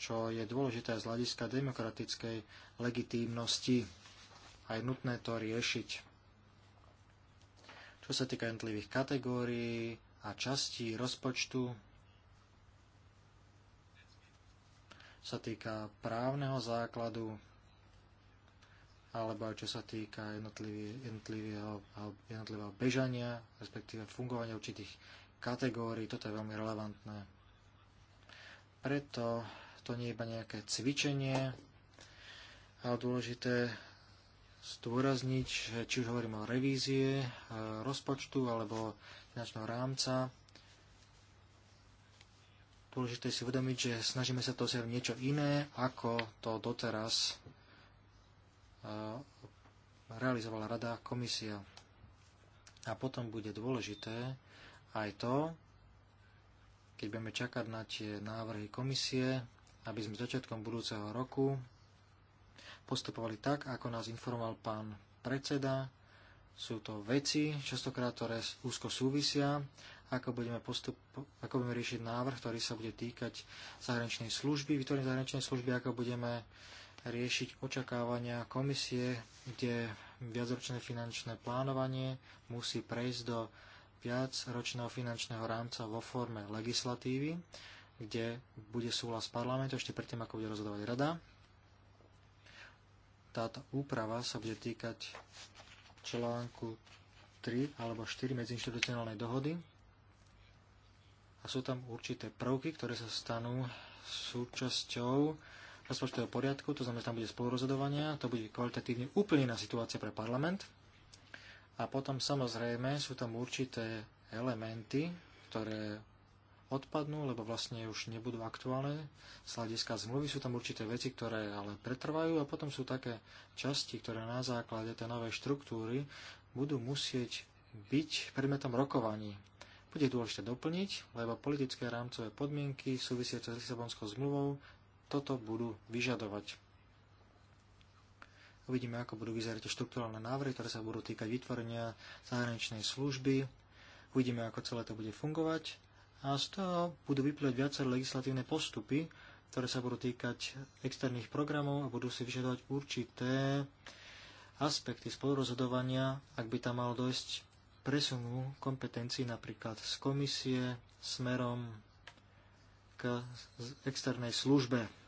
čo je dôležité z hľadiska demokratickej legitímnosti a je nutné to riešiť. Čo sa týka jednotlivých kategórií a častí rozpočtu, sa týka právneho základu, alebo aj čo sa týka jednotlivého, jednotlivého bežania, respektíve fungovania určitých kategórií. Toto je veľmi relevantné. Preto to nie je iba nejaké cvičenie, ale dôležité zdôrazniť, že či už hovorím o revízie e, rozpočtu alebo finančného rámca, dôležité si uvedomiť, že snažíme sa dosiahnuť niečo iné, ako to doteraz realizovala rada komisia. A potom bude dôležité aj to, keď budeme čakať na tie návrhy komisie, aby sme začiatkom budúceho roku postupovali tak, ako nás informoval pán predseda. Sú to veci, častokrát, ktoré úzko súvisia, ako budeme, postup, ako budeme riešiť návrh, ktorý sa bude týkať zahraničnej služby, vytvorenie zahraničnej služby, ako budeme uh, riešiť očakávania komisie, kde viacročné finančné plánovanie musí prejsť do viacročného finančného rámca vo forme legislatívy, kde bude súhlas parlamentu ešte predtým, ako bude rozhodovať rada. Táto úprava sa bude týkať článku 3 alebo 4 medziinstitucionálnej dohody a sú tam určité prvky, ktoré sa stanú súčasťou rozpočtového poriadku, to znamená, že tam bude spolurozhodovania, to bude kvalitatívne úplne iná situácia pre parlament. A potom samozrejme sú tam určité elementy, ktoré odpadnú, lebo vlastne už nebudú aktuálne z hľadiska zmluvy. Sú tam určité veci, ktoré ale pretrvajú a potom sú také časti, ktoré na základe tej novej štruktúry budú musieť byť predmetom rokovaní. Bude dôležité doplniť, lebo politické rámcové podmienky súvisiace s Lisabonskou zmluvou toto budú vyžadovať. Uvidíme, ako budú vyzerať štruktúrálne návrhy, ktoré sa budú týkať vytvorenia zahraničnej služby. Uvidíme, ako celé to bude fungovať. A z toho budú vyplývať viaceré legislatívne postupy, ktoré sa budú týkať externých programov a budú si vyžadovať určité aspekty spolurozhodovania, ak by tam malo dojsť presunu kompetencií napríklad z komisie smerom k externej službe.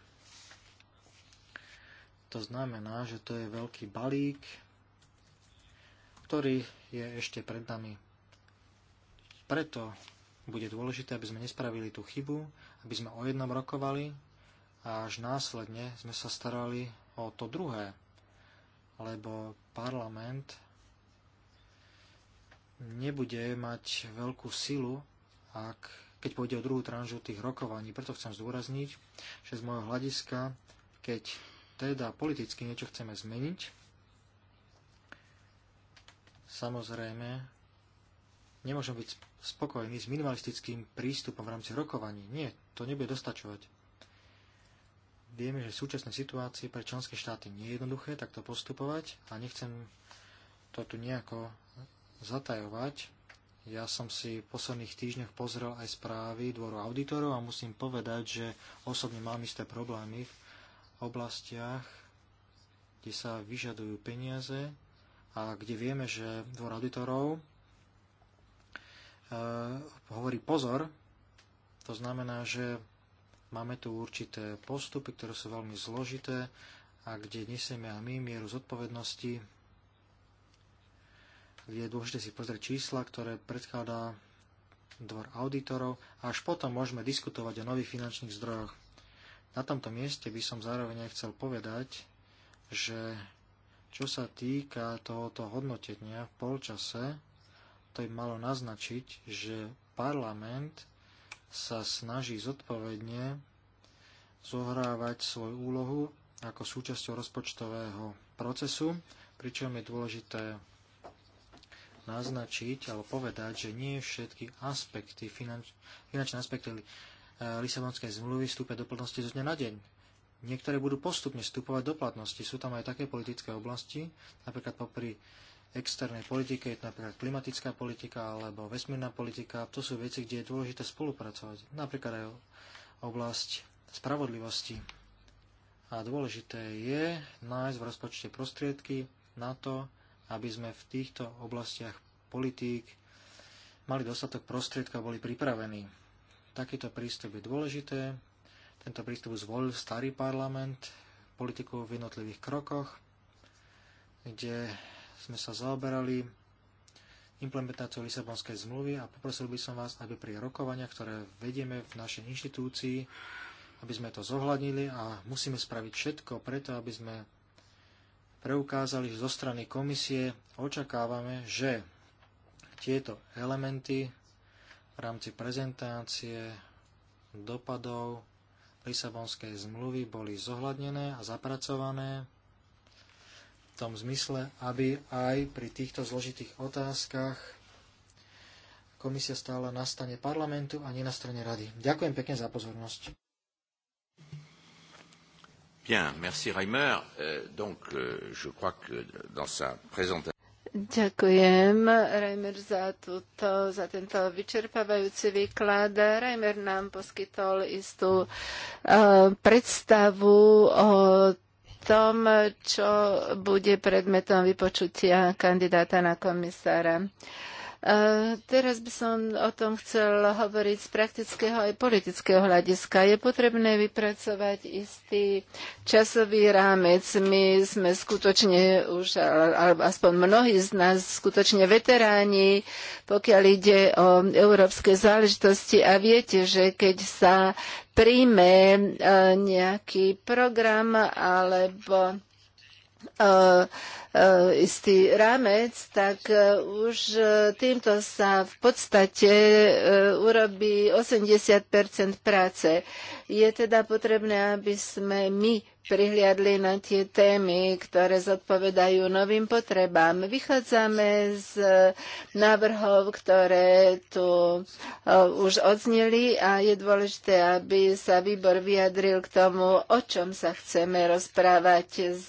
To znamená, že to je veľký balík, ktorý je ešte pred nami. Preto bude dôležité, aby sme nespravili tú chybu, aby sme o jednom rokovali a až následne sme sa starali o to druhé, lebo parlament nebude mať veľkú silu, ak, keď pôjde o druhú tranžu tých rokovaní. Preto chcem zdôrazniť, že z môjho hľadiska, keď teda politicky niečo chceme zmeniť, samozrejme nemôžem byť spokojný s minimalistickým prístupom v rámci rokovaní. Nie, to nebude dostačovať. Vieme, že v súčasnej situácii pre členské štáty nie je jednoduché takto postupovať a nechcem to tu nejako zatajovať. Ja som si v posledných týždňoch pozrel aj správy dvoru auditorov a musím povedať, že osobne mám isté problémy v oblastiach, kde sa vyžadujú peniaze a kde vieme, že dvor auditorov uh, hovorí pozor, to znamená, že máme tu určité postupy, ktoré sú veľmi zložité a kde nesieme aj my mieru zodpovednosti, kde je dôležité si pozrieť čísla, ktoré predkladá dvor auditorov a až potom môžeme diskutovať o nových finančných zdrojoch. Na tomto mieste by som zároveň aj chcel povedať, že čo sa týka tohoto hodnotenia v polčase, to by malo naznačiť, že parlament sa snaží zodpovedne zohrávať svoju úlohu ako súčasťou rozpočtového procesu, pričom je dôležité naznačiť alebo povedať, že nie všetky aspekty, finanč, finančné aspekty E, Lisabonskej zmluvy vstúpia do platnosti zo dňa na deň. Niektoré budú postupne vstupovať do platnosti. Sú tam aj také politické oblasti, napríklad popri externej politike, je to napríklad klimatická politika alebo vesmírna politika. To sú veci, kde je dôležité spolupracovať. Napríklad aj oblasť spravodlivosti. A dôležité je nájsť v rozpočte prostriedky na to, aby sme v týchto oblastiach politík mali dostatok prostriedka a boli pripravení. Takýto prístup je dôležité. Tento prístup zvolil starý parlament, politiku v jednotlivých krokoch, kde sme sa zaoberali implementáciou Lisabonskej zmluvy a poprosil by som vás, aby pri rokovaniach, ktoré vedieme v našej inštitúcii, aby sme to zohľadnili a musíme spraviť všetko preto, aby sme preukázali, že zo strany komisie očakávame, že tieto elementy v rámci prezentácie dopadov Lisabonskej zmluvy boli zohľadnené a zapracované v tom zmysle, aby aj pri týchto zložitých otázkach komisia stála na strane parlamentu a nie na strane rady. Ďakujem pekne za pozornosť. Bien, merci Reimer. Euh, donc, euh, je crois que dans sa présentation... Ďakujem, Reimer, za, tuto, za tento vyčerpávajúci výklad. Reimer nám poskytol istú uh, predstavu o tom, čo bude predmetom vypočutia kandidáta na komisára. Uh, E, teraz by som o tom chcel hovoriť z praktického aj politického hľadiska. Je potrebné vypracovať istý časový rámec. My sme skutočne už, alebo aspoň mnohí z nás, skutočne veteráni, pokiaľ ide o európske záležitosti a viete, že keď sa príjme e, nejaký program alebo E, e, istý rámec, tak e, už týmto sa v podstate urobí 80 práce. Je teda potrebné, aby sme my prihliadli na tie témy, ktoré zodpovedajú novým potrebám. Vychádzame z návrhov, ktoré tu už odzneli a je dôležité, aby sa výbor vyjadril k tomu, o čom sa chceme rozprávať s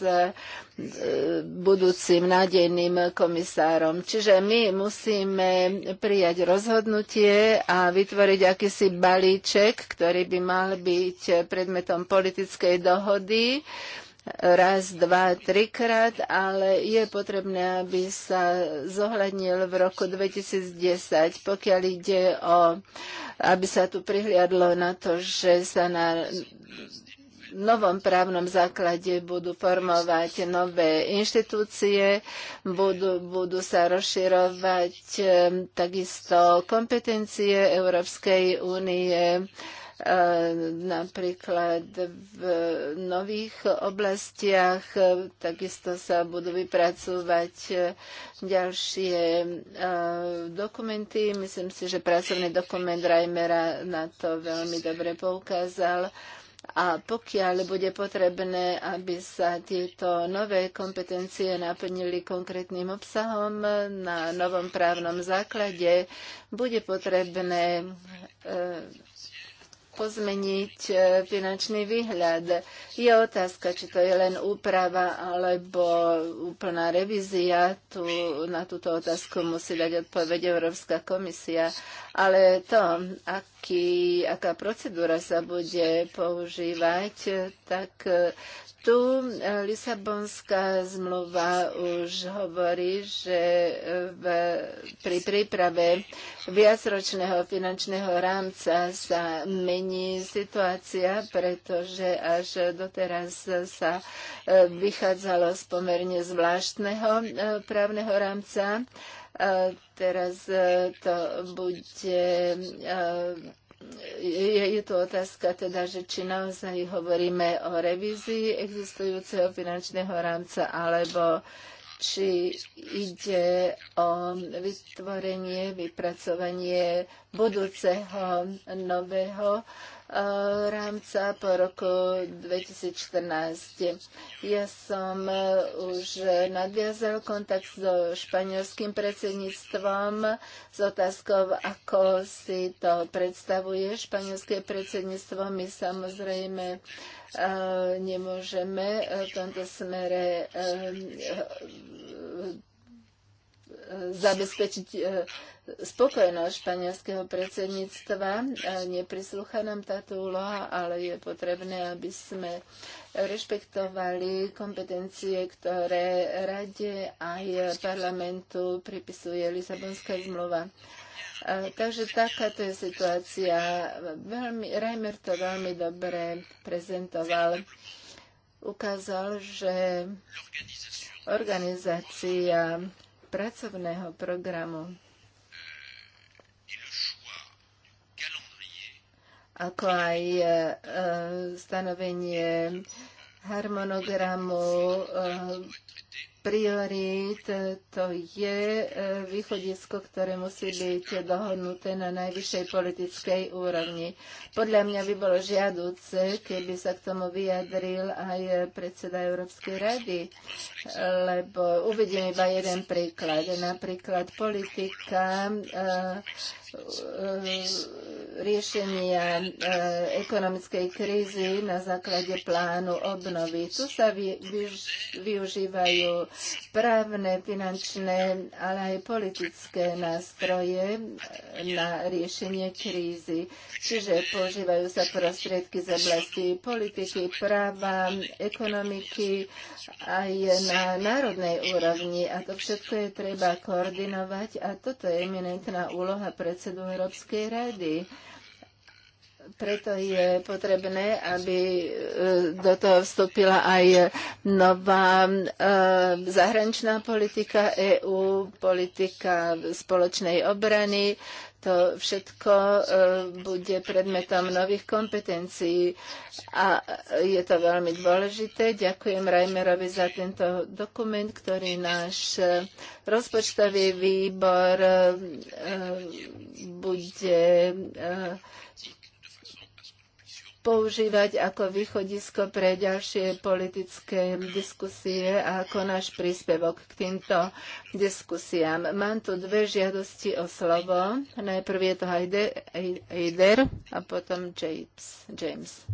budúcim nádejným komisárom. Čiže my musíme prijať rozhodnutie a vytvoriť akýsi balíček, ktorý by mal byť predmetom politickej dohody raz, dva, trikrát, ale je potrebné, aby sa zohľadnil v roku 2010, pokiaľ ide o, aby sa tu prihliadlo na to, že sa na novom právnom základe budú formovať nové inštitúcie, budú, budú sa rozširovať takisto kompetencie Európskej únie napríklad v nových oblastiach. Takisto sa budú vypracovať ďalšie dokumenty. Myslím si, že pracovný dokument Reimera na to veľmi dobre poukázal. A pokiaľ bude potrebné, aby sa tieto nové kompetencie naplnili konkrétnym obsahom na novom právnom základe, bude potrebné e, pozmeniť e, finančný výhľad. Je otázka, či to je len úprava alebo úplná revízia. Tu, na túto otázku musí dať odpoveď Európska komisia. Ale to, aký, aká procedúra sa bude používať, tak tu e, Lisabonská zmluva už hovorí, že e, v, pri príprave viacročného finančného rámca sa mení situácia, pretože až doteraz sa e, vychádzalo z pomerne zvláštneho právneho rámca. Teraz to bude je, je tu otázka teda, že či naozaj hovoríme o revízii existujúceho finančného rámca, alebo či ide o vytvorenie, vypracovanie budúceho nového rámca po roku 2014. Ja som e, už nadviazal kontakt so španielským predsedníctvom s otázkou, ako si to predstavuje španielské predsedníctvo. My samozrejme e, nemôžeme v tomto smere e, zabezpečiť e, spokojnosť španielského predsedníctva. E, Neprislúcha nám táto úloha, ale je potrebné, aby sme rešpektovali kompetencie, ktoré rade aj parlamentu pripisuje Lisabonská zmluva. E, Takže takáto je situácia. Veľmi, Reimer to veľmi dobre prezentoval. Ukázal, že organizácia pracovného programu, ako aj e, e, stanovenie harmonogramu e, priorít e, to je e, východisko, ktoré musí byť dohodnuté na najvyššej politickej úrovni. Podľa mňa by bolo žiaduce, keby sa k tomu vyjadril aj predseda Európskej rady, lebo uvidím iba jeden príklad. Napríklad politika e, E, riešenia e, ekonomickej krízy na základe plánu obnovy. Tu sa využívajú právne, finančné, ale aj politické nástroje na riešenie krízy. Čiže používajú sa prostriedky z oblasti politiky, práva, ekonomiky aj na národnej úrovni. A to všetko je treba koordinovať a toto je eminentná úloha pre predsedu Európskej rady preto je potrebné, aby e, do toho vstúpila aj nová e, zahraničná politika EÚ, politika spoločnej obrany. To všetko e, bude predmetom nových kompetencií a je to veľmi dôležité. Ďakujem Reimerovi za tento dokument, ktorý náš rozpočtový výbor bude používať ako východisko pre ďalšie politické diskusie a ako náš príspevok k týmto diskusiám. Mám tu dve žiadosti o slovo. Najprv je to Heider a potom James. James.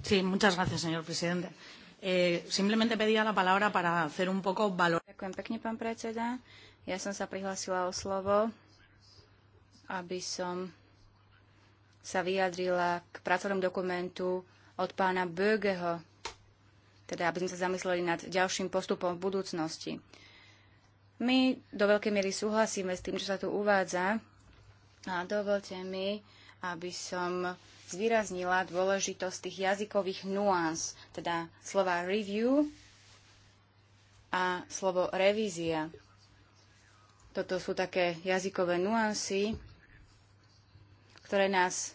Sí, muchas gracias, señor presidente. Eh, simplemente pedía la palabra para hacer un poco valor. Ďakujem pekne, pán predseda. Ja som sa prihlásila o slovo, aby som sa vyjadrila k pracovnom dokumentu od pána Bögeho, teda aby sme sa zamysleli nad ďalším postupom v budúcnosti. My do veľkej miery súhlasíme s tým, čo sa tu uvádza a dovolte mi, aby som zvýraznila dôležitosť tých jazykových nuans, teda slova review a slovo revízia. Toto sú také jazykové nuansy, ktoré nás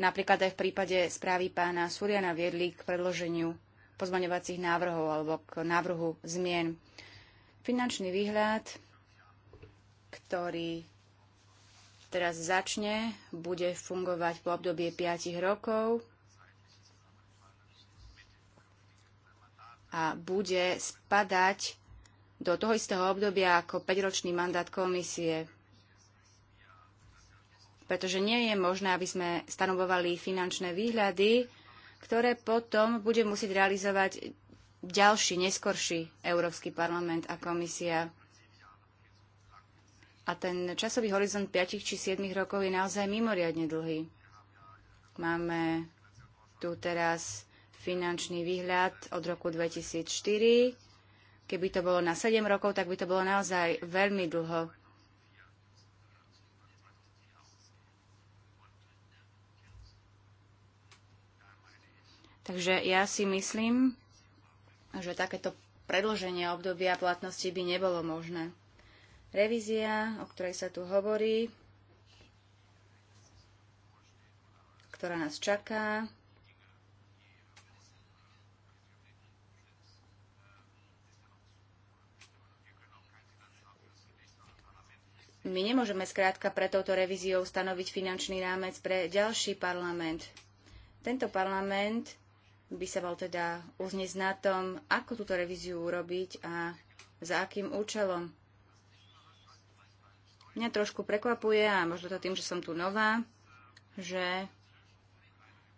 napríklad aj v prípade správy pána Suriana viedli k predloženiu pozmaňovacích návrhov alebo k návrhu zmien. Finančný výhľad, ktorý teraz začne, bude fungovať po obdobie 5 rokov a bude spadať do toho istého obdobia ako 5-ročný mandát komisie pretože nie je možné, aby sme stanovovali finančné výhľady, ktoré potom bude musieť realizovať ďalší, neskorší Európsky parlament a komisia. A ten časový horizont 5 či 7 rokov je naozaj mimoriadne dlhý. Máme tu teraz finančný výhľad od roku 2004. Keby to bolo na 7 rokov, tak by to bolo naozaj veľmi dlho. Takže ja si myslím, že takéto predloženie obdobia platnosti by nebolo možné. Revízia, o ktorej sa tu hovorí, ktorá nás čaká, My nemôžeme skrátka pre touto revíziou stanoviť finančný rámec pre ďalší parlament. Tento parlament by sa mal teda uznieť na tom, ako túto revíziu urobiť a za akým účelom. Mňa trošku prekvapuje, a možno to tým, že som tu nová, že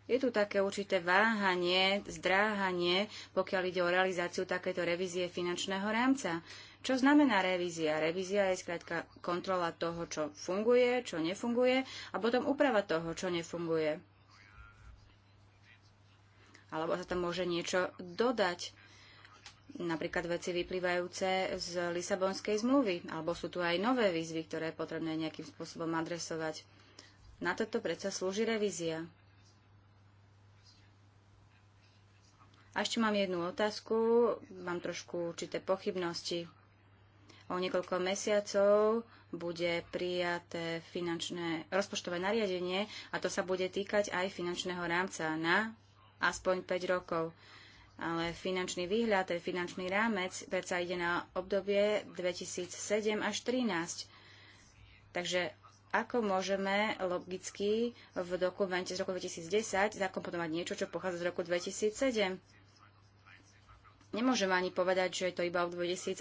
je tu také určité váhanie, zdráhanie, pokiaľ ide o realizáciu takéto revízie finančného rámca. Čo znamená revízia? Revízia je skrátka kontrola toho, čo funguje, čo nefunguje a potom úprava toho, čo nefunguje alebo sa tam môže niečo dodať. Napríklad veci vyplývajúce z Lisabonskej zmluvy, alebo sú tu aj nové výzvy, ktoré je potrebné nejakým spôsobom adresovať. Na toto predsa slúži revízia. A ešte mám jednu otázku, mám trošku určité pochybnosti. O niekoľko mesiacov bude prijaté finančné rozpočtové nariadenie a to sa bude týkať aj finančného rámca na aspoň 5 rokov. Ale finančný výhľad, ten finančný rámec, predsa ide na obdobie 2007 až 2013. Takže ako môžeme logicky v dokumente z roku 2010 zakomponovať niečo, čo pochádza z roku 2007? Nemôžeme ani povedať, že je to iba od 10 e,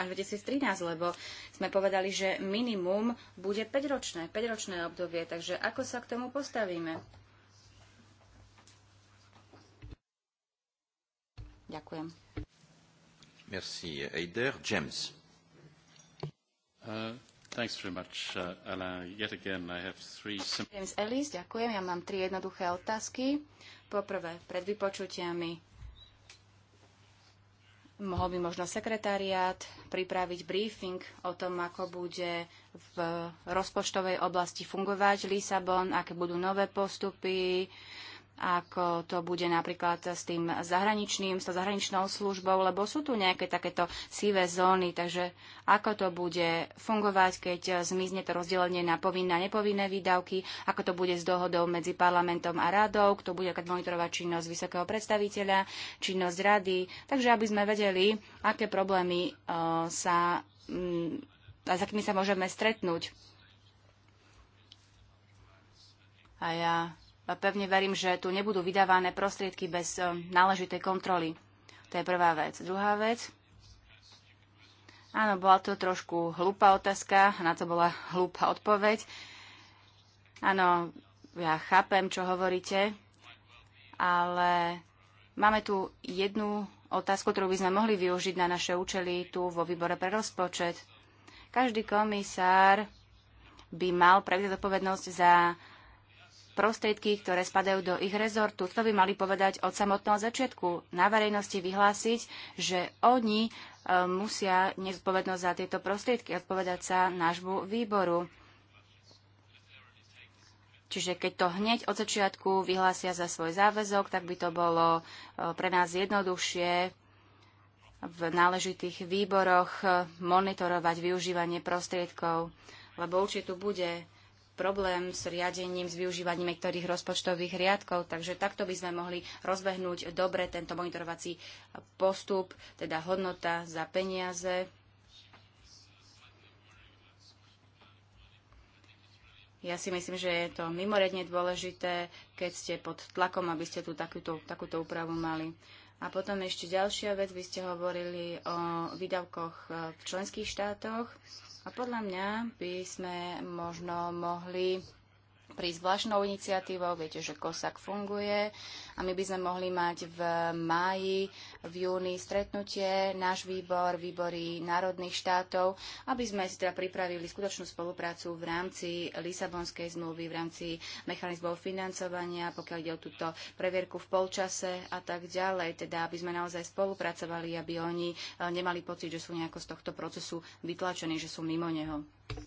až 2013, lebo sme povedali, že minimum bude 5-ročné, 5-ročné obdobie. Takže ako sa k tomu postavíme? Ďakujem. Merci, Eider. James. Uh, thanks very much, uh, Alain. Yet again, I have three James Ellis, ďakujem. Ja mám tri jednoduché otázky. Poprvé, pred vypočutiami mohol by možno sekretariát pripraviť briefing o tom, ako bude v rozpočtovej oblasti fungovať Lisabon, aké budú nové postupy, ako to bude napríklad s tým zahraničným, s tou zahraničnou službou, lebo sú tu nejaké takéto sivé zóny, takže ako to bude fungovať, keď zmizne to rozdelenie na povinné a nepovinné výdavky, ako to bude s dohodou medzi parlamentom a radou, kto bude monitorovať činnosť vysokého predstaviteľa, činnosť rady, takže aby sme vedeli, aké problémy uh, sa, um, a s akými sa môžeme stretnúť. A ja pevne verím, že tu nebudú vydávané prostriedky bez e, náležitej kontroly. To je prvá vec. Druhá vec. Áno, bola to trošku hlúpa otázka, na to bola hlúpa odpoveď. Áno, ja chápem, čo hovoríte, ale máme tu jednu otázku, ktorú by sme mohli využiť na naše účely tu vo výbore pre rozpočet. Každý komisár by mal prevziať za prostriedky, ktoré spadajú do ich rezortu. To by mali povedať od samotného začiatku na verejnosti vyhlásiť, že oni e, musia nezodpovednosť za tieto prostriedky odpovedať sa nášmu výboru. Čiže keď to hneď od začiatku vyhlásia za svoj záväzok, tak by to bolo e, pre nás jednoduchšie v náležitých výboroch e, monitorovať využívanie prostriedkov, lebo určite tu bude problém s riadením, s využívaním niektorých rozpočtových riadkov, takže takto by sme mohli rozbehnúť dobre tento monitorovací postup, teda hodnota za peniaze. Ja si myslím, že je to mimoriadne dôležité, keď ste pod tlakom, aby ste tu takúto, takúto úpravu mali. A potom ešte ďalšia vec, vy ste hovorili o výdavkoch v členských štátoch. A podľa mňa by sme možno mohli prísť zvláštnou iniciatívou. Viete, že COSAC funguje a my by sme mohli mať v máji, v júni stretnutie, náš výbor, výbory národných štátov, aby sme si teda pripravili skutočnú spoluprácu v rámci Lisabonskej zmluvy, v rámci mechanizmov financovania, pokiaľ ide o túto previerku v polčase a tak ďalej, teda aby sme naozaj spolupracovali, aby oni eh, nemali pocit, že sú nejako z tohto procesu vytlačení, že sú mimo neho.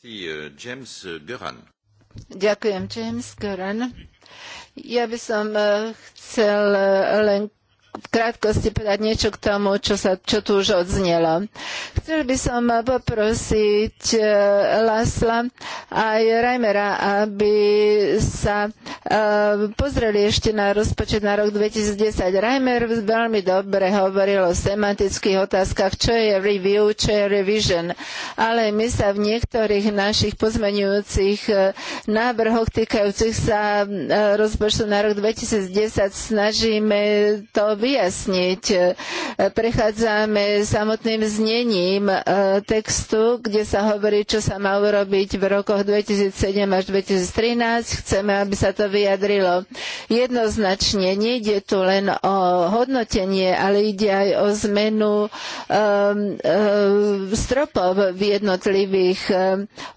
Eh, James Göran. Eh, Ďakujem, James Curran. Ja by som eh, chcel eh, len v krátkosti povedať niečo k tomu, čo, sa, čo tu už odznelo. Chcel by som poprosiť e, Lasla aj Reimera, aby sa e, pozreli ešte na rozpočet na rok 2010. Reimer veľmi dobre hovoril o semantických otázkach, čo je review, čo je revision, ale my sa v niektorých našich pozmenujúcich e, návrhoch týkajúcich sa rozpočtu na rok 2010 snažíme to vyjasniť. E, prechádzame samotným znením e, textu, kde sa hovorí, čo sa má urobiť v rokoch 2007 až 2013. Chceme, aby sa to vyjadrilo jednoznačne. Nejde tu len o hodnotenie, ale ide aj o zmenu um, um, stropov v jednotlivých um,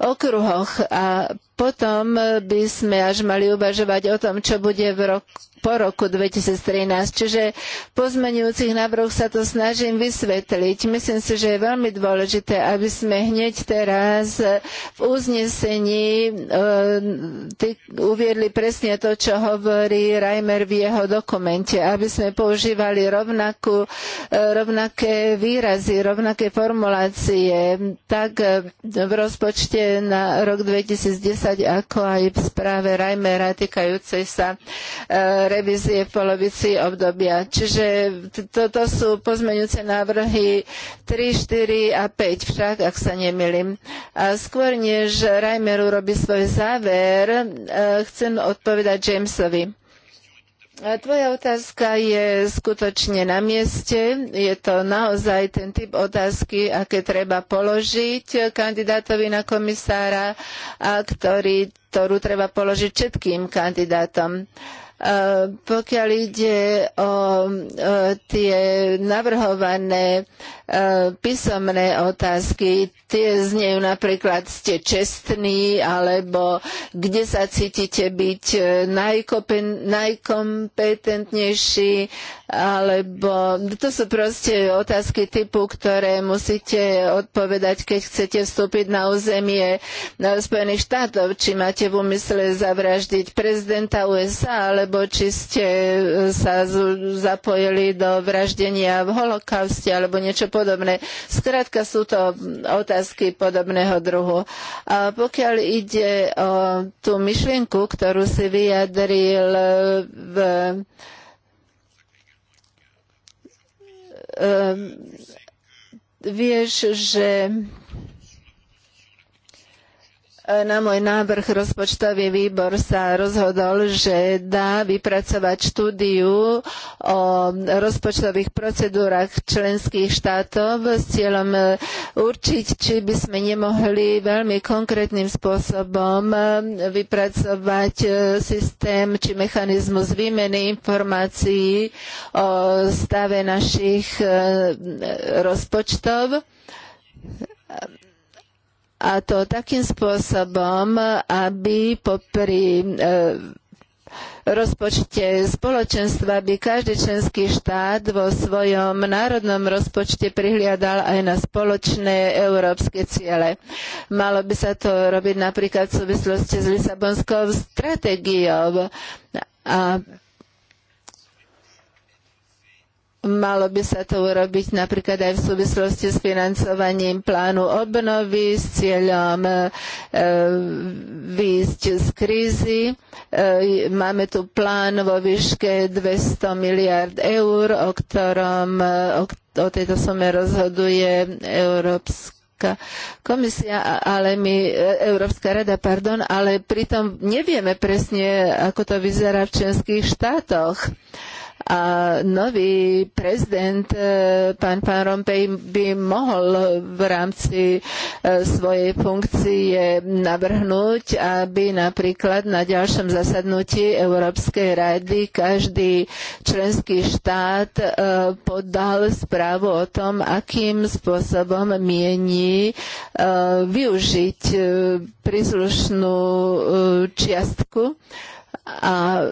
okruhoch a potom by sme až mali uvažovať o tom, čo bude v roku po roku 2013. Čiže pozmenujúcich návrhoch sa to snažím vysvetliť. Myslím si, že je veľmi dôležité, aby sme hneď teraz v uznesení eh, uviedli presne to, čo hovorí Reimer v jeho dokumente, aby sme používali rovnakú, eh, rovnaké výrazy, rovnaké formulácie, tak eh, v rozpočte na rok 2010, ako aj v správe Reimera týkajúcej sa revízie v polovici obdobia. Čiže toto sú pozmeňujúce návrhy 3, 4 a 5 však, ak sa nemilím. A skôr než Reimer urobi svoj záver, e, chcem odpovedať Jamesovi. Tvoja otázka je skutočne na mieste. Je to naozaj ten typ otázky, aké treba položiť kandidátovi na komisára a ktorý, ktorú treba položiť všetkým kandidátom. Uh, pokiaľ ide o tie navrhované E, písomné otázky. Tie znejú napríklad, ste čestní, alebo kde sa cítite byť e, najkompetentnejší, alebo to sú proste otázky typu, ktoré musíte odpovedať, keď chcete vstúpiť na územie Spojených štátov, či máte v úmysle zavraždiť prezidenta USA, alebo či ste e, sa zapojili do vraždenia v holokauste, alebo niečo podobné. Skrátka sú to otázky podobného druhu. A pokiaľ ide o tú myšlienku, ktorú si vyjadril e, v e, vieš, že E, na môj návrh rozpočtový výbor sa rozhodol, že dá vypracovať štúdiu o rozpočtových procedúrach členských štátov s cieľom e, určiť, či by sme nemohli veľmi konkrétnym spôsobom e, vypracovať systém či mechanizmus výmeny informácií o stave našich rozpočtov a to takým spôsobom, aby popri e, rozpočte spoločenstva by každý členský štát vo svojom národnom rozpočte prihliadal aj na spoločné európske ciele. Malo by sa to robiť napríklad v súvislosti s Lisabonskou stratégiou. A Malo by sa to urobiť napríklad aj v súvislosti s financovaním plánu obnovy s cieľom e, výjsť z krízy. E, máme tu plán vo výške 200 miliard eur, o ktorom e, o, tejto sume rozhoduje Európska Európska komisia, ale my, Európska rada, pardon, ale pritom nevieme presne, ako to vyzerá v členských štátoch. E, a nový prezident, e, pán Pán Rompej, by mohol v rámci e, svojej funkcie navrhnúť, aby napríklad na ďalšom zasadnutí Európskej rady každý členský štát e, podal správu o tom, akým spôsobom mieni využiť príslušnú čiastku a e,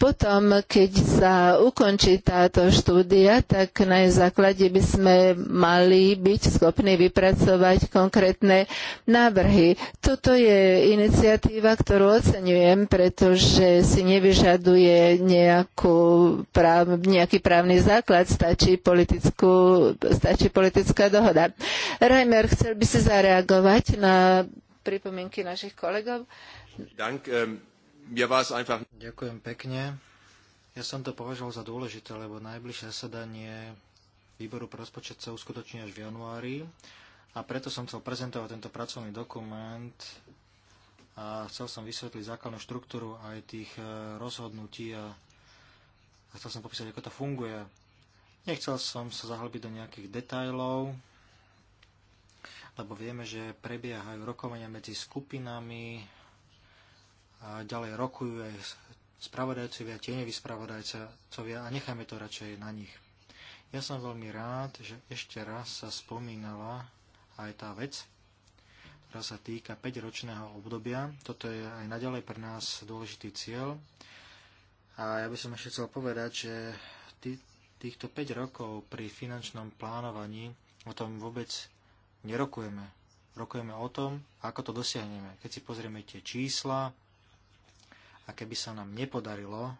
potom, keď sa ukončí táto štúdia, tak na jej základe by sme mali byť schopní vypracovať konkrétne návrhy. Toto je iniciatíva, ktorú oceňujem, pretože si nevyžaduje nejakú práv, nejaký právny základ, stačí, politickú, stačí politická dohoda. Reimer, chcel by si zareagovať na pripomienky našich kolegov? Dank, um ja vás einfach... Ďakujem pekne. Ja som to považoval za dôležité, lebo najbližšie zasadanie výboru pre rozpočet sa uskutoční až v januári a preto som chcel prezentovať tento pracovný dokument a chcel som vysvetliť základnú štruktúru aj tých e, rozhodnutí a chcel som popísať, ako to funguje. Nechcel som sa zahlbiť do nejakých detajlov, lebo vieme, že prebiehajú rokovania medzi skupinami, a ďalej rokujú aj spravodajcovia, tieňoví spravodajcovia a nechajme to radšej na nich. Ja som veľmi rád, že ešte raz sa spomínala aj tá vec, ktorá sa týka 5-ročného obdobia. Toto je aj naďalej pre nás dôležitý cieľ. A ja by som ešte chcel povedať, že týchto 5 rokov pri finančnom plánovaní o tom vôbec nerokujeme. Rokujeme o tom, ako to dosiahneme. Keď si pozrieme tie čísla, a keby sa nám nepodarilo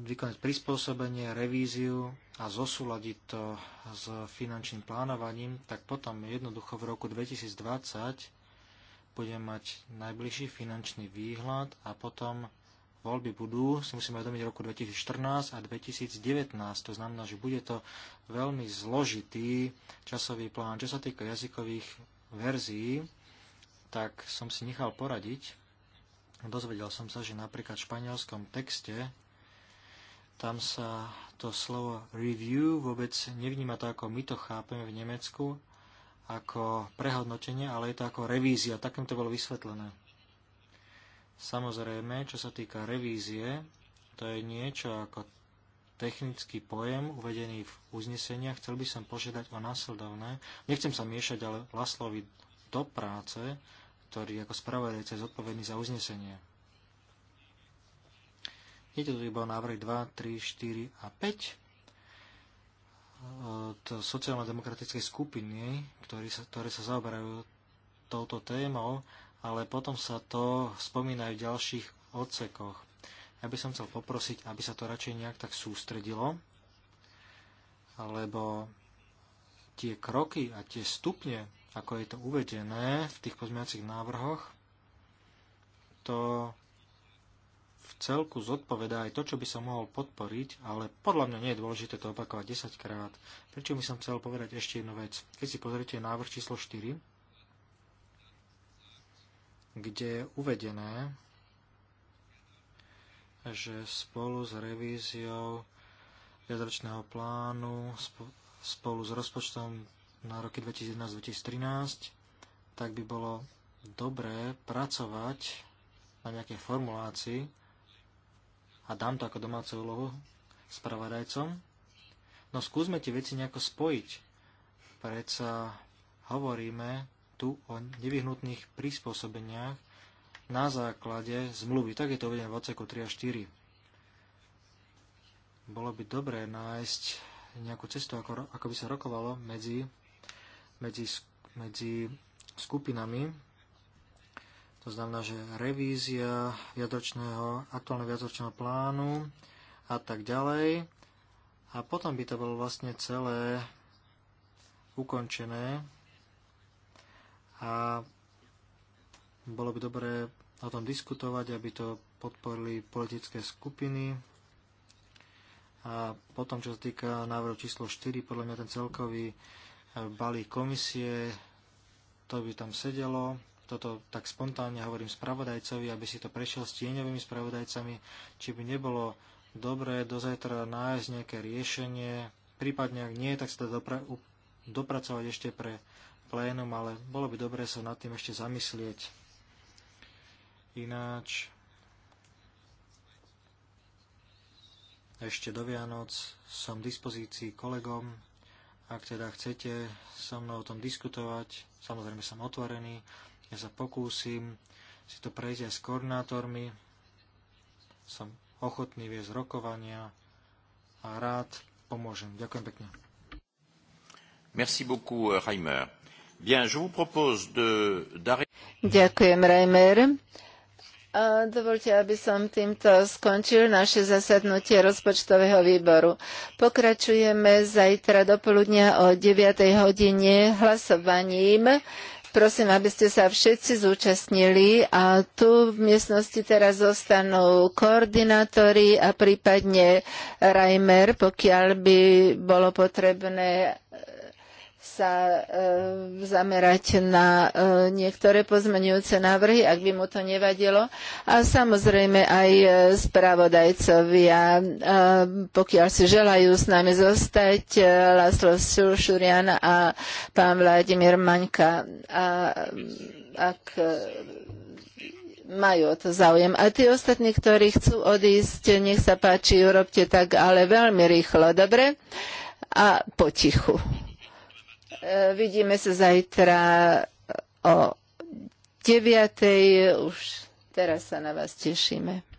vykonať prispôsobenie, revíziu a zosúľadiť to s finančným plánovaním, tak potom jednoducho v roku 2020 budem mať najbližší finančný výhľad a potom voľby budú, si musíme vedomiť, roku 2014 a 2019. To znamená, že bude to veľmi zložitý časový plán. Čo sa týka jazykových verzií, tak som si nechal poradiť. Dozvedel som sa, že napríklad v španielskom texte tam sa to slovo review vôbec nevníma to, ako my to chápeme v Nemecku, ako prehodnotenie, ale je to ako revízia. Takým to bolo vysvetlené. Samozrejme, čo sa týka revízie, to je niečo ako technický pojem uvedený v uzneseniach. Chcel by som požiadať o následovné. Nechcem sa miešať ale Laslovi do práce, ktorý ako spravodajca je zodpovedný za uznesenie. Ide tu iba o návrhy 2, 3, 4 a 5 od sociálno-demokratickej skupiny, ktoré sa, ktoré sa zaoberajú touto témou, ale potom sa to spomína aj v ďalších odsekoch. Ja by som chcel poprosiť, aby sa to radšej nejak tak sústredilo, lebo tie kroky a tie stupne, ako je to uvedené v tých pozmeňacích návrhoch, to v celku zodpovedá aj to, čo by som mohol podporiť, ale podľa mňa nie je dôležité to opakovať 10 krát. Prečo by som chcel povedať ešte jednu vec? Keď si pozrite návrh číslo 4, kde je uvedené, že spolu s revíziou jadročného plánu, spolu s rozpočtom na roky 2011-2013, tak by bolo dobré pracovať na nejakej formulácii a dám to ako domácu úlohu spravodajcom. No skúsme tie veci nejako spojiť. Predsa hovoríme tu o nevyhnutných prispôsobeniach na základe zmluvy. Tak je to uvedené v odseku 3 a 4. Bolo by dobré nájsť nejakú cestu, ako, ako by sa rokovalo medzi medzi, medzi skupinami. To znamená, že revízia viacročného, aktuálneho viacročného plánu a tak ďalej. A potom by to bolo vlastne celé ukončené a bolo by dobré o tom diskutovať, aby to podporili politické skupiny. A potom, čo sa týka návrhu číslo 4, podľa mňa ten celkový balík komisie, to by tam sedelo. Toto tak spontánne hovorím spravodajcovi, aby si to prešiel s tieňovými spravodajcami, či by nebolo dobré do zajtra nájsť nejaké riešenie, prípadne ak nie, tak sa to dopra- dopracovať ešte pre plénum, ale bolo by dobré sa nad tým ešte zamyslieť. Ináč ešte do Vianoc som v dispozícii kolegom, ak teda chcete so mnou o tom diskutovať, samozrejme som otvorený, ja sa pokúsim si to prejsť aj s koordinátormi, som ochotný viesť rokovania a rád pomôžem. Ďakujem pekne. Merci beaucoup, Reimer. Bien, je vous propose de... Ďakujem, Reimer. Dovolte, aby som týmto skončil naše zasadnutie rozpočtového výboru. Pokračujeme zajtra do poludnia o 9. hodine hlasovaním. Prosím, aby ste sa všetci zúčastnili a tu v miestnosti teraz zostanú koordinátori a prípadne Reimer, pokiaľ by bolo potrebné sa e, zamerať na e, niektoré pozmenujúce návrhy, ak by mu to nevadilo. A samozrejme aj e, spravodajcovia, e, pokiaľ si želajú s nami zostať, e, Laslo Šurian a pán Vladimír Maňka. A ak e, majú o to záujem. A tí ostatní, ktorí chcú odísť, nech sa páči, urobte tak, ale veľmi rýchlo, dobre? A potichu. Eh, vidíme sa zajtra eh, o 9. Už teraz sa na vás tešíme.